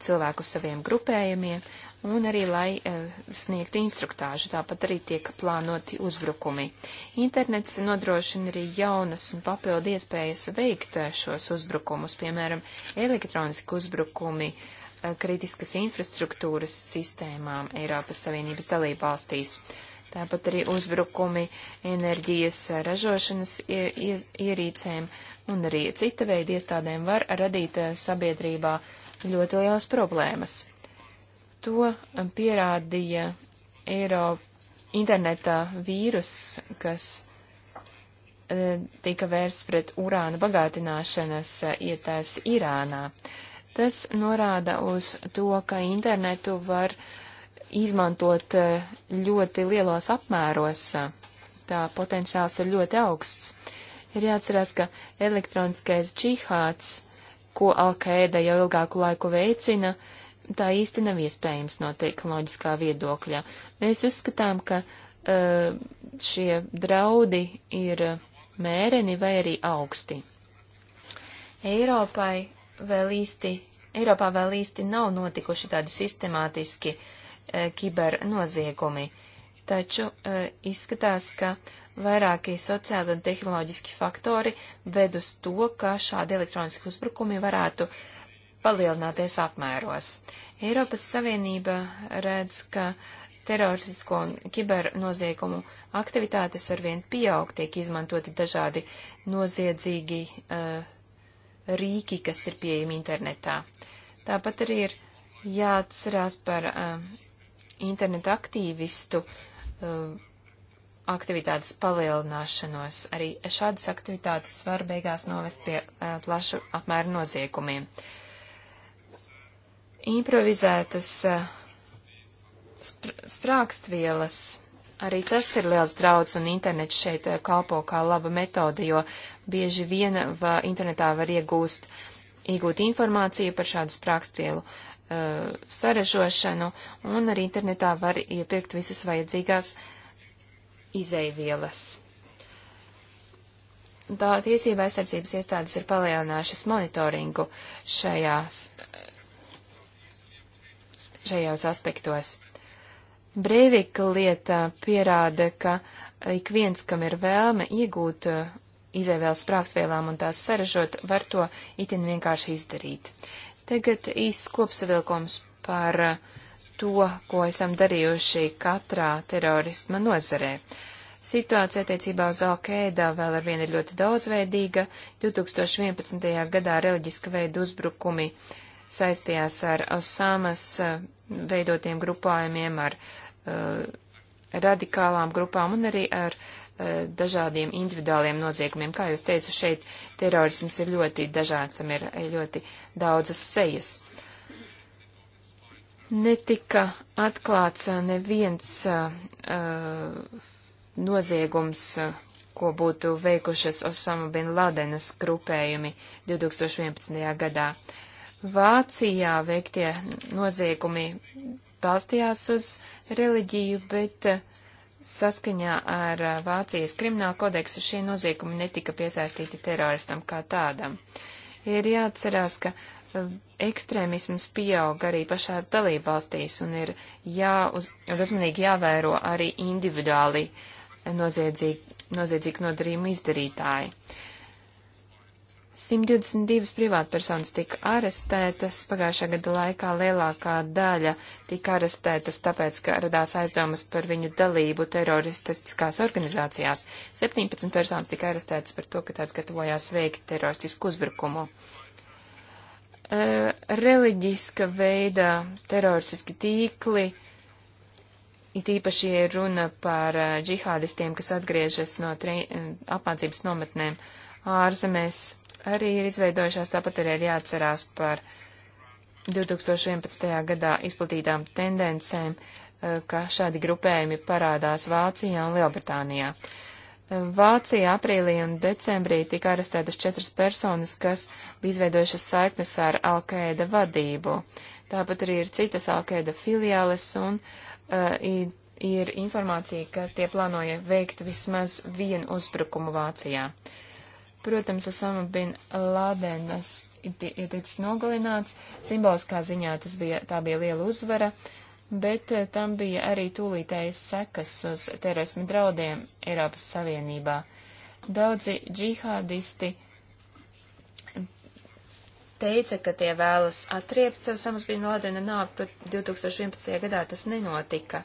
cilvēkus saviem grupējumiem, un arī, lai e, sniegtu instruktāžu, tāpat arī tiek plānoti uzbrukumi. Internets nodrošina arī jaunas un papildu iespējas veikt e, šos uzbrukumus, piemēram, elektroniski uzbrukumi e, kritiskas infrastruktūras sistēmām Eiropas Savienības dalībvalstīs. Tāpat arī uzbrukumi enerģijas ražošanas ierīcēm un arī cita veida iestādēm var radīt sabiedrībā ļoti lielas problēmas. To um, pierādīja Eiro internetā vīrus, kas e, tika vērsts pret urāna bagātināšanas e, ietais Irānā. Tas norāda uz to, ka internetu var izmantot e, ļoti lielos apmēros. Tā potenciāls ir ļoti augsts. Ir jāatcerās, ka elektroniskais džihāds, ko Alkaida jau ilgāku laiku veicina, uh, tā īsti nav iespējams no tehnoloģiskā viedokļa. Mēs uzskatām, ka uh, šie draudi ir mēreni vai arī augsti. Eiropai vēl īsti, Eiropā vēl īsti nav notikuši tādi sistemātiski uh, eh, kibernoziegumi, taču uh, izskatās, ka vairākie sociāli un tehnoloģiski faktori ved uz to, ka šādi elektroniski uzbrukumi varētu uh, palielināties apmēros. Eiropas Savienība redz, ka terorisko un kibernoziegumu aktivitātes arvien pieaug, tiek izmantoti dažādi noziedzīgi uh, rīki, kas ir pieejami internetā. Tāpat arī ir jāatcerās par uh, internetu aktīvistu uh, aktivitātes palielināšanos. Arī šādas aktivitātes var beigās novest pie uh, plašu apmēru noziegumiem. Uh, improvizētas eh, spr sprākstvielas. Arī tas ir liels draudz, un internets šeit eh, kalpo kā laba metode, jo bieži vien va, internetā var iegūst, iegūt informāciju par šādu sprākstvielu uh, eh, saražošanu, un arī internetā var iepirkt visas vajadzīgās izēvielas. Tā tiesība aizsardzības iestādes ir palielinājušas monitoringu šajās uh, šajos aspektos. Breivika lietā pierāda, ka ik viens, kam ir vēlme iegūt uh, izēvēles sprākstvielām un tās saražot, var to itin vienkārši izdarīt. Tagad īsts kopsavilkums par uh, to, ko esam darījuši katrā teroristma nozarē. Situācija attiecībā uz Alkēdā vēl ar vienu ir ļoti daudzveidīga. 2011. gadā reliģiska veida uzbrukumi uh, saistījās ar Osamas eh, veidotiem grupājumiem, ar uh, radikālām grupām un arī ar uh, dažādiem individuāliem noziegumiem. Kā jūs teicu, šeit terorisms ir ļoti dažāds, tam ir ļoti daudzas sejas. Netika atklāts neviens uh, noziegums, ko būtu veikušas Osama bin Ladenas grupējumi 2011. gadā. Uh, Vācijā veiktie noziegumi balstījās uz reliģiju, bet eh, saskaņā ar eh, Vācijas krimināla kodeksu šie noziegumi netika piesaistīti teroristam kā tādam. Ir jāatcerās, ka eh, ekstrēmisms pieaug arī pašās dalībvalstīs un ir jāuz, uzmanīgi jāvēro arī individuāli noziedzīgi, noziedzīgi nodarījumu izdarītāji. Uh, 122 privātpersonas tika arestētas, pagājušā gada laikā lielākā daļa tika arestētas, tāpēc, ka radās aizdomas par viņu dalību teroristiskās organizācijās. 17 personas tika arestētas par to, ka tās gatavojās veikt teroristisku uzbrukumu. E, reliģiska veida teroristiski tīkli, it īpaši ir runa par džihādistiem, kas atgriežas no apmācības nometnēm ārzemēs arī ir izveidojušās, tāpat arī ir jāatcerās par 2011. gadā izplatītām tendencēm, eh, ka šādi grupējumi parādās Vācijā un Lielbritānijā. Eh, Vācijā aprīlī un decembrī tika arestētas četras personas, kas bija izveidojušas saiknes ar Alkaida vadību. Tāpat arī ir citas Alkaida filiāles un uh, ir informācija, ka tie plānoja veikt vismaz vienu uzbrukumu Vācijā. Uh, Protams, Osama bin Ladenas ir ticis nogalināts. Simboliskā ziņā tas bija, tā bija liela uzvara, bet eh, tam bija arī tūlītējas sekas uz terorismu draudiem Eiropas Savienībā. Daudzi džihādisti teica, ka tie vēlas atriept Osamas bin Ladena nāvi, bet 2011. gadā tas nenotika.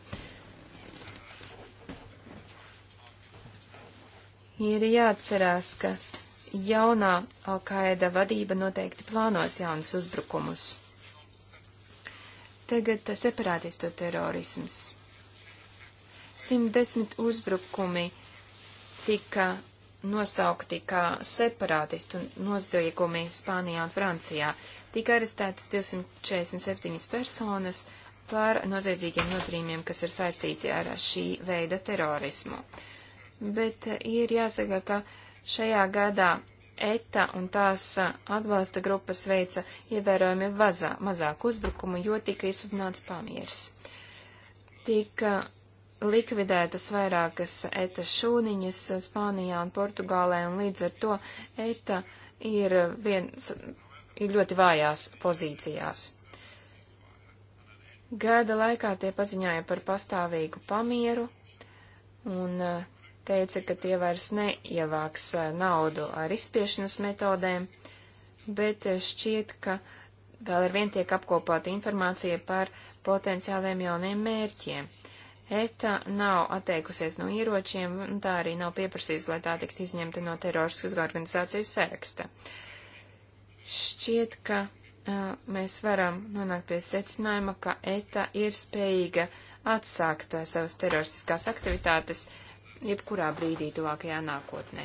Ir jāatcerās, ka jaunā Alkaida vadība noteikti plānos jaunus uzbrukumus. Tagad separātistu terorisms. 110 uzbrukumi tika nosaukti kā separātistu noziegumi Spānijā un Francijā. Tika arestētas 247 personas par noziedzīgiem nodarījumiem, kas ir saistīti ar šī veida terorismu. Bet ir jāsaka, ka Šajā gadā ETA un tās atbalsta grupas veica ievērojami vazā, mazāk uzbrukumu, jo tika izsludināts pamieris. Tika likvidētas vairākas ETA šūniņas Spānijā un Portugālē, un līdz ar to ETA ir, viens, ir ļoti vājās pozīcijās. Gada laikā tie paziņoja par pastāvīgu pamieru, un uh, teica, ka tie vairs neievāks eh, naudu ar izspiešanas metodēm, bet eh, šķiet, ka vēl ar vien tiek apkopota informācija par potenciāliem jauniem mērķiem. ETA nav atteikusies no ieročiem, un tā arī nav pieprasījusi, lai tā tiktu izņemta no teroristiskas organizācijas sēksta. Šķiet, ka uh, mēs varam nonākt pie secinājuma, ka ETA ir spējīga atsākt savas teroristiskās aktivitātes uh, jebkurā brīdī tuvākajā nākotnē.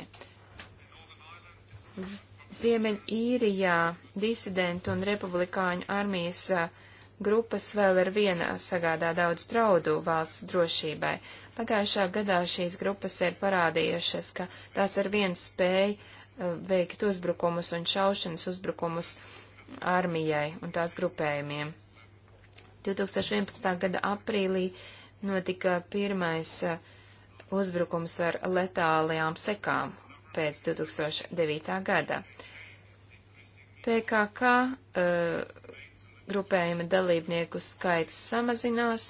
Ziemeļīrijā disidentu un republikāņu armijas grupas vēl ar viena sagādā daudz draudu valsts drošībai. Pagājušā gadā šīs grupas ir parādījušas, ka tās ar vienu spēj veikt uzbrukumus un šaušanas uzbrukumus armijai un tās grupējumiem. 2011. gada aprīlī notika pirmais uh, uzbrukums ar letālajām sekām pēc 2009. gada. PKK uh, eh, grupējuma dalībnieku skaits samazinās,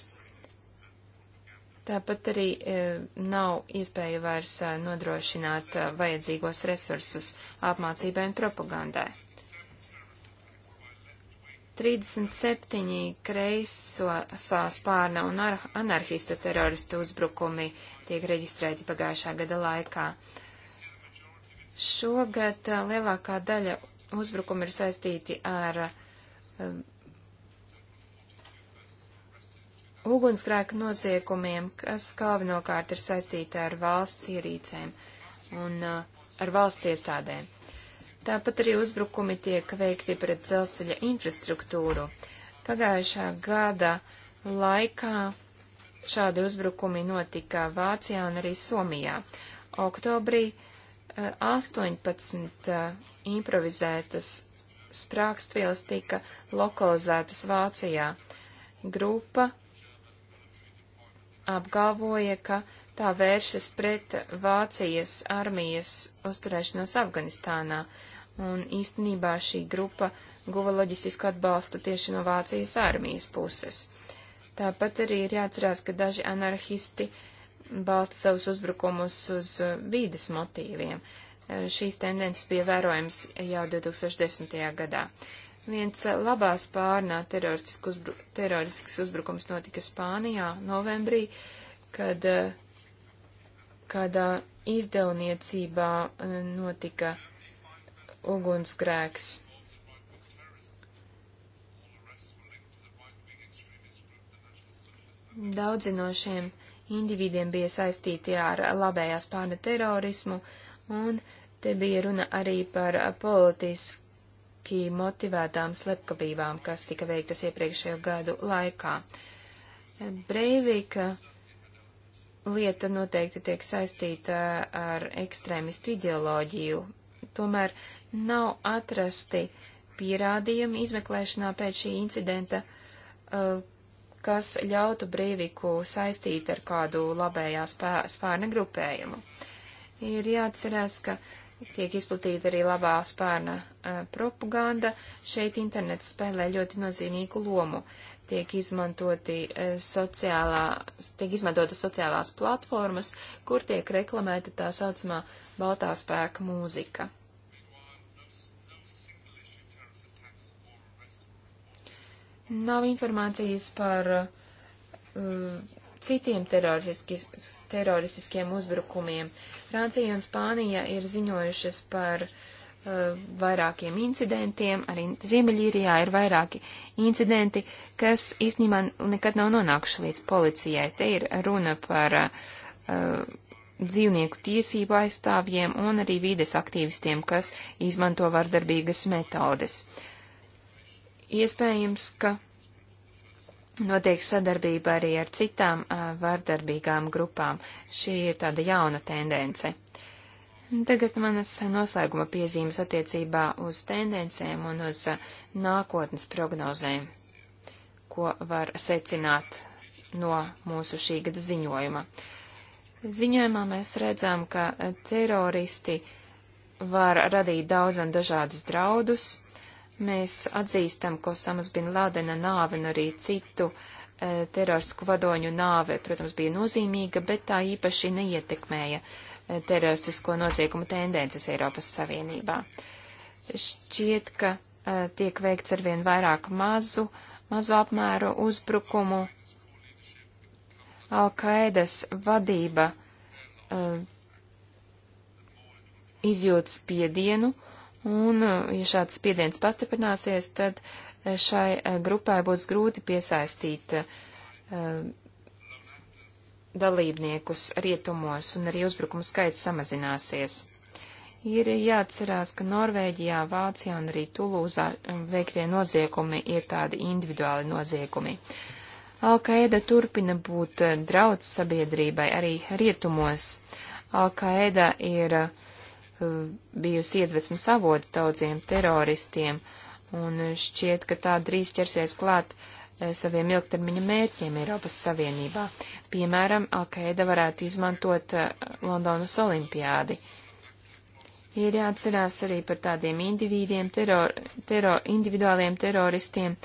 tāpat arī uh, nav iespēja vairs uh, nodrošināt uh, vajadzīgos resursus apmācībai un propagandai. 37 kreisā spārna un anarchistu teroristu uzbrukumi tiek reģistrēti pagājušā gada laikā. Šogad uh, lielākā daļa uzbrukumi ir saistīti ar um, ugunsgrēku noziegumiem, kas galvenokārt ir saistīti ar valsts ierīcēm un uh, ar valsts iestādēm. Tāpat arī uzbrukumi tiek veikti pret dzelzceļa infrastruktūru. Pagājušā gada laikā šādi uzbrukumi notika Vācijā un arī Somijā. Oktobrī 18 eh, eh, improvizētas sprākstvielas tika lokalizētas Vācijā. Grupa apgalvoja, ka tā vēršas pret Vācijas armijas uzturēšanos Afganistānā. Uh, un īstenībā šī grupa guva loģistisku atbalstu tieši no Vācijas armijas puses. Tāpat arī ir jāatcerās, ka daži anarchisti balsta savus uzbrukumus uz uh, vīdes motīviem. Uh, šīs tendences bija vērojams jau 2010. gadā. Viens uh, labās pārnā uzbru, terorisks uzbrukums notika Spānijā novembrī, kad kādā izdevniecībā notika ugunsgrēks. Daudzi no šiem individiem bija saistīti ar labējās pārne terorismu, un te bija runa arī par politiski motivētām slepkavībām, kas tika veiktas iepriekšējo gadu laikā. Breivika lieta noteikti tiek saistīta ar ekstrēmistu ideoloģiju, tomēr nav atrasti pierādījumi izmeklēšanā pēc šī incidenta, uh, kas ļautu Brīviku saistīt ar kādu labējā spē, spārna grupējumu. Ir jāatcerās, ka tiek izplatīta arī labā spārna uh, propaganda. Šeit internets spēlē ļoti nozīmīgu lomu. Tiek, uh, sociālā, tiek izmantota sociālās platformas, kur tiek reklamēta tā saucamā baltā spēka mūzika. Nav informācijas par uh, citiem teroristiskiem uzbrukumiem. Francija un Spānija ir ziņojušas par uh, vairākiem incidentiem, arī Ziemeļīrijā ir vairāki incidenti, kas īstenībā nekad nav nonākuši līdz policijai. Te ir runa par uh, dzīvnieku tiesību aizstāvjiem un arī vīdes aktīvistiem, kas izmanto vardarbīgas metodes. Uh, Iespējams, ka Notiek sadarbība arī ar citām a, vardarbīgām grupām. Šī ir tāda jauna tendence. Tagad manas noslēguma piezīmes attiecībā uz tendencēm un uz a, nākotnes prognozēm, ko var secināt no mūsu šī gada ziņojuma. Ziņojumā mēs redzam, ka teroristi var radīt daudz un dažādus draudus, Mēs atzīstam, ko Samas bin Lādena nāve un arī citu e, terorisku vadoņu nāve, protams, bija nozīmīga, bet tā īpaši neietekmēja e, teroristisko noziegumu tendences Eiropas Savienībā. Šķiet, ka e, tiek veikts arvien vairāk mazu, mazu apmēru uzbrukumu. Al-Qaedas vadība e, izjūt spiedienu Un, uh, ja šāds spiediens pastiprināsies, tad uh, šai uh, grupai būs grūti piesaistīt dalībniekus rietumos, un arī uzbrukumu skaits samazināsies. Ir jāatcerās, ka Norvēģijā, Vācijā un arī Tulūzā um, veiktie noziegumi ir tādi individuāli noziegumi. Alkaēda turpina būt draudz sabiedrībai arī rietumos. Alkaēda ir uh, Eh, bijusi iedvesmas avots daudziem teroristiem, un šķiet, ka tā drīz ķersies klāt eh, saviem ilgtermiņa mērķiem Eiropas Savienībā. Piemēram, Alkaida varētu izmantot eh, Londonas olimpiādi. Ir jāatcerās arī par tādiem individiem, teror, teror, individuāliem teroristiem,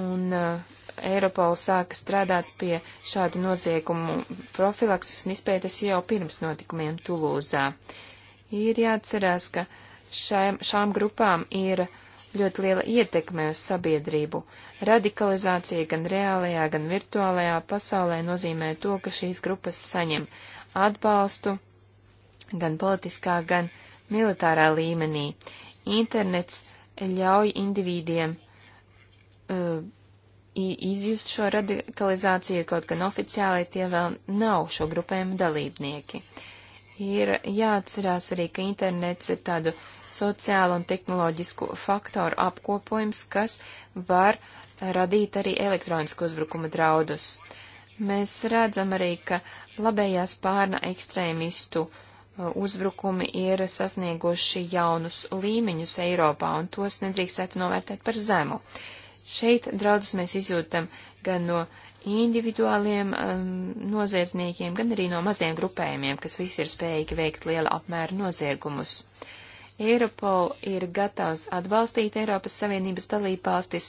un uh, Eiropola sāka strādāt pie šādu noziegumu profilakses un izpētes jau pirms notikumiem Tulūzā. Uh, Ir jāatcerās, ka šajam, šām grupām ir ļoti liela ietekme uz sabiedrību. Radikalizācija gan reālajā, gan virtuālajā pasaulē nozīmē to, ka šīs grupas saņem atbalstu gan politiskā, gan militārā līmenī. Internets ļauj indivīdiem uh, izjust šo radikalizāciju, kaut gan oficiāli tie vēl nav šo grupējumu dalībnieki. Uh, ir jāatcerās arī, ka internets ir tādu sociālu un tehnoloģisku faktoru apkopojums, kas var radīt arī elektronisku uzbrukuma draudus. Mēs redzam arī, ka labējās pārna ekstrēmistu uh, uzbrukumi ir sasnieguši jaunus līmeņus Eiropā, un tos nedrīkstētu novērtēt par zemu. Šeit draudus mēs izjūtam gan no uh, individuāliem um, noziedzniekiem, gan arī no maziem grupējumiem, kas visi ir spējīgi veikt liela apmēra noziegumus. Eiropol ir gatavs atbalstīt Eiropas Savienības dalībvalstis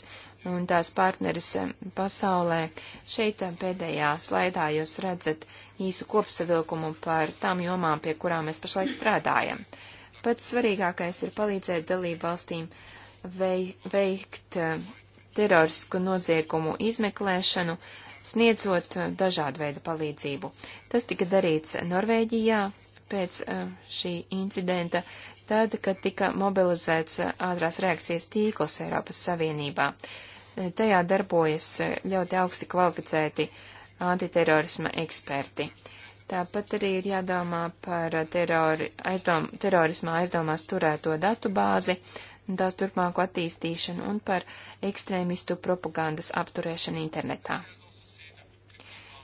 un tās partneris um, pasaulē. Šeit um, pēdējā slaidā jūs redzat īsu kopsavilkumu par tām jomām, pie kurām mēs pašlaik strādājam. Pats svarīgākais ir palīdzēt dalībvalstīm vei, veikt um, terorisku noziegumu izmeklēšanu, uh, sniedzot eh, dažādu veidu palīdzību. Tas tika darīts Norvēģijā pēc eh, šī incidenta, tad, kad tika mobilizēts eh, ātrās reakcijas tīkls Eiropas Savienībā. Tajā darbojas ļoti augsti kvalificēti antiterorisma eksperti. Tāpat arī ir jādomā par terori, aizdom, terorismā aizdomās turēto datu bāzi, tās turpmāko attīstīšanu un par ekstrēmistu propagandas apturēšanu internetā.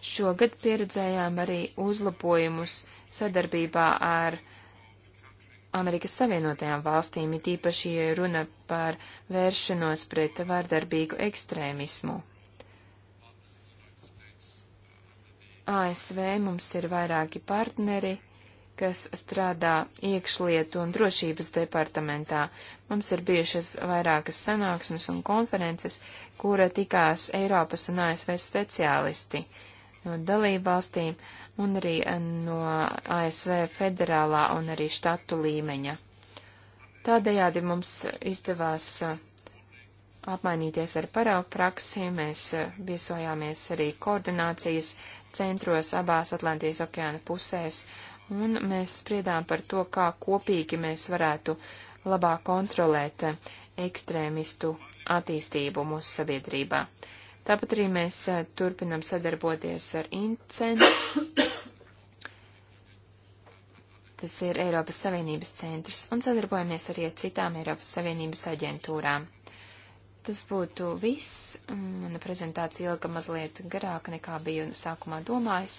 Šogad pieredzējām arī uzlabojumus sadarbībā ar Amerikas Savienotajām valstīm, it īpaši runa par vēršanos pret vārdarbīgu ekstrēmismu. ASV mums ir vairāki partneri, kas strādā iekšlietu un drošības departamentā. Mums ir bijušas vairākas sanāksmes un konferences, kura tikās Eiropas un ASV speciālisti no dalībvalstīm un arī eh, no ASV federālā un arī štatu līmeņa. Tādējādi mums izdevās eh, apmainīties ar paraugu praksi, mēs eh, viesojāmies arī koordinācijas centros abās Atlantijas okeāna pusēs, un mēs spriedām par to, kā kopīgi mēs varētu labāk kontrolēt ekstrēmistu attīstību mūsu sabiedrībā. Tāpat arī mēs eh, turpinam sadarboties ar Incenu. Tas ir Eiropas Savienības centrs, un sadarbojamies arī ar citām Eiropas Savienības aģentūrām. Tas būtu viss. Mana prezentācija ilga mazliet garāka nekā biju sākumā domājis.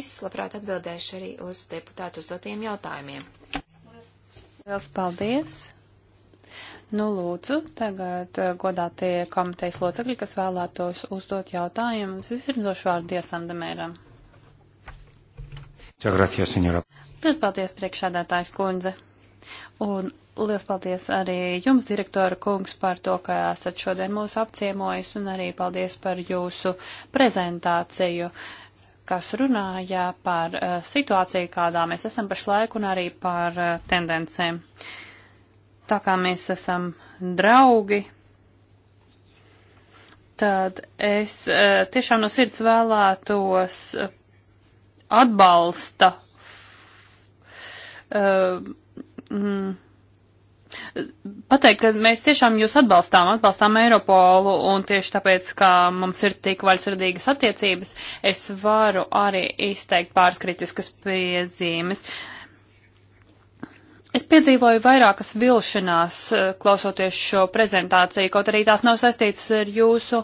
Es labprāt atbildēšu arī uz deputātu uzdotiem jautājumiem. Liels paldies! Nu, lūdzu, tagad eh, godātie komitejas locekļi, kas vēlētos uzdot jautājumus, visiem došu vārdu Diezam Demēram. Liels paldies, priekšādātājs kundze. Un liels paldies arī jums, direktora kungs, par to, ka esat šodien mūs apciemojis, un arī paldies par jūsu prezentāciju, kas runāja par uh, situāciju, kādā mēs esam pašlaik, un arī par uh, tendencēm. Uh, tā kā mēs esam draugi, tad es eh, tiešām no sirds vēlētos eh, atbalsta. Eh, mm, pateikt, ka mēs tiešām jūs atbalstām, atbalstām Eiropolu, un tieši tāpēc, ka mums ir tik vaļsirdīgas attiecības, es varu arī izteikt pāris kritiskas piezīmes. Uh, Es piedzīvoju vairākas vilšanās, eh, klausoties šo prezentāciju, kaut arī tās nav saistītas ar jūsu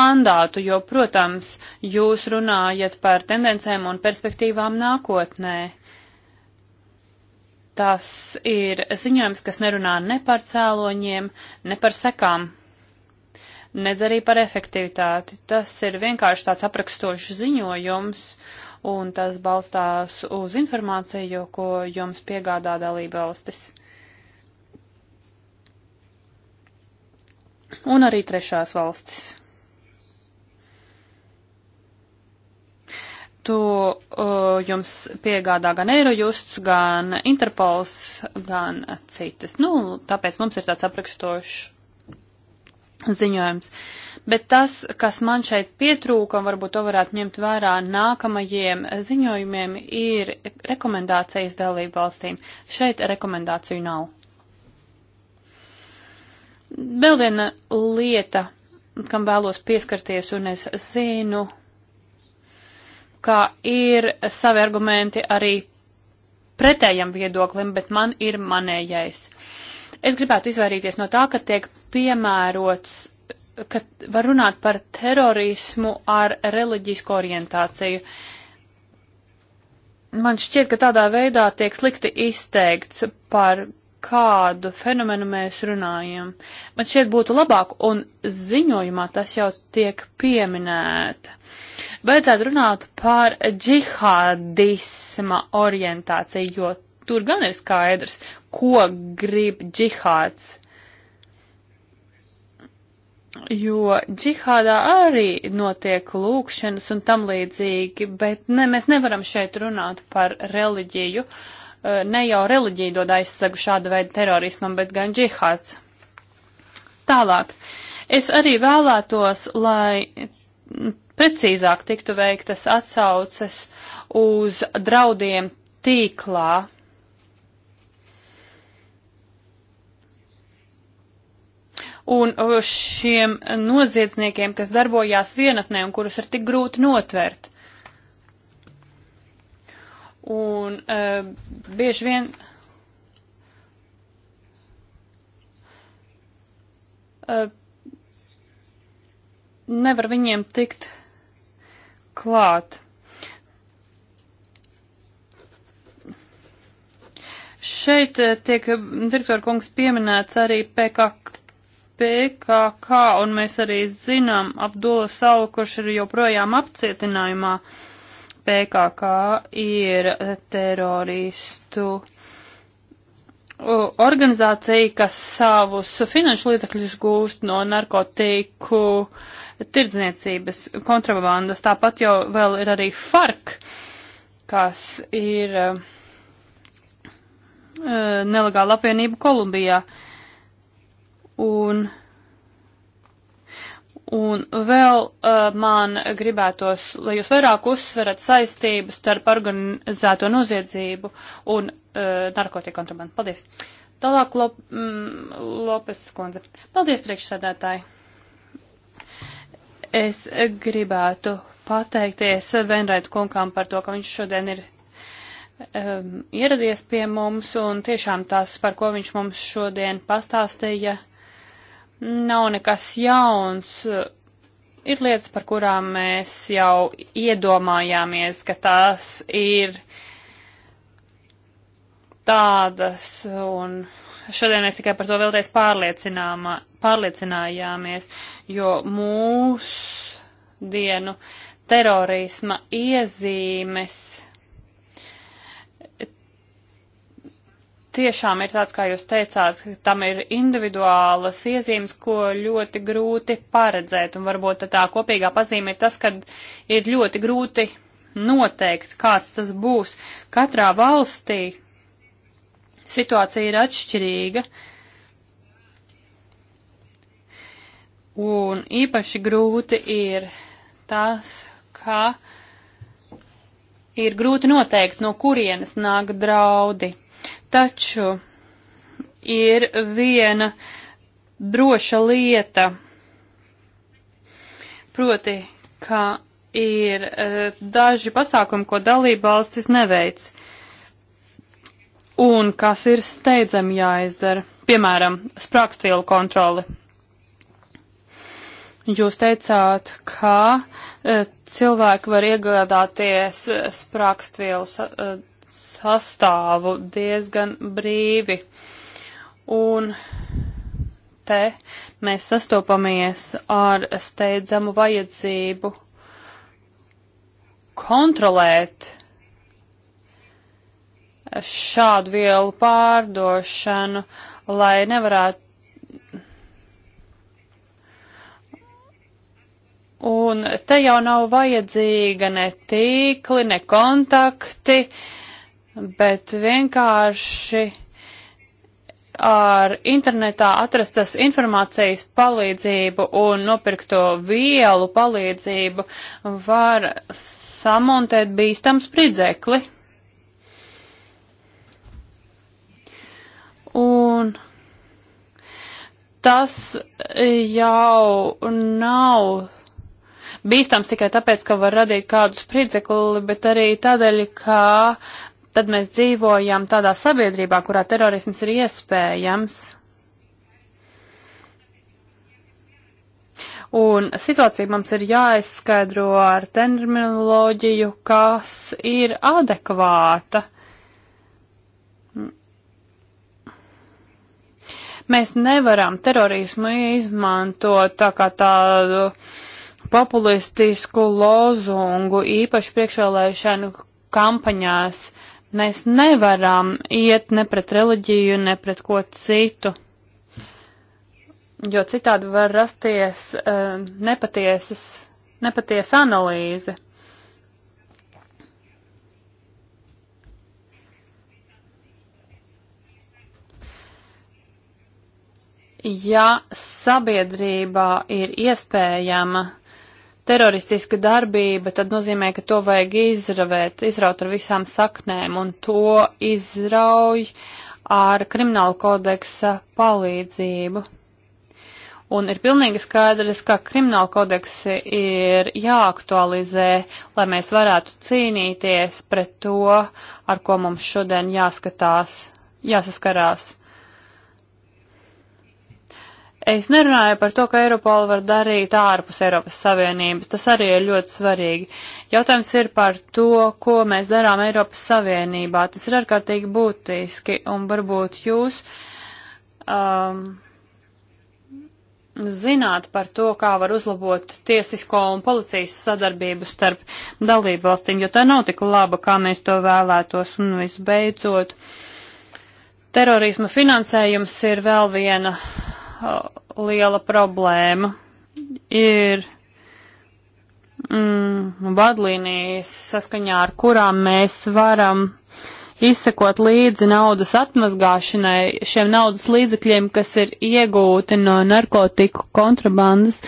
mandātu, jo, protams, jūs runājat par tendencēm un perspektīvām nākotnē. Tas ir ziņojums, kas nerunā ne par cēloņiem, ne par sekām, nedz arī par efektivitāti. Tas ir vienkārši tāds aprakstošs ziņojums, uh, un tas balstās uz informāciju, ko jums piegādā dalība valstis. Un arī trešās valstis. To uh, jums piegādā gan Eirojusts, gan Interpols, gan citas. Nu, tāpēc mums ir tāds aprakstošs ziņojums. Bet tas, kas man šeit pietrūka, un varbūt to varētu ņemt vērā nākamajiem ziņojumiem, ir rekomendācijas dalību valstīm. Šeit rekomendāciju nav. Vēl viena lieta, kam vēlos pieskarties, un es zinu, ka ir savi argumenti arī pretējam viedoklim, bet man ir manējais. Uh, Es gribētu izvairīties no tā, ka tiek piemērots, ka var runāt par terorismu ar reliģisku orientāciju. Man šķiet, ka tādā veidā tiek slikti izteikts par kādu fenomenu mēs runājam. Man šķiet būtu labāk, un ziņojumā tas jau tiek pieminēta. Vajadzētu runāt par džihādisma orientāciju, jo tur gan ir skaidrs, ko grib džihāds. Jo džihādā arī notiek lūkšanas un tam līdzīgi, bet ne, mēs nevaram šeit runāt par reliģiju. Eh, ne jau reliģija dod aizsagu šāda veida terorismam, bet gan džihāds. Tālāk. Es arī vēlētos, lai precīzāk tiktu veiktas atsauces uz draudiem tīklā. un šiem noziedzniekiem, kas darbojās vienatnē un kurus ir tik grūti notvert. Un uh, bieži vien. Uh, nevar viņiem tikt klāt. Šeit e, tiek direktora kungs pieminēts arī PKK PKK, un mēs arī zinām Abdula Salu, kurš ir joprojām apcietinājumā. PKK ir teroristu organizācija, kas savus finanšu līdzekļus gūst no narkotiku tirdzniecības kontrabandas. Tāpat jau vēl ir arī FARC, kas ir uh, nelegāla apvienība Kolumbijā. Uh, Un, un vēl uh, man gribētos, lai jūs vairāk uzsverat saistības starp organizēto noziedzību un uh, narkotiku kontrabandu. Paldies! Tālāk Lop, mm, Lopes skundze. Paldies, priekšsēdētāji! Es gribētu pateikties Venraitu kungām par to, ka viņš šodien ir um, ieradies pie mums un tiešām tas, par ko viņš mums šodien pastāstīja, uh, nav nekas jauns. Ir lietas, par kurām mēs jau iedomājāmies, ka tās ir tādas, un šodien mēs tikai par to vēlreiz pārliecinājāmies, jo mūsu dienu terorisma iezīmes tiešām ir tāds, kā jūs teicāt, ka tam ir individuālas iezīmes, ko ļoti grūti paredzēt, un varbūt tā kopīgā pazīme ir tas, ka ir ļoti grūti noteikt, kāds tas būs. Katrā valstī situācija ir atšķirīga, un īpaši grūti ir tas, ka ir grūti noteikt, no kurienes nāk draudi. Taču ir viena droša lieta, proti, ka ir e, daži pasākumi, ko dalība valstis neveic un kas ir steidzami jāizdara, piemēram, sprākstvielu kontroli. Jūs teicāt, ka e, cilvēki var iegādāties e, sprākstvielu sastāvu diezgan brīvi. Un te mēs sastopamies ar steidzamu vajadzību kontrolēt šādu vielu pārdošanu, lai nevarētu. Un te jau nav vajadzīga ne tīkli, ne kontakti, uh, bet vienkārši ar internetā atrastas informācijas palīdzību un nopirkto vielu palīdzību var samontēt bīstam spridzekli. Un tas jau nav bīstams tikai tāpēc, ka var radīt kādu spridzekli, bet arī tādēļ, ka uh, tad mēs dzīvojam tādā sabiedrībā, kurā terorisms ir iespējams. Un situācija mums ir jāizskaidro ar terminoloģiju, kas ir adekvāta. Mēs nevaram terorismu izmantot tā kā tādu populistisku lozungu īpaši priekšvēlēšanu kampaņās. Uh, Mēs nevaram iet ne pret reliģiju, ne pret ko citu, jo citādi var rasties uh, nepatiesas, nepatiesa analīze. Ja sabiedrībā ir iespējama uh, teroristiska darbība, tad nozīmē, ka to vajag izravēt, izraut ar visām saknēm, un to izrauj ar krimināla kodeksa palīdzību. Un ir pilnīgi skaidrs, ka krimināla kodeksi ir jāaktualizē, lai mēs varētu cīnīties pret to, ar ko mums šodien jāskatās, jāsaskarās. Es nerunāju par to, ka Eiropola var darīt ārpus Eiropas Savienības. Tas arī ir ļoti svarīgi. Jautājums ir par to, ko mēs darām Eiropas Savienībā. Tas ir ārkārtīgi būtiski, un varbūt jūs um, zināt par to, kā var uzlabot tiesisko un policijas sadarbību starp dalību valstīm, jo tā nav tik laba, kā mēs to vēlētos, un visbeidzot. Terorisma finansējums ir vēl viena Uh, liela problēma. Ir mm, vadlīnijas, saskaņā ar kurām mēs varam izsekot līdzi naudas atmazgāšanai, šiem naudas līdzekļiem, kas ir iegūti no narkotiku kontrabandas,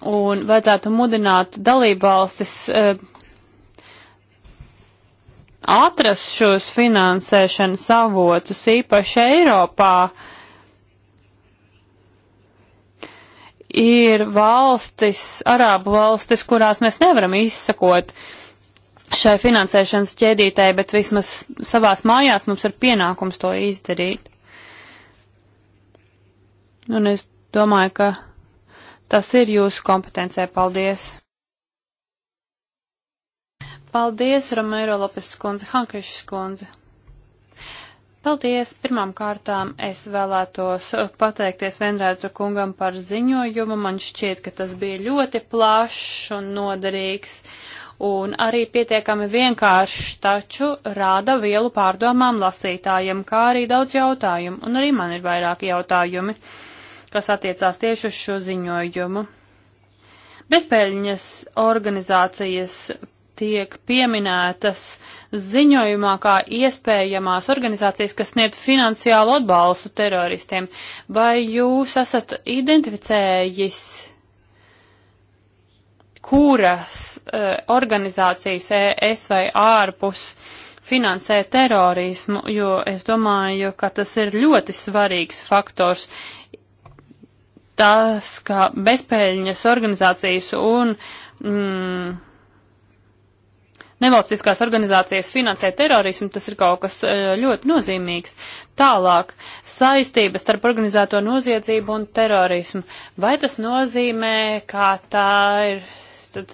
un vajadzētu mudināt dalībvalstis e, atrast šos finansēšanas avotus īpaši Eiropā ir valstis, arābu valstis, kurās mēs nevaram izsakot šai finansēšanas ķēdītēji, bet vismaz savās mājās mums ir pienākums to izdarīt. Un es domāju, ka tas ir jūsu kompetencē. Paldies! Paldies, Romero Lopes skundze, Hankešs skundze. Paldies! Pirmām kārtām es vēlētos uh, pateikties Venrēta kungam par ziņojumu. Man šķiet, ka tas bija ļoti plašs un noderīgs un arī pietiekami vienkāršs, taču rāda vielu pārdomām lasītājiem, kā arī daudz jautājumu. Un arī man ir vairāki jautājumi, kas attiecās tieši uz šo ziņojumu. Bezpēļņas organizācijas tiek pieminētas ziņojumā kā iespējamās organizācijas, kas sniedz finansiālu atbalstu teroristiem. Vai jūs esat identificējis, kuras uh, organizācijas ES vai ārpus finansē terorismu, jo es domāju, ka tas ir ļoti svarīgs faktors. Tas, ka bezpēļņas organizācijas un mm, nevalstiskās organizācijas finansē terorismu, tas ir kaut kas eh, ļoti nozīmīgs. Tālāk, saistības starp organizēto noziedzību un terorismu. Vai tas nozīmē, kā tā ir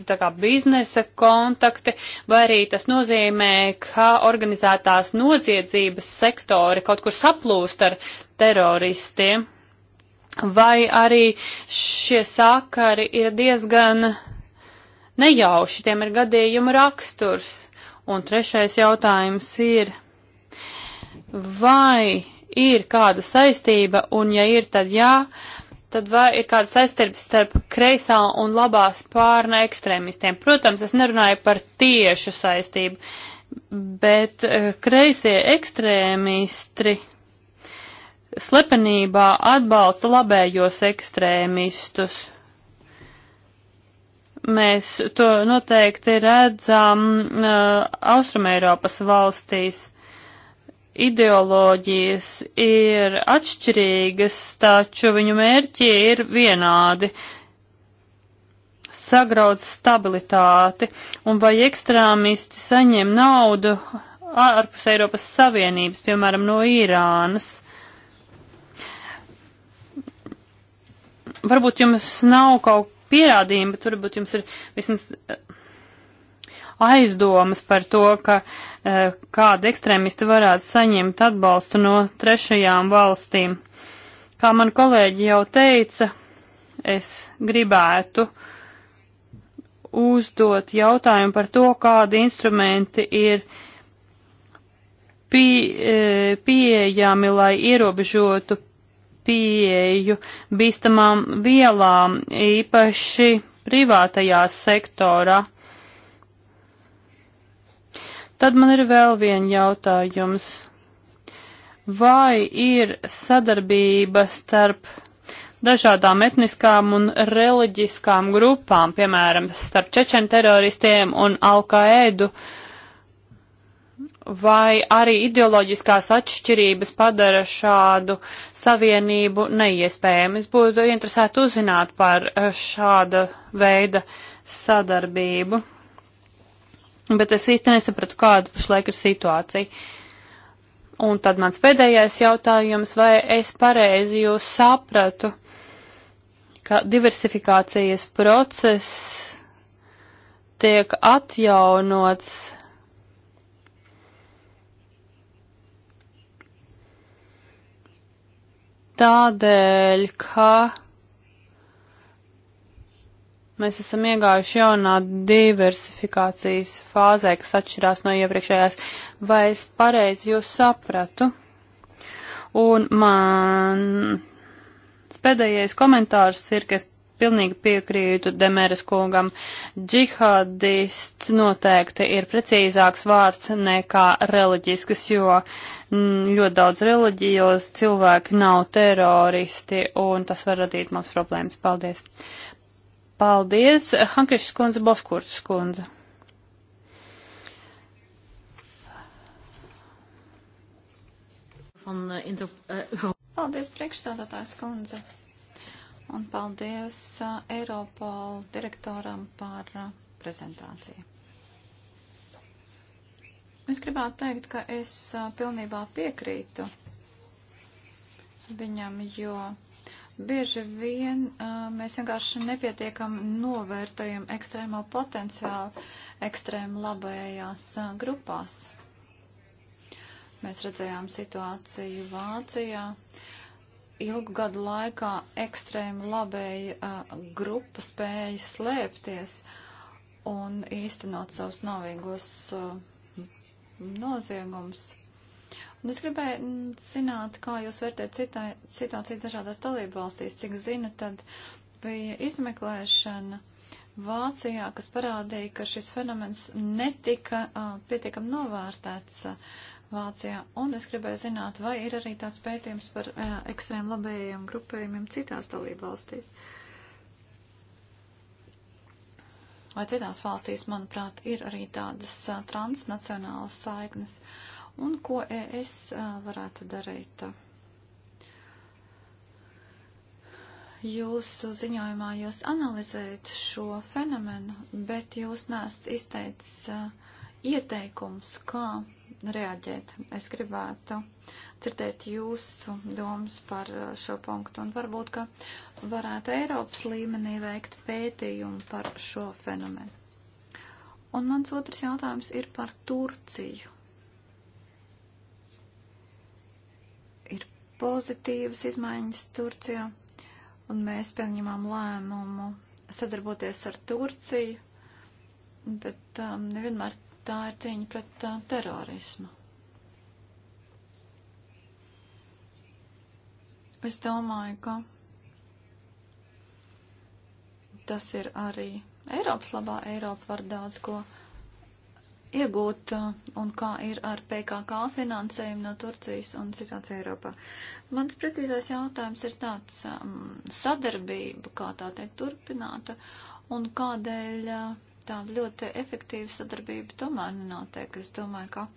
tā kā biznesa kontakti, vai arī tas nozīmē, ka organizētās noziedzības sektori kaut kur saplūst ar teroristiem? Vai arī šie sakari ir diezgan uh, nejauši, tiem ir gadījuma raksturs. Un trešais jautājums ir, vai ir kāda saistība, un ja ir, tad jā, tad vai ir kāda saistība starp kreisā un labā spārna ekstrēmistiem? Protams, es nerunāju par tiešu saistību, bet e, kreisie ekstrēmistri slepenībā atbalsta labējos ekstrēmistus. Mēs to noteikti redzam uh, Austrumēropas valstīs. Ideoloģijas ir atšķirīgas, taču viņu mērķi ir vienādi sagraut stabilitāti, un vai ekstrēmisti saņem naudu ārpus Eiropas Savienības, piemēram, no Irānas. Varbūt jums nav kaut pierādījumi, bet varbūt jums ir vismaz eh, aizdomas par to, ka eh, kāda ekstrēmista varētu saņemt atbalstu no trešajām valstīm. Kā man kolēģi jau teica, es gribētu uzdot jautājumu par to, kādi instrumenti ir pie, eh, pieejami, lai ierobežotu pieeju bīstamām vielām, īpaši privātajā sektorā. Tad man ir vēl viens jautājums. Vai ir sadarbība starp dažādām etniskām un reliģiskām grupām, piemēram, starp čečenu teroristiem un Alkaēdu? Uh, vai arī ideoloģiskās atšķirības padara šādu savienību neiespējami. Es būtu interesēta uzzināt par eh, šāda veida sadarbību, bet es īsti nesapratu, kāda pašlaik ir situācija. Un tad mans pēdējais jautājums, vai es pareizi jūs sapratu, ka diversifikācijas process tiek atjaunots tādēļ, ka mēs esam iegājuši jaunā diversifikācijas fāzē, kas atšķirās no iepriekšējās. Vai es pareizi jūs sapratu? Un man pēdējais komentārs ir, ka es pilnīgi piekrītu Demēras kungam. Džihadists noteikti ir precīzāks vārds nekā reliģisks, jo Mm, ļoti daudz reliģijos cilvēki nav teroristi, un tas var radīt mums problēmas. Paldies! Paldies, Hankešs kundze, Boskurts kundze. Eh, eh, oh. Paldies, priekšstādātājs kundze. Un paldies uh, eh, Eiropol direktoram par uh, prezentāciju. Es gribētu teikt, ka es pilnībā piekrītu viņam, jo bieži vien mēs vienkārši nepietiekam novērtējam ekstrēmo potenciālu ekstrēmu labējās grupās. Mēs redzējām situāciju Vācijā. Ilgu gadu laikā ekstrēma labēja grupa spēja slēpties un īstenot savus navīgos uh, noziegums. Un es gribēju zināt, kā jūs vērtējat citā, situāciju dažādās dalību valstīs. Cik zinu, tad bija izmeklēšana Vācijā, kas parādīja, ka šis fenomens netika uh, pietiekam novērtēts uh, Vācijā. Un es gribēju zināt, vai ir arī tāds pētījums par uh, ekstrēm labējiem grupējumiem citās dalību valstīs. Uh, Vai citās valstīs, manuprāt, ir arī tādas a, transnacionālas saiknes, un ko es a, varētu darīt? Jūsu ziņojumā jūs analizējat šo fenomenu, bet jūs nesat izteicis a, ieteikums, kā reaģēt. Es gribētu dzirdēt jūsu domas par uh, šo punktu un varbūt, ka varētu Eiropas līmenī veikt pētījumu par šo fenomenu. Un mans otrs jautājums ir par Turciju. Ir pozitīvas izmaiņas Turcijā, un mēs pieņemam lēmumu sadarboties ar Turciju, bet um, nevienmēr tā ir cīņa pret uh, terorismu. Es domāju, ka tas ir arī Eiropas labā. Eiropa var daudz ko iegūt, uh, un kā ir ar PKK finansējumu no Turcijas un situācija Eiropā. Mans precīzais jautājums ir tāds um, - sadarbība, kā tā tiek turpināta, un kādēļ uh, tā ļoti efektīva sadarbība tomēr nenotiek. Es domāju, ka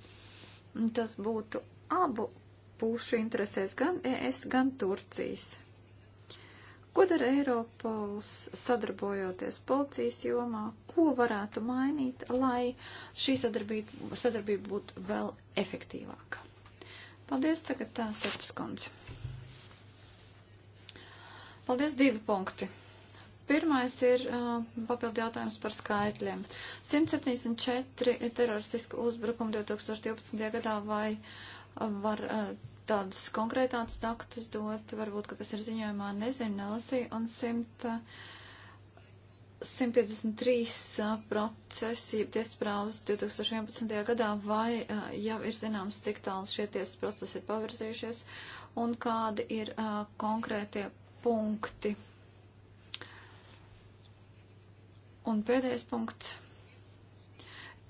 tas būtu abu pušu interesēs gan ES, gan Turcijas. Ko dara Eiropols sadarbojoties policijas jomā? Ko varētu mainīt, lai šī sadarbība, sadarbība būtu vēl efektīvāka? Paldies, tagad tā Sepskundze. Paldies, divi punkti. Pirmais ir uh, papildu jautājums par skaitļiem. 174 teroristiska uzbrukuma 2012. gadā vai uh, var eh, tādus konkrētātus taktus dot, varbūt, ka tas ir ziņojumā, nezinu, nelasīju, un 100, 153 eh, eh, procesi tiesprāvas 2011. gadā, vai jau ir zināms, cik tālu šie tiesas procesi ir pavirzījušies, un kādi ir uh, konkrētie punkti. Un pēdējais punkts.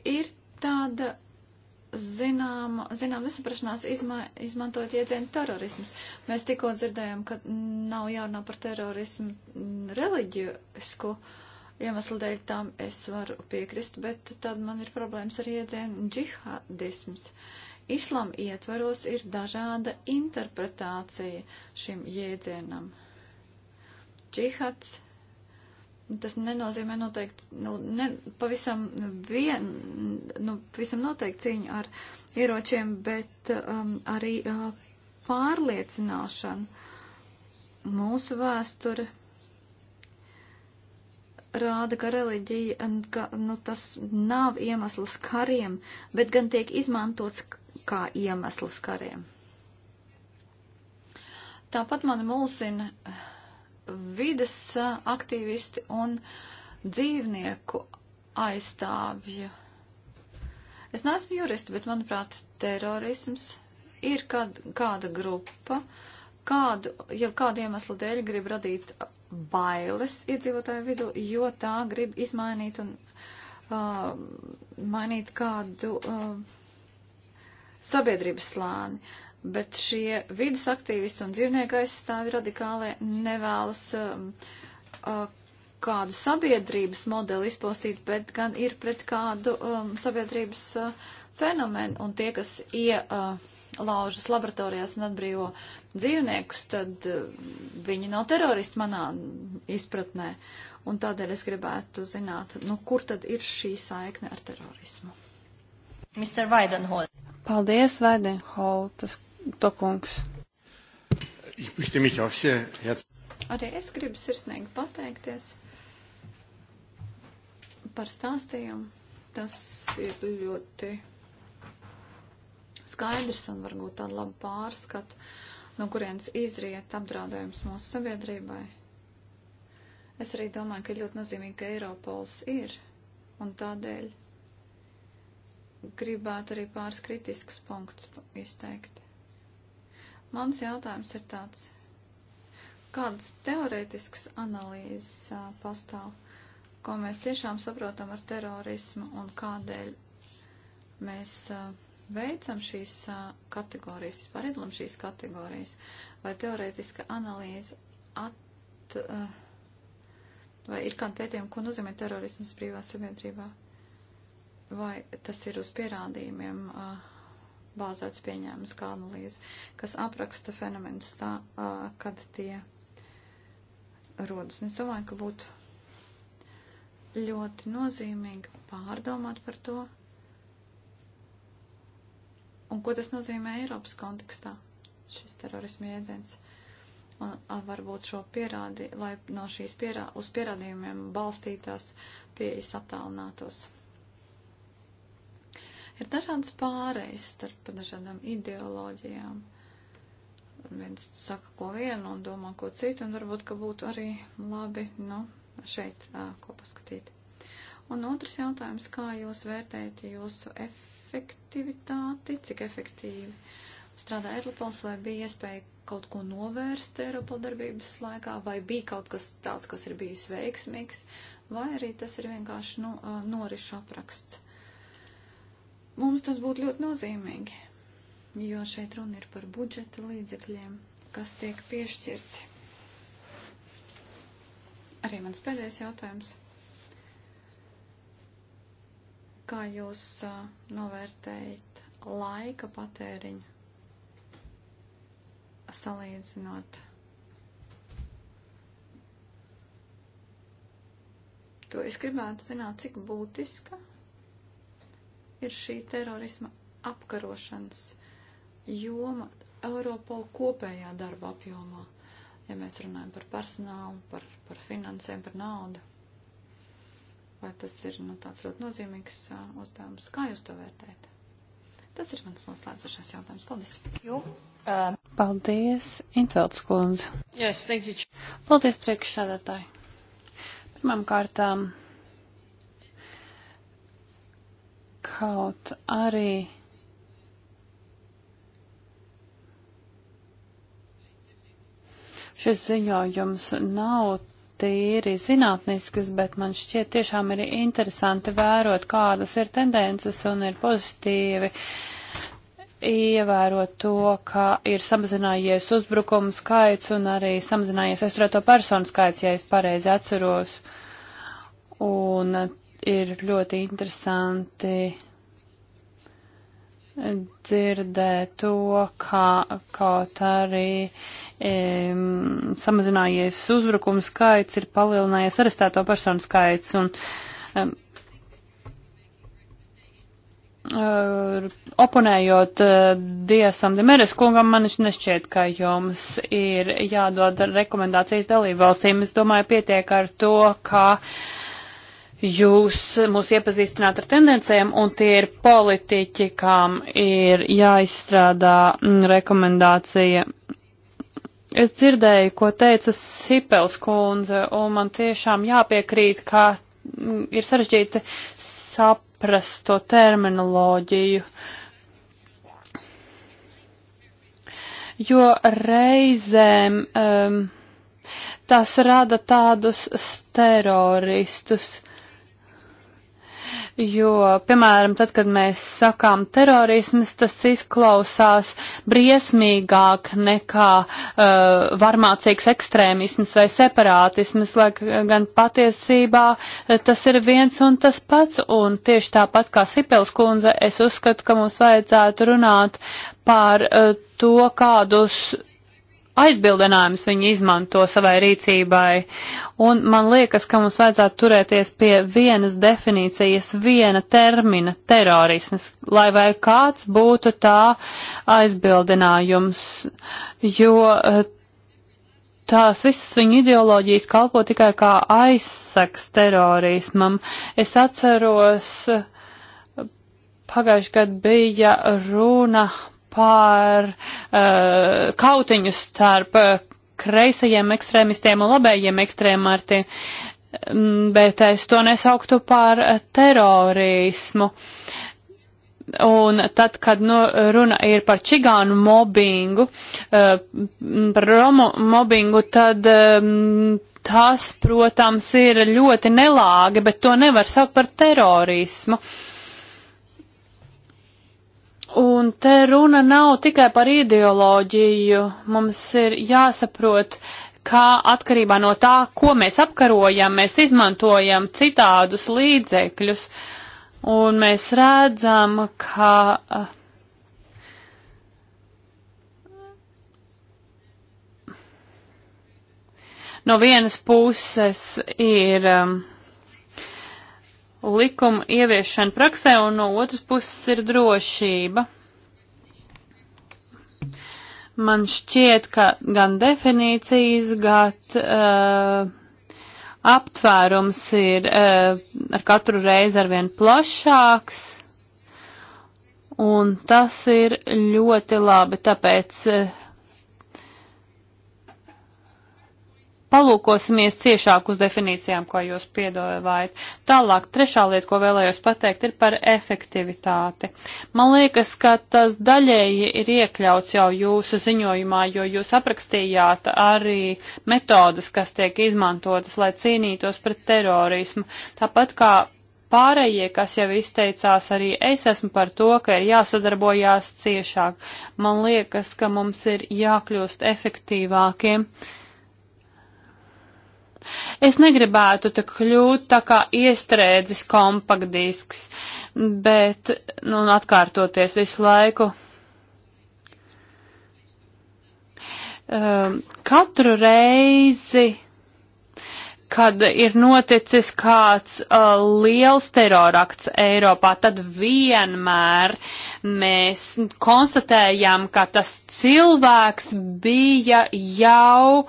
Ir tāda zinām, zinām nesaprašanās izma, izmantot jēdzienu terorisms. Mēs tikko dzirdējām, ka nav jārunā par terorismu reliģisku iemeslu dēļ tam es varu piekrist, bet tad man ir problēmas ar jēdzienu džihadisms. Islam ietvaros ir dažāda interpretācija šim jēdzienam. Džihads Tas nenozīmē noteikti, nu, ne, pavisam vien, nu, pavisam noteikti cīņu ar ieročiem, bet um, arī uh, pārliecināšana. Mūsu vēsture rāda, ka reliģija, ka, nu, tas nav iemesls kariem, bet gan tiek izmantots kā iemesls kariem. Tāpat mani mulsina. Uh, vidas eh, aktīvisti un dzīvnieku aizstāvju. Es neesmu juristi, bet manuprāt, terorisms ir kād, kāda grupa, kādu, ja kādu iemeslu dēļ grib radīt bailes iedzīvotāju vidu, jo tā grib izmainīt un uh, mainīt kādu uh, sabiedrības slāni. Uh, bet šie vidas aktīvisti un dzīvnieku aizstāvi radikālie nevēlas um, uh, kādu sabiedrības modeli izpostīt, bet gan ir pret kādu um, sabiedrības uh, fenomenu. Un tie, kas ielaužas uh, laboratorijās un atbrīvo dzīvniekus, tad uh, viņi nav teroristi manā izpratnē. Un tādēļ es gribētu zināt, nu, kur tad ir šī saikne ar terorismu. Mr. Vaidenhol. Paldies, Vaidenholtas Tokungs. Arī es gribu sirsnīgi pateikties par stāstījumu. Tas ir ļoti skaidrs un varbūt tāda laba pārskata, no kurienes izriet apdraudējums mūsu sabiedrībai. Es arī domāju, ka ļoti nozīmīgi, ka Eiropols ir un tādēļ gribētu arī pāris kritiskus punktus izteikt. Mans jautājums ir tāds. Kādas teorētiskas analīzes a, pastāv, ko mēs tiešām saprotam ar terorismu un kādēļ mēs a, veicam šīs a, kategorijas, vispār iedlam šīs kategorijas, vai teorētiska analīze at, vai ir kāda pētījuma, ko nozīmē terorisms brīvā sabiedrībā, vai tas ir uz pierādījumiem. Uh, bāzēts pieņēmums kā analīze, kas apraksta fenomenus tā, uh, kad tie rodas. Un es domāju, ka būtu ļoti nozīmīgi pārdomāt par to, un ko tas nozīmē Eiropas kontekstā, šis terorismu jēdziens. Un a, varbūt šo pierādi, lai no šīs pierā, uz pierādījumiem balstītās pieejas attālinātos. Ir dažādas pārējas starp dažādām ideoloģijām. Viens saka, ko vienu un domā, ko citu, un varbūt, ka būtu arī labi, nu, šeit ā, ko paskatīt. Un otrs jautājums, kā jūs vērtējat jūsu efektivitāti, cik efektīvi strādā Eiropols, vai bija iespēja kaut ko novērst Eiropola darbības laikā, vai bija kaut kas tāds, kas ir bijis veiksmīgs, vai arī tas ir vienkārši nu, norišu apraksts. Mums tas būtu ļoti nozīmīgi, jo šeit runa ir par budžeta līdzekļiem, kas tiek piešķirti. Arī mans pēdējais jautājums. Kā jūs uh, novērtējat laika patēriņu salīdzinot to? Es gribētu zināt, cik būtiska ir šī terorisma apkarošanas joma Europola kopējā darba apjomā, ja mēs runājam par personālu, par, par finansēm, par naudu. Vai tas ir nu, tāds ļoti nozīmīgs uh, uzdevums? Kā jūs to vērtējat? Tas ir mans noslēdzošais jautājums. Paldies! Jū. Um. Paldies, Intvelds kundze. Yes, thank you. Paldies, priekšsēdētāji. Pirmām kārtām. Um, kaut arī šis ziņojums nav tīri zinātnisks, bet man šķiet tiešām ir interesanti vērot, kādas ir tendences un ir pozitīvi ievērot to, ka ir samazinājies uzbrukumu skaits un arī samazinājies aizturēto personu skaits, ja es pareizi atceros. Un ir ļoti interesanti dzirdēt to, kā kaut arī um, e, samazinājies uzbrukumu skaits, ir palielinājies arestēto personu skaits. Un, um, e, Oponējot uh, Diasam Demeres kungam, man nešķiet, ka jums ir jādod rekomendācijas dalībvalstīm. Es domāju, pietiek ar to, ka uh, Jūs mūs iepazīstināt ar tendencēm, un tie ir politiķi, kam ir jāizstrādā mm, rekomendācija. Es dzirdēju, ko teica Sipels kundze, un man tiešām jāpiekrīt, ka mm, ir sarežģīti saprast to terminoloģiju. Jo reizēm um, tas rada tādus teroristus. Uh, Jo, piemēram, tad, kad mēs sakām terorisms, tas izklausās briesmīgāk nekā uh, varmācīgs ekstrēmisms vai separātisms, lai gan patiesībā uh, tas ir viens un tas pats. Un tieši tāpat kā Sipels kundze, es uzskatu, ka mums vajadzētu runāt par uh, to, kādus aizbildinājumus viņi izmanto savai rīcībai. Un man liekas, ka mums vajadzētu turēties pie vienas definīcijas, viena termina - terorisms, lai vai kāds būtu tā aizbildinājums, jo eh, tās visas viņa ideoloģijas kalpo tikai kā aizsaks terorismam. Es atceros, pagājuši gadu bija runa par uh, kautiņu starp uh, kreisajiem ekstrēmistiem un labējiem ekstrēmārtiem, mm, bet es to nesauktu par uh, terorismu. Un tad, kad nu, runa ir par čigānu mobbingu, uh, par romu mobbingu, tad um, tas, protams, ir ļoti nelāgi, bet to nevar saukt par terorismu. Uh, Un te runa nav tikai par ideoloģiju. Mums ir jāsaprot, kā atkarībā no tā, ko mēs apkarojam, mēs izmantojam citādus līdzekļus. Un mēs redzam, ka. Eh, no vienas puses ir. Um, likuma ieviešana praksē, un no otras puses ir drošība. Man šķiet, ka gan definīcijas, gan uh, aptvērums ir uh, ar katru reizi arvien plašāks, un tas ir ļoti labi, tāpēc uh, palūkosimies ciešāk uz definīcijām, ko jūs piedāvājat. Tālāk, trešā lieta, ko vēlējos pateikt, ir par efektivitāti. Man liekas, ka tas daļēji ir iekļauts jau jūsu ziņojumā, jo jūs aprakstījāt arī metodas, kas tiek izmantotas, lai cīnītos pret terorismu. Tāpat kā pārējie, kas jau izteicās, arī es esmu par to, ka ir jāsadarbojās ciešāk. Man liekas, ka mums ir jākļūst efektīvākiem. Ja? Es negribētu te kļūt tā kā iestrēdzis kompaktdisks, bet, nu, un atkārtoties visu laiku. Um, katru reizi kad ir noticis kāds uh, liels terorakts Eiropā, tad vienmēr mēs konstatējam, ka tas cilvēks bija jau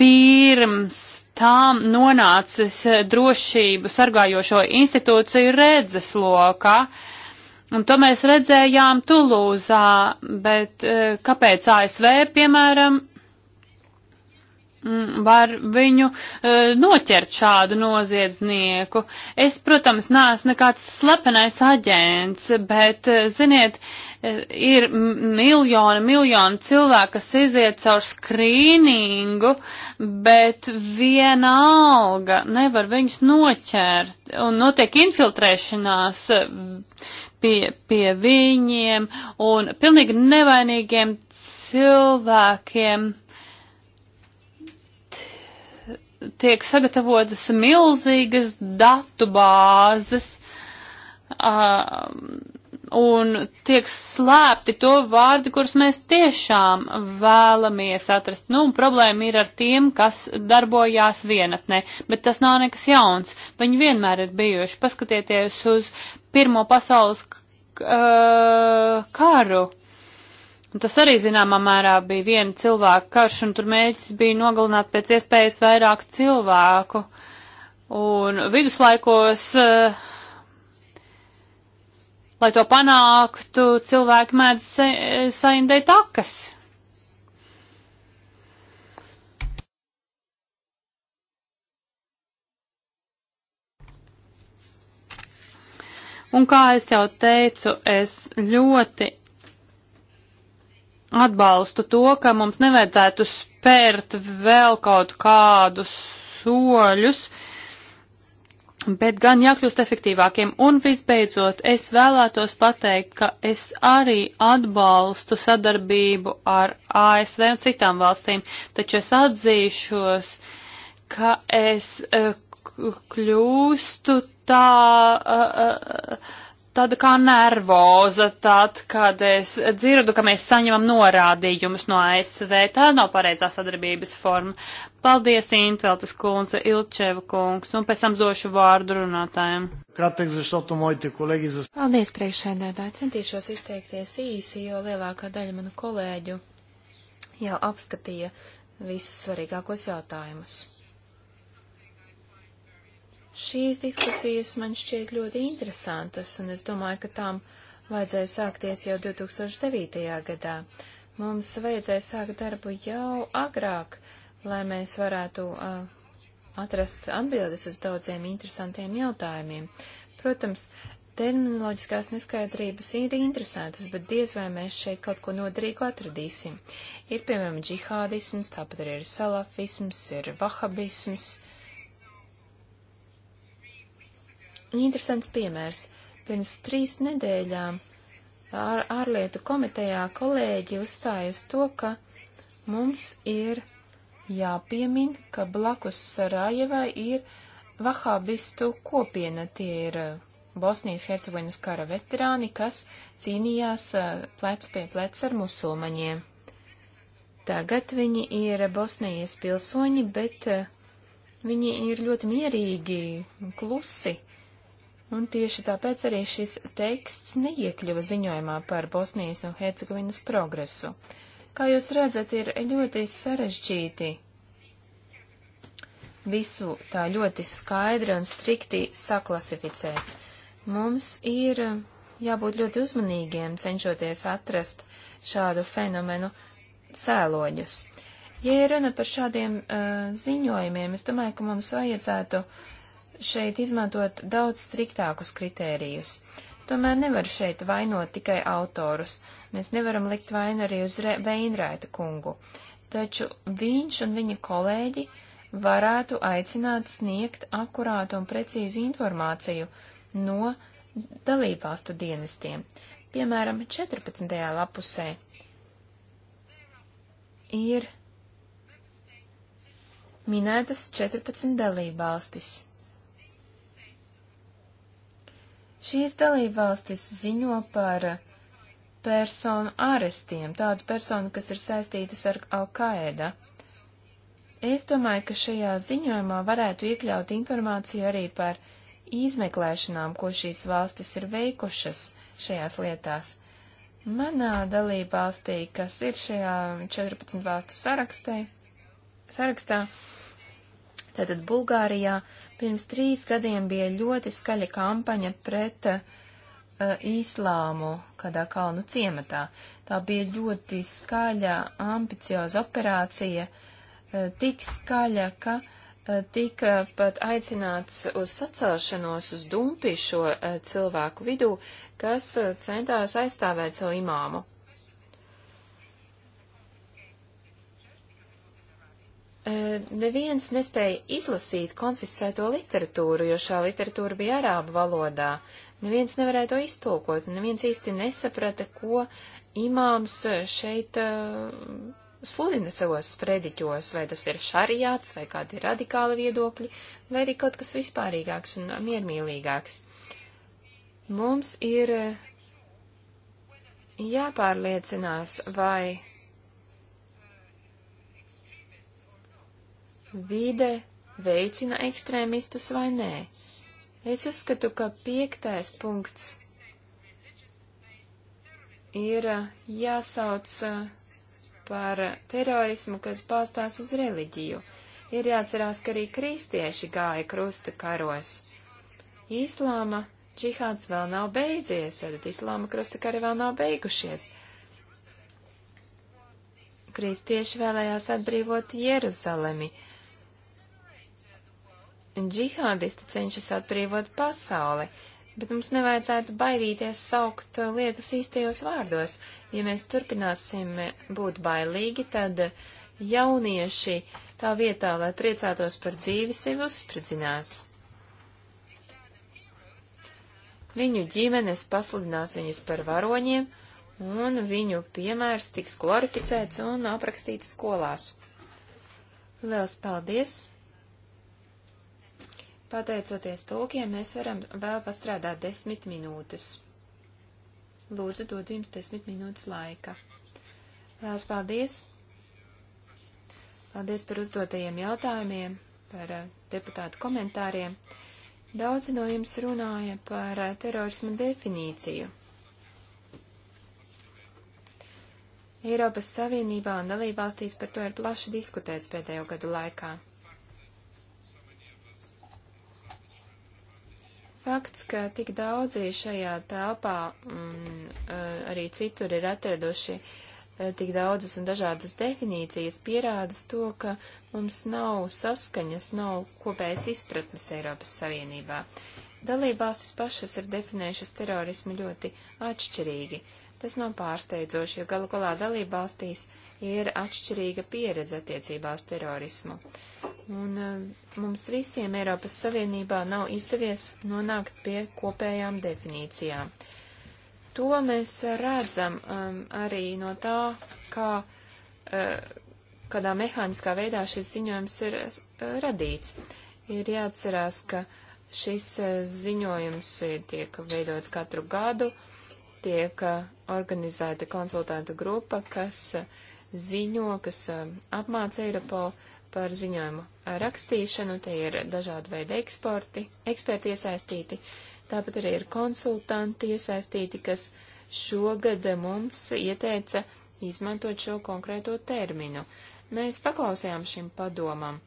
pirms tām nonācis drošību sargājošo institūciju redzes lokā. Un to mēs redzējām Tulūzā, bet e, kāpēc ASV, piemēram, var viņu e, noķert šādu noziedznieku? Es, protams, neesmu nekāds slepenais aģents, bet, e, ziniet, uh, ir miljoni, miljoni cilvēku, kas iziet caur skrīningu, bet viena alga nevar viņus noķert un notiek infiltrēšanās pie, pie viņiem un pilnīgi nevainīgiem cilvēkiem tiek sagatavotas milzīgas datu bāzes. Uh, un tiek slēpti to vārdi, kurus mēs tiešām vēlamies atrast. Nu, un problēma ir ar tiem, kas darbojās vienatnē, bet tas nav nekas jauns. Viņi vienmēr ir bijuši. Paskatieties uz Pirmo pasaules karu. Un tas arī zināmā mērā bija viena cilvēka karš, un tur mēģis bija nogalināt pēc iespējas vairāk cilvēku. Un viduslaikos uh, Lai to panāktu, cilvēki mēdz sa saindēt akas. Un kā es jau teicu, es ļoti atbalstu to, ka mums nevajadzētu spērt vēl kaut kādus soļus, uh, bet gan jākļūst efektīvākiem. Un visbeidzot, es vēlētos pateikt, ka es arī atbalstu sadarbību ar ASV un citām valstīm, taču es atzīšos, ka es eh, kļūstu tā. Uh, uh, tāda kā nervoza, tad, kad es dzirdu, ka mēs saņemam norādījumus no ASV. Tā nav pareizā sadarbības forma. Paldies, Intveltas kundze, Ilčeva kungs, un pēc tam došu vārdu runātājiem. Paldies, priekšsēdētāji. Centīšos izteikties īsi, jo lielākā daļa manu kolēģu jau apskatīja visus svarīgākos jautājumus. Šīs diskusijas man šķiet ļoti interesantas, un es domāju, ka tām vajadzēja sākties jau 2009. gadā. Mums vajadzēja sākt darbu jau agrāk, lai mēs varētu uh, atrast atbildes uz daudziem interesantiem jautājumiem. Protams, Terminoloģiskās neskaidrības ir interesantas, bet diez vai mēs šeit kaut ko noderīgu atradīsim. Ir, piemēram, džihādisms, tāpat arī ir salafisms, ir vahabisms. Interesants piemērs. Pirms trīs nedēļām ār, ārlietu komitejā kolēģi uzstājas to, ka mums ir jāpiemin, ka blakus Sarajevai ir vahābistu kopiena. Tie ir uh, Bosnijas Hercegovinas kara veterāni, kas cīnījās uh, plec pie plec ar musulmaņiem. Tagad viņi ir Bosnijas pilsoņi, bet uh, viņi ir ļoti mierīgi, klusi. Un tieši tāpēc arī šis teksts neiekļuva ziņojumā par Bosnijas un Hercegovinas progresu. Kā jūs redzat, ir ļoti sarežģīti visu tā ļoti skaidri un strikti saklasificēt. Mums ir jābūt ļoti uzmanīgiem, cenšoties atrast šādu fenomenu cēloņus. Ja runa par šādiem uh, ziņojumiem, es domāju, ka mums vajadzētu šeit izmantot daudz striktākus kritērijus. Tomēr nevar šeit vainot tikai autorus. Mēs nevaram likt vainu arī uz Veinrēta kungu. Taču viņš un viņa kolēģi varētu aicināt sniegt akurātu un precīzu informāciju no dalībvalstu dienestiem. Piemēram, 14. lapusē ir minētas 14 dalībvalstis. Šīs dalībvalstis ziņo par personu arestiem, tādu personu, kas ir saistītas ar Al-Qaeda. Es domāju, ka šajā ziņojumā varētu iekļaut informāciju arī par izmeklēšanām, ko šīs valstis ir veikušas šajās lietās. Manā dalībvalstī, kas ir šajā 14 valstu sarakstē, sarakstā, tātad Bulgārijā, uh, Pirms trīs gadiem bija ļoti skaļa kampaņa pret uh, īslāmu kādā kalnu ciematā. Tā bija ļoti skaļa, ambicioza operācija, uh, tik skaļa, ka uh, tika pat aicināts uz sacelšanos uz dumpi šo uh, cilvēku vidū, kas uh, centās aizstāvēt savu imāmu. E, neviens nespēja izlasīt konfiscēto literatūru, jo šā literatūra bija arābu valodā. Neviens nevarēja to iztulkot, un neviens īsti nesaprata, ko imāms šeit uh, sludina savos sprediķos, vai tas ir šarijāts, vai kādi radikāli viedokļi, vai arī kaut kas vispārīgāks un miermīlīgāks. Mums ir e, jāpārliecinās, vai vide veicina ekstrēmistus vai nē. Es uzskatu, ka piektais punkts ir uh, jāsauc uh, par terorismu, kas balstās uz reliģiju. Ir jāatcerās, ka arī kristieši gāja krusta karos. Īslāma džihāds vēl nav beidzies, tad islāma krusta kari vēl nav beigušies. Kristieši vēlējās atbrīvot Jeruzalemi, džihādisti cenšas atbrīvot pasauli, bet mums nevajadzētu baidīties saukt lietas īstajos vārdos. Ja mēs turpināsim būt bailīgi, tad jaunieši tā vietā, lai priecātos par dzīvi, sevi uzspridzinās. Viņu ģimenes pasludinās viņus par varoņiem, un viņu piemērs tiks glorificēts un aprakstīts skolās. Liels paldies! Pateicoties tulkiem, mēs varam vēl pastrādāt desmit minūtes. Lūdzu, dod jums desmit minūtes laika. Lielas paldies! Paldies par uzdotajiem jautājumiem, par eh, deputātu komentāriem. Daudzi no jums runāja par eh, terorismu definīciju. Eiropas Savienībā un dalībvalstīs par to ir plaši diskutēts pēdējo gadu laikā. Fakts, ka tik daudzi šajā telpā un eh, arī citur ir atraduši eh, tik daudzas un dažādas definīcijas, pierādas to, ka mums nav saskaņas, nav kopējas izpratnes Eiropas Savienībā. Dalībvalstis pašas ir definējušas terorismu ļoti atšķirīgi. Tas nav pārsteidzoši, jo galu galā dalībvalstīs ir atšķirīga pieredze attiecībā uz terorismu. Un eh, mums visiem Eiropas Savienībā nav izdevies nonākt pie kopējām definīcijām. To mēs redzam um, arī no tā, kā, uh, kādā mehāniskā veidā šis ziņojums ir uh, radīts. Ir jāatcerās, ka šis uh, ziņojums tiek veidots katru gadu, tiek uh, organizēta konsultanta grupa, kas uh, ziņo, kas uh, apmāca Eiropolu par ziņojumu rakstīšanu, te ir dažādi veidi eksporti, eksperti iesaistīti, tāpat arī ir konsultanti iesaistīti, kas šogad mums ieteica izmantot šo konkrēto terminu. Mēs paklausījām šim padomam,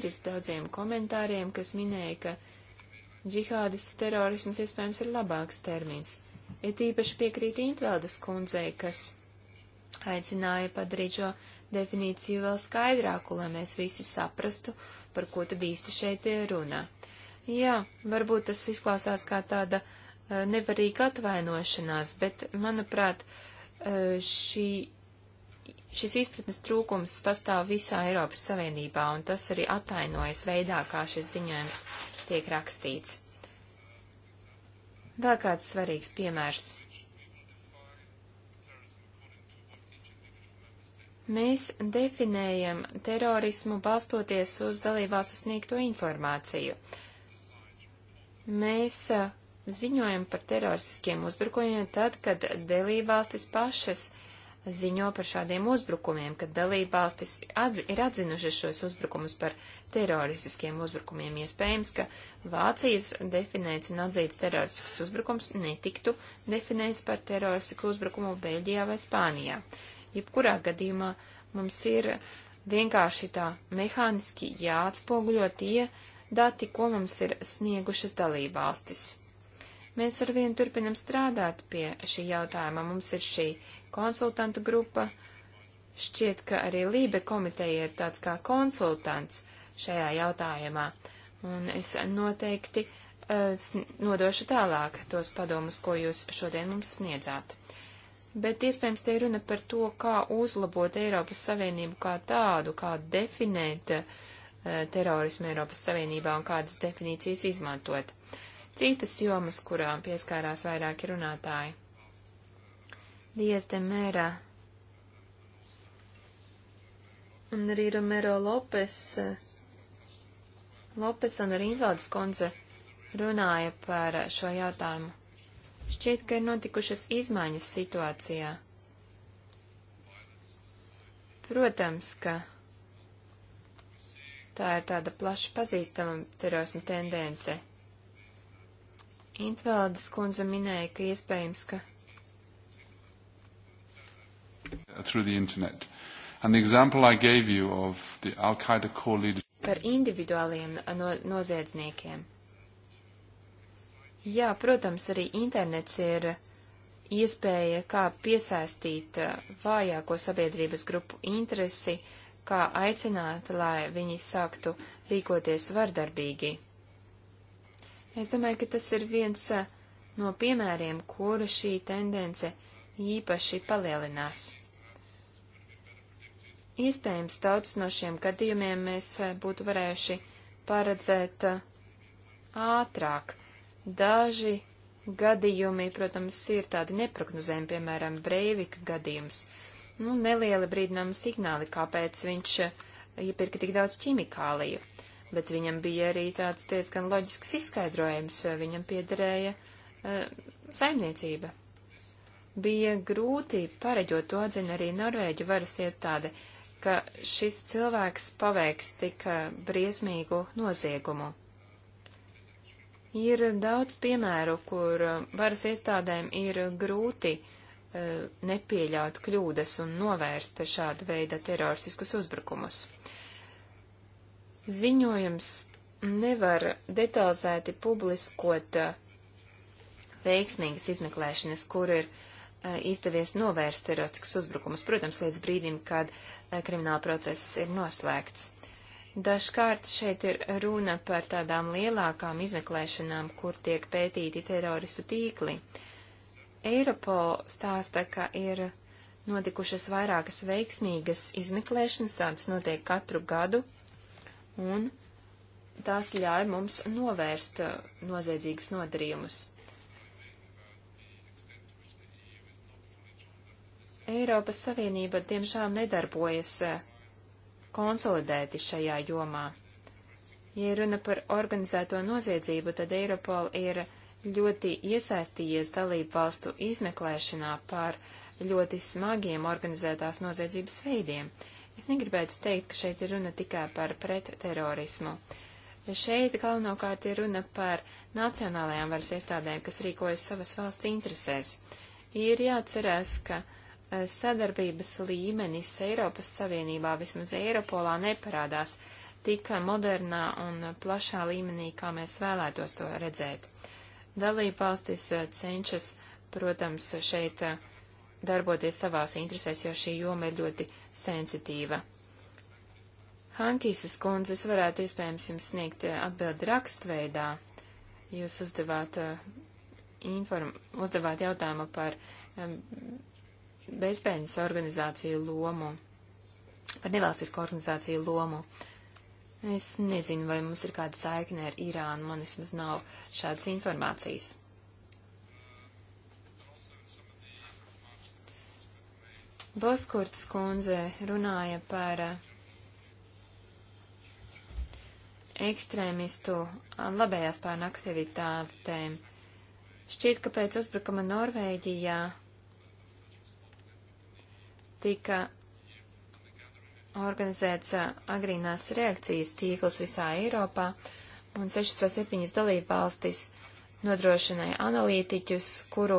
arī daudziem komentāriem, kas minēja, ka džihādisti terorisms iespējams ir labāks termins. Ir ja tīpaši piekrīt Intveldes kundzei, kas aicināja padarīt šo definīciju vēl skaidrāku, lai mēs visi saprastu, par ko tad īsti šeit ir runā. Jā, varbūt tas izklausās kā tāda e, nevarīga atvainošanās, bet, manuprāt, e, šī, šis izpratnes trūkums pastāv visā Eiropas Savienībā, un tas arī atainojas veidā, kā šis ziņojums tiek rakstīts. Vēl kāds svarīgs piemērs Mēs definējam terorismu balstoties uz dalībvalstu sniegto informāciju. Mēs ziņojam par teroristiskiem uzbrukumiem tad, kad dalībvalstis pašas ziņo par šādiem uzbrukumiem, kad dalībvalstis atzi, ir atzinušas šos uzbrukumus par teroristiskiem uzbrukumiem. Iespējams, ka Vācijas definēts un atzīts teroristisks uzbrukums netiktu definēts par teroristisku uzbrukumu Beļģijā vai Spānijā. Uh, Jebkurā gadījumā mums ir vienkārši tā mehāniski jāatspoguļo tie dati, ko mums ir sniegušas dalībvalstis. Mēs ar vienu turpinam strādāt pie šī jautājuma. Mums ir šī konsultantu grupa. Šķiet, ka arī Lībe komiteja ir tāds kā konsultants šajā jautājumā. Un es noteikti uh, nodošu tālāk tos padomus, ko jūs šodien mums sniedzāt bet iespējams te ir runa par to, kā uzlabot Eiropas Savienību kā tādu, kā definēt uh, terorismu Eiropas Savienībā un kādas definīcijas izmantot. Citas jomas, kurām pieskārās vairāki runātāji. Diez de Mera un arī Romero Lopes, eh, Lopes un Rīnvaldes konze runāja par šo jautājumu. Šķiet, ka ir notikušas izmaiņas situācijā. Protams, ka tā ir tāda plaši pazīstama terorisma tendence. Intveldes kundze minēja, ka iespējams, ka. Through the internet. And the example I gave you of the Al-Qaeda core leader. Par individuāliem no, noziedzniekiem. Jā, protams, arī internets ir iespēja, kā piesaistīt uh, vājāko sabiedrības grupu interesi, kā aicināt, lai viņi sāktu rīkoties vardarbīgi. Es domāju, ka tas ir viens uh, no piemēriem, kura šī tendence īpaši palielinās. Iespējams, daudz no šiem gadījumiem mēs uh, būtu varējuši paredzēt ātrāk, Daži gadījumi, protams, ir tādi neprognozējumi, piemēram, Breivika gadījums. Nu, nelieli brīdinājumi signāli, kāpēc viņš eh, iepirka tik daudz ķimikāliju, bet viņam bija arī tāds diezgan loģisks izskaidrojums, eh, viņam piederēja uh, saimniecība. Bija grūti pareģot to atzina arī Norvēģu varas iestāde, ka šis cilvēks paveiks tik briesmīgu noziegumu. Ir daudz piemēru, kur uh, varas iestādēm ir grūti uh, nepieļaut kļūdas un novērst šāda veida teroristiskus uzbrukumus. Ziņojums nevar detalizēti publiskot uh, veiksmīgas izmeklēšanas, kur ir uh, izdevies novērst teroristiskus uzbrukumus, protams, līdz brīdim, kad uh, krimināla process ir noslēgts. Dažkārt šeit ir runa par tādām lielākām izmeklēšanām, kur tiek pētīti teroristu tīkli. Eiropol stāsta, ka ir notikušas vairākas veiksmīgas izmeklēšanas, tādas notiek katru gadu, un tās ļauj mums novērst uh, noziedzīgus nodarījumus. Eiropas Savienība, diemžēl, nedarbojas uh, konsolidēti šajā jomā. Ja runa par organizēto noziedzību, tad Eiropol ir ļoti iesaistījies dalību valstu izmeklēšanā par ļoti smagiem organizētās noziedzības veidiem. Es negribētu teikt, ka šeit ir runa tikai par pretterorismu. Šeit galvenokārt ir runa par nacionālajām varas iestādēm, kas rīkojas savas valsts interesēs. Ir jāatcerās, ka uh, sadarbības līmenis Eiropas Savienībā, vismaz Eiropolā, neparādās tik modernā un plašā līmenī, kā mēs vēlētos to redzēt. Dalībvalstis eh, cenšas, protams, šeit eh, darboties savās interesēs, jo šī joma ir ļoti sensitīva. Hankīsas kundze, es varētu iespējams jums sniegt eh, atbildi rakstveidā. Jūs uzdevāt, inform, uzdevāt jautājumu par bezpējas organizāciju lomu, par nevalstisko organizāciju lomu. Es nezinu, vai mums ir kāda saikne ar Irānu, man vismaz nav šādas informācijas. Boskurts kundze runāja par eh, ekstrēmistu labējās pārna aktivitātēm. Šķiet, ka pēc uzbrukuma Norvēģijā tika organizēts uh, agrīnās reakcijas tīkls visā Eiropā, un 6 vai 7 dalībvalstis nodrošināja analītiķus, kuru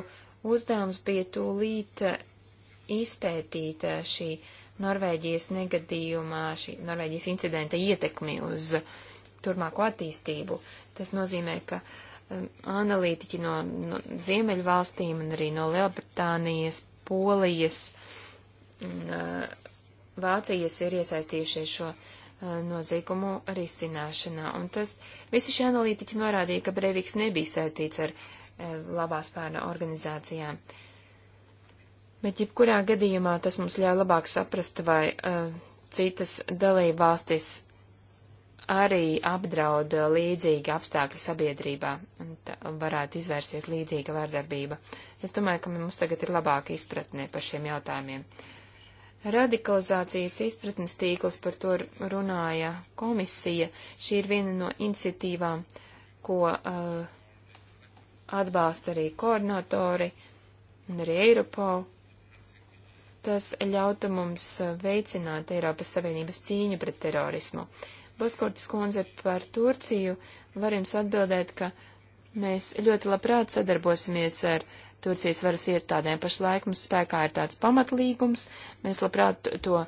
uzdevums bija tūlīt uh, izpētīt uh, šī Norvēģijas negadījumā, šī Norvēģijas incidenta ietekmi uz turmāko attīstību. Tas nozīmē, ka um, analītiķi no, no Ziemeļvalstīm un arī no Lielbritānijas, Polijas, uh, Vācijas ir iesaistījušies šo noziegumu risināšanā, un tas visi šie analītiķi norādīja, ka Breiviks nebija saistīts ar labās pārna organizācijām. Bet jebkurā gadījumā tas mums ļauj labāk saprast, vai uh, citas dalība valstis arī apdraud līdzīgi apstākļi sabiedrībā un varētu izvērsties līdzīga vardarbība. Es domāju, ka mums tagad ir labāka izpratne par šiem jautājumiem. Uh, Radikalizācijas izpratnes tīkls par to runāja komisija. Šī ir viena no iniciatīvām, ko uh, atbalsta arī koordinatori un arī Eiropol. Tas ļautu mums veicināt Eiropas Savienības cīņu pret terorismu. Boskortas kundze par Turciju var jums atbildēt, ka mēs ļoti labprāt sadarbosimies ar uh, Turcijas varas iestādēm. Pašlaik mums spēkā ir tāds pamatlīgums, mēs labprāt to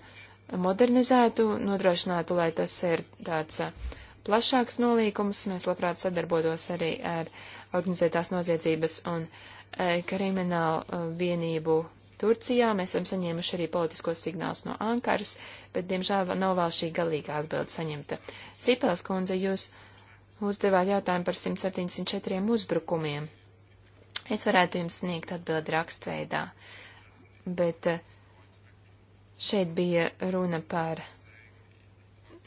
modernizētu, nodrošinātu, lai tas ir tāds uh, plašāks nolīgums, mēs labprāt sadarbotos arī ar organizētās noziedzības un e, kriminālu uh, vienību Turcijā. Mēs esam saņēmuši arī politiskos signālus no Ankaras, bet, diemžēl, nav vēl šī galīgā atbilda saņemta. Sipels kundze, jūs uzdevāt jautājumu par 174 uzbrukumiem. Es varētu jums sniegt atbildi rakstveidā, bet eh, šeit bija runa par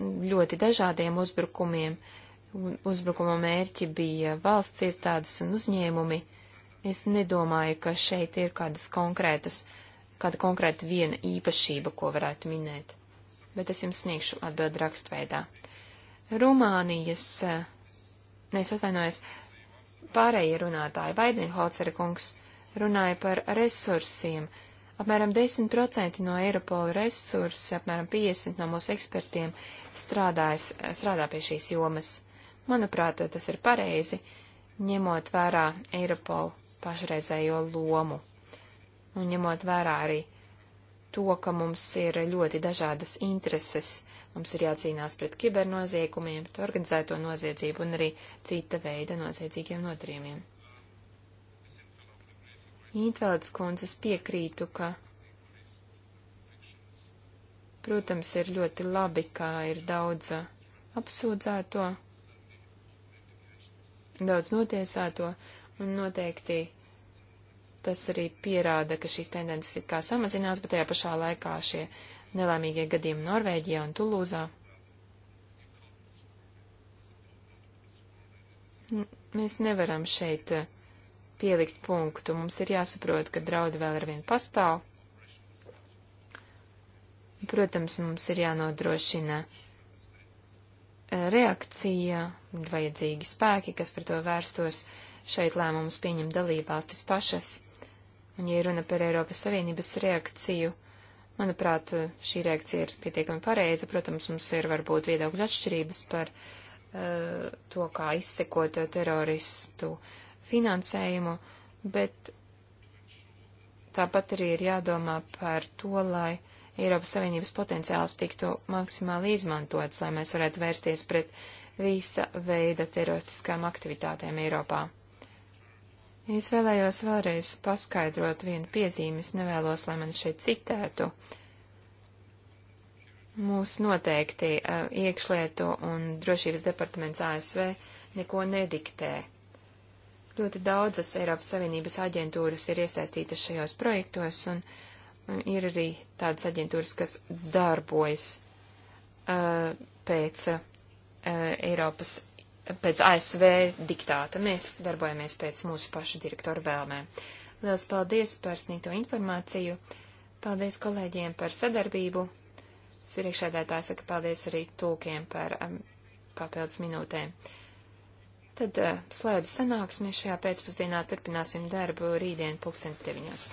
ļoti dažādiem uzbrukumiem. Uzbrukuma mērķi bija valsts iestādes un uzņēmumi. Es nedomāju, ka šeit ir kādas konkrētas, kāda konkrēta viena īpašība, ko varētu minēt, bet es jums sniegšu atbildi rakstveidā. Rumānijas, eh, ne, es atvainojos, pārējie runātāji, Vaidenholcera kungs, runāja par resursiem. Apmēram 10% no Eiropola resursa, apmēram 50% no mūsu ekspertiem strādājas, strādā pie šīs jomas. Manuprāt, tas ir pareizi, ņemot vērā Eiropola pašreizējo lomu un ņemot vērā arī to, ka mums ir ļoti dažādas intereses Mums ir jācīnās pret kibernoziegumiem, pret organizēto noziedzību un arī cita veida noziedzīgiem notarījumiem. Īntveldes kundzes piekrītu, ka, protams, ir ļoti labi, kā ir daudz apsūdzēto, daudz notiesāto, un noteikti tas arī pierāda, ka šīs tendences ir kā samazinās, bet tajā pašā laikā šie uh, nelēmīgie gadījumi Norvēģijā un Tulūzā. Mēs nevaram šeit eh, pielikt punktu. Mums ir jāsaprot, ka draudi vēl ar vienu pastāv. Protams, mums ir jānodrošina eh, reakcija, vajadzīgi spēki, kas par to vērstos. Šeit lēmumus pieņem dalībvalstis pašas. Un, ja runa par Eiropas Savienības reakciju, Manuprāt, šī reakcija ir pietiekami pareiza. Protams, mums ir varbūt viedokļu atšķirības par uh, to, kā izsekot teroristu finansējumu, bet tāpat arī ir jādomā par to, lai Eiropas Savienības potenciāls tiktu maksimāli izmantots, lai mēs varētu vērsties pret visa veida teroristiskām aktivitātēm Eiropā. Es vēlējos vēlreiz paskaidrot vienu piezīmi, es nevēlos, lai man šeit citētu. Mūs noteikti eh, iekšlietu un drošības departaments ASV neko nediktē. Ļoti daudzas Eiropas Savienības aģentūras ir iesaistītas šajos projektos, un ir arī tādas aģentūras, kas darbojas uh, pēc uh, Eiropas pēc ASV diktāta. Mēs darbojamies pēc mūsu pašu direktoru vēlmēm. Lielas paldies par sniegto informāciju. Paldies kolēģiem par sadarbību. Sirikšēdētāji saka paldies arī tūkiem par um, papildus minūtēm. Tad uh, slēdzu sanāksmi šajā pēcpusdienā turpināsim darbu rītdien pulkstens deviņos.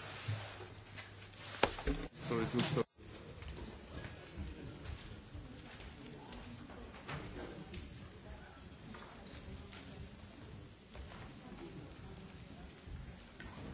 So